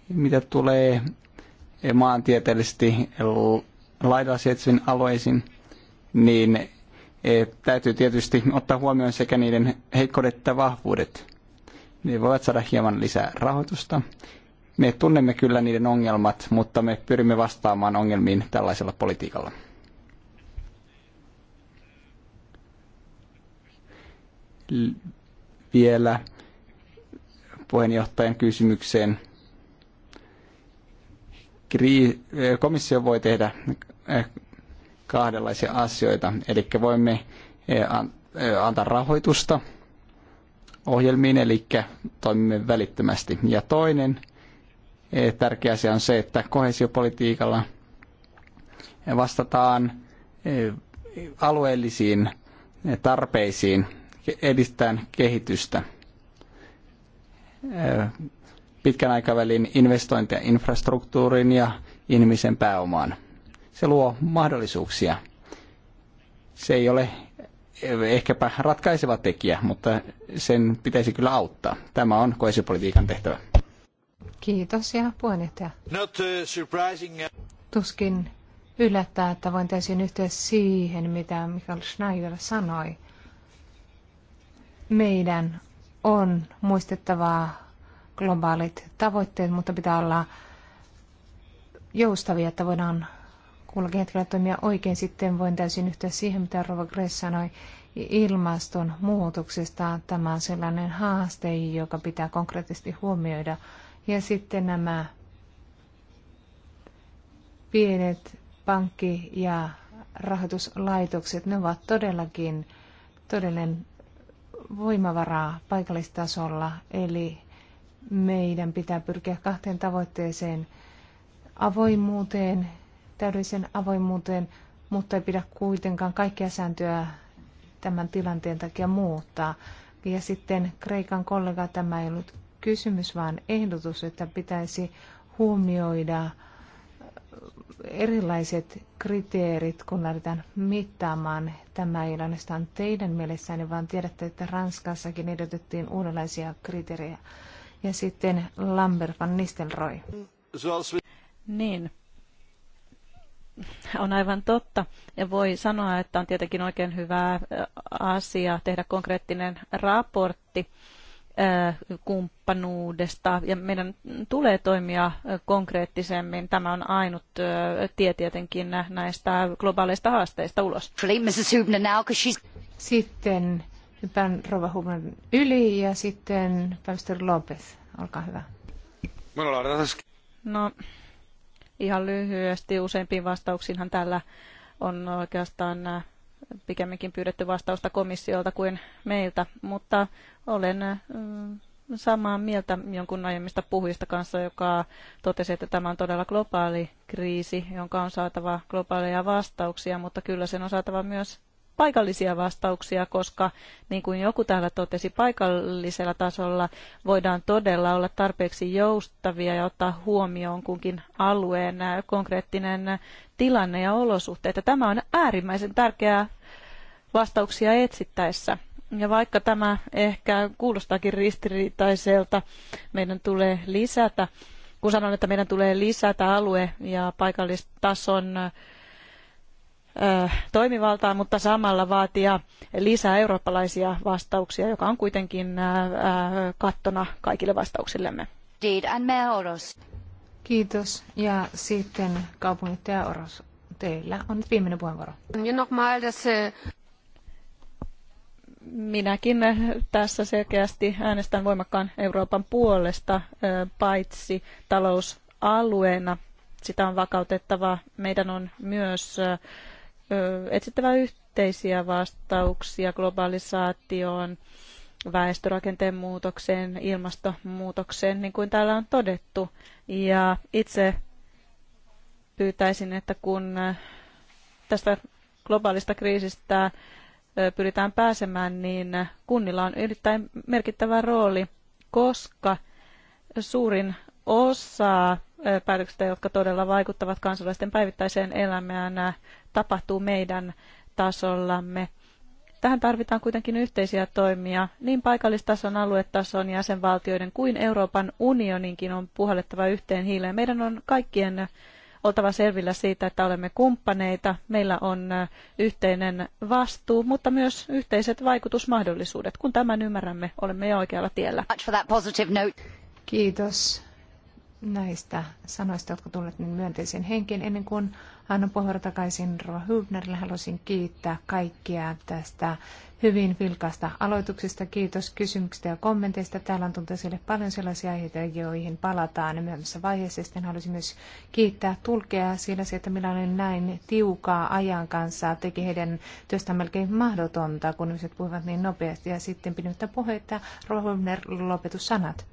Mitä tulee maantieteellisesti laidalla sijaitseviin alueisiin, niin eh, täytyy tietysti ottaa huomioon sekä niiden heikkoudet että vahvuudet. Ne voivat saada hieman lisää rahoitusta. Me tunnemme kyllä niiden ongelmat, mutta me pyrimme vastaamaan ongelmiin tällaisella politiikalla. vielä puheenjohtajan kysymykseen. Eh, komissio voi tehdä eh, kahdenlaisia asioita. Eli voimme e, e, antaa rahoitusta ohjelmiin, eli toimimme välittömästi. Ja toinen e, tärkeä asia on se, että kohesiopolitiikalla vastataan alueellisiin tarpeisiin edistään kehitystä. Pitkän aikavälin investointeja infrastruktuuriin ja ihmisen pääomaan. Se luo mahdollisuuksia. Se ei ole ehkäpä ratkaiseva tekijä, mutta sen pitäisi kyllä auttaa. Tämä on koesipolitiikan tehtävä. Kiitos ja puheenjohtaja. Not uh, surprising. Uh, Tuskin yllättää, että voin täysin yhtyä siihen, mitä Michael Schneider sanoi. Meidän on muistettava globaalit tavoitteet, mutta pitää olla joustavia, että voidaan kullakin hetkellä toimia oikein, sitten voin täysin yhtyä siihen, mitä Rova Gress sanoi ilmastonmuutoksesta. Tämä on sellainen haaste, joka pitää konkreettisesti huomioida. Ja sitten nämä pienet pankki- ja rahoituslaitokset, ne ovat todellakin todellinen voimavaraa paikallistasolla, eli meidän pitää pyrkiä kahteen tavoitteeseen, avoimuuteen täydelliseen avoimuuteen, mutta ei pidä kuitenkaan kaikkia sääntöjä tämän tilanteen takia muuttaa. Ja sitten Kreikan kollega tämä ei ollut kysymys, vaan ehdotus, että pitäisi huomioida erilaiset kriteerit, kun lähdetään mittaamaan. Tämä ei ole ainoastaan teidän mielessäni, vaan tiedätte, että Ranskassakin edotettiin uudenlaisia kriteerejä. Ja sitten Lambert van Nistelrooy. Niin, on aivan totta. Ja voi sanoa, että on tietenkin oikein hyvä asia tehdä konkreettinen raportti kumppanuudesta ja meidän tulee toimia konkreettisemmin. Tämä on ainut tie tietenkin näistä globaaleista haasteista ulos. Sitten hypän Rova Hubner yli ja sitten Pastor Lopez, olkaa hyvä. No, Ihan lyhyesti useimpiin vastauksiinhan tällä on oikeastaan äh, pikemminkin pyydetty vastausta komissiolta kuin meiltä, mutta olen äh, samaa mieltä jonkun aiemmista puhujista kanssa, joka totesi, että tämä on todella globaali kriisi, jonka on saatava globaaleja vastauksia, mutta kyllä sen on saatava myös paikallisia vastauksia, koska niin kuin joku täällä totesi, paikallisella tasolla voidaan todella olla tarpeeksi joustavia ja ottaa huomioon kunkin alueen konkreettinen tilanne ja olosuhteet. tämä on äärimmäisen tärkeää vastauksia etsittäessä. Ja vaikka tämä ehkä kuulostaakin ristiriitaiselta, meidän tulee lisätä, kun sanon, että meidän tulee lisätä alue- ja paikallistason toimivaltaa, mutta samalla vaatia lisää eurooppalaisia vastauksia, joka on kuitenkin kattona kaikille vastauksillemme. Kiitos. Ja sitten kaupunginjohtaja Oros, teillä on nyt viimeinen puheenvuoro. Äh, Minäkin tässä selkeästi äänestän voimakkaan Euroopan puolesta, paitsi talousalueena sitä on vakautettava. Meidän on myös etsittävä yhteisiä vastauksia globalisaatioon, väestörakenteen muutokseen, ilmastonmuutokseen, niin kuin täällä on todettu. Ja itse pyytäisin, että kun tästä globaalista kriisistä pyritään pääsemään, niin kunnilla on erittäin merkittävä rooli, koska suurin osa päätöksistä, jotka todella vaikuttavat kansalaisten päivittäiseen elämään, tapahtuu meidän tasollamme. Tähän tarvitaan kuitenkin yhteisiä toimia. Niin paikallistason, aluetason, jäsenvaltioiden kuin Euroopan unioninkin on puhallettava yhteen hiileen. Meidän on kaikkien oltava selvillä siitä, että olemme kumppaneita, meillä on yhteinen vastuu, mutta myös yhteiset vaikutusmahdollisuudet. Kun tämän ymmärrämme, olemme jo oikealla tiellä. Kiitos näistä sanoista, jotka tulet niin myönteisen henkin. Ennen kuin annan puheenvuoron takaisin Roa Hübnerille, haluaisin kiittää kaikkia tästä hyvin vilkaista aloituksesta. Kiitos kysymyksistä ja kommenteista. Täällä on tullut esille paljon sellaisia aiheita, joihin palataan myöhemmässä vaiheessa. Sitten haluaisin myös kiittää tulkea sillä se, että millainen näin tiukaa ajan kanssa teki heidän työstään melkein mahdotonta, kun ihmiset puhuvat niin nopeasti. Ja sitten pidemmittä puheita, Roa Hübner, lopetussanat.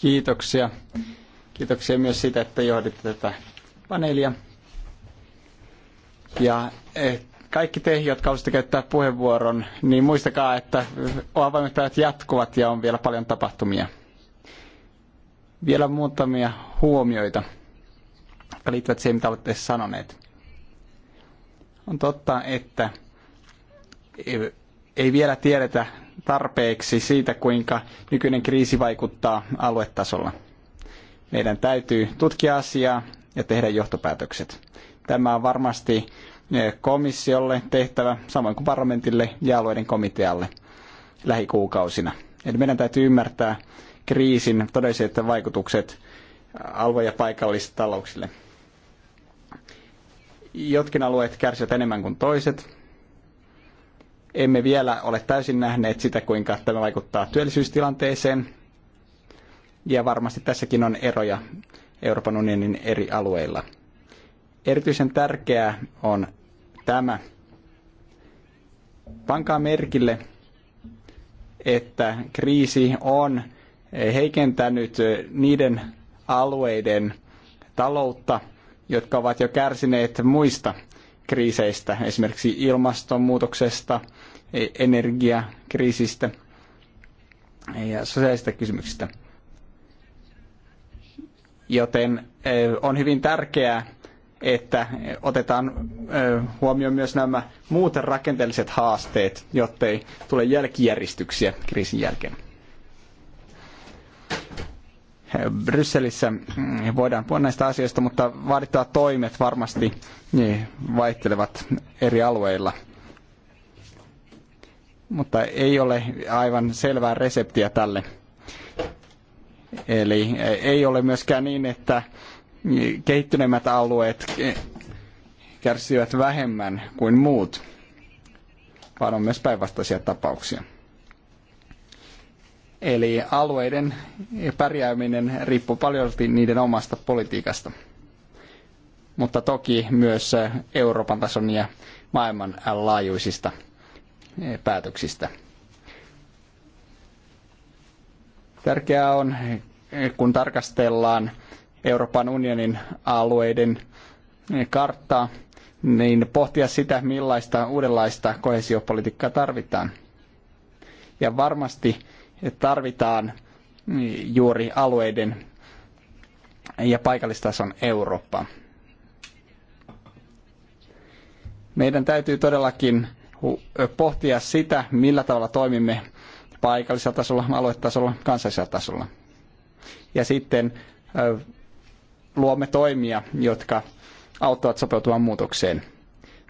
Kiitoksia. Kiitoksia myös siitä, että johditte tätä paneelia. Ja eh, kaikki te, jotka haluaisitte käyttää puheenvuoron, niin muistakaa, että avoimet päivät jatkuvat ja on vielä paljon tapahtumia. Vielä muutamia huomioita, jotka liittyvät siihen, mitä olette sanoneet. On totta, että ei vielä tiedetä, tarpeeksi siitä, kuinka nykyinen kriisi vaikuttaa aluetasolla. Meidän täytyy tutkia asiaa ja tehdä johtopäätökset. Tämä on varmasti eh, komissiolle tehtävä, samoin kuin parlamentille ja alueiden komitealle lähikuukausina. Eli meidän täytyy ymmärtää kriisin todelliset vaikutukset eh, alue- ja paikallistalouksille. Jotkin alueet kärsivät enemmän kuin toiset, emme vielä ole täysin nähneet sitä, kuinka tämä vaikuttaa työllisyystilanteeseen. Ja varmasti tässäkin on eroja Euroopan unionin eri alueilla. Erityisen tärkeää on tämä. Pankaa merkille, että kriisi on heikentänyt niiden alueiden taloutta, jotka ovat jo kärsineet muista kriiseistä, esimerkiksi ilmastonmuutoksesta, e- energiakriisistä ja sosiaalisista kysymyksistä. Joten e, on hyvin tärkeää, että otetaan e, huomioon myös nämä muut rakenteelliset haasteet, jottei tule jälkijäristyksiä kriisin jälkeen. Brysselissä mm, voidaan puhua näistä asioista, mutta vaadittavat toimet varmasti niin, vaihtelevat eri alueilla. Mutta ei ole aivan selvää reseptiä tälle. Eli ei ole myöskään niin, että kehittyneimmät alueet kärsivät vähemmän kuin muut, vaan on myös päinvastaisia tapauksia. Eli alueiden pärjääminen riippuu paljon niiden omasta politiikasta. Mutta toki myös Euroopan tason ja maailman laajuisista päätöksistä. Tärkeää on, kun tarkastellaan Euroopan unionin alueiden karttaa, niin pohtia sitä, millaista uudenlaista kohesiopolitiikkaa tarvitaan. Ja varmasti tarvitaan mm, juuri alueiden ja paikallistason Eurooppa. Meidän täytyy todellakin pohtia sitä, millä tavalla toimimme paikallisella tasolla, aluetasolla, kansallisella tasolla. Ja sitten luomme toimia, jotka auttavat sopeutumaan muutokseen.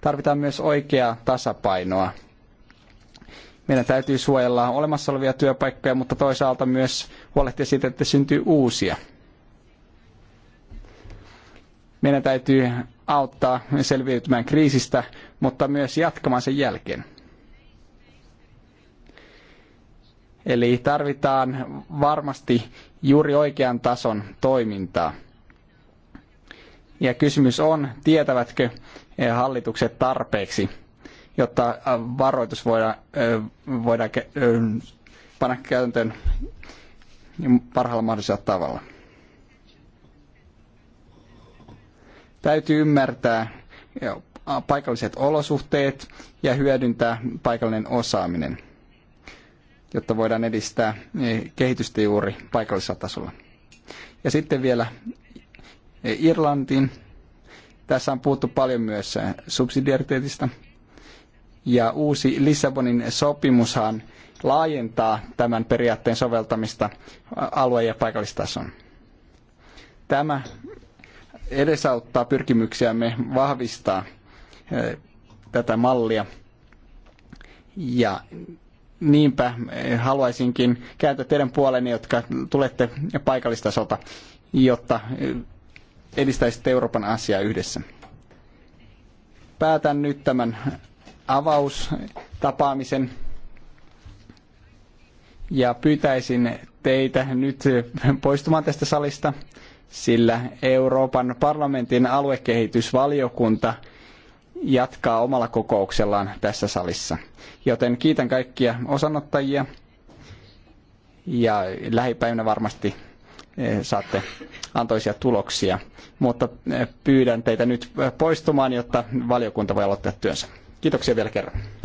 Tarvitaan myös oikeaa tasapainoa meidän täytyy suojella olemassa olevia työpaikkoja, mutta toisaalta myös huolehtia siitä, että syntyy uusia. Meidän täytyy auttaa selviytymään kriisistä, mutta myös jatkamaan sen jälkeen. Eli tarvitaan varmasti juuri oikean tason toimintaa. Ja kysymys on, tietävätkö eh, hallitukset tarpeeksi jotta äh, varoitus voidaan, äh, voidaan äh, panna käytäntöön parhaalla mahdollisella tavalla. Täytyy ymmärtää paikalliset olosuhteet ja hyödyntää paikallinen osaaminen, jotta voidaan edistää kehitystä juuri paikallisella tasolla. Ja sitten vielä Irlantiin. Tässä on puhuttu paljon myös subsidiariteetista, ja uusi Lissabonin sopimushan laajentaa tämän periaatteen soveltamista alue- ja paikallistason. Tämä edesauttaa pyrkimyksiämme vahvistaa eh, tätä mallia. Ja niinpä eh, haluaisinkin kääntyä teidän puolenne, jotka tulette paikallistasolta, jotta eh, edistäisitte Euroopan asiaa yhdessä. Päätän nyt tämän avaustapaamisen ja pyytäisin teitä nyt poistumaan tästä salista, sillä Euroopan parlamentin aluekehitysvaliokunta jatkaa omalla kokouksellaan tässä salissa. Joten kiitän kaikkia osanottajia ja lähipäivinä varmasti eh, saatte antoisia tuloksia, mutta eh, pyydän teitä nyt poistumaan, jotta valiokunta voi aloittaa työnsä. Kiitoksia vielä kerran.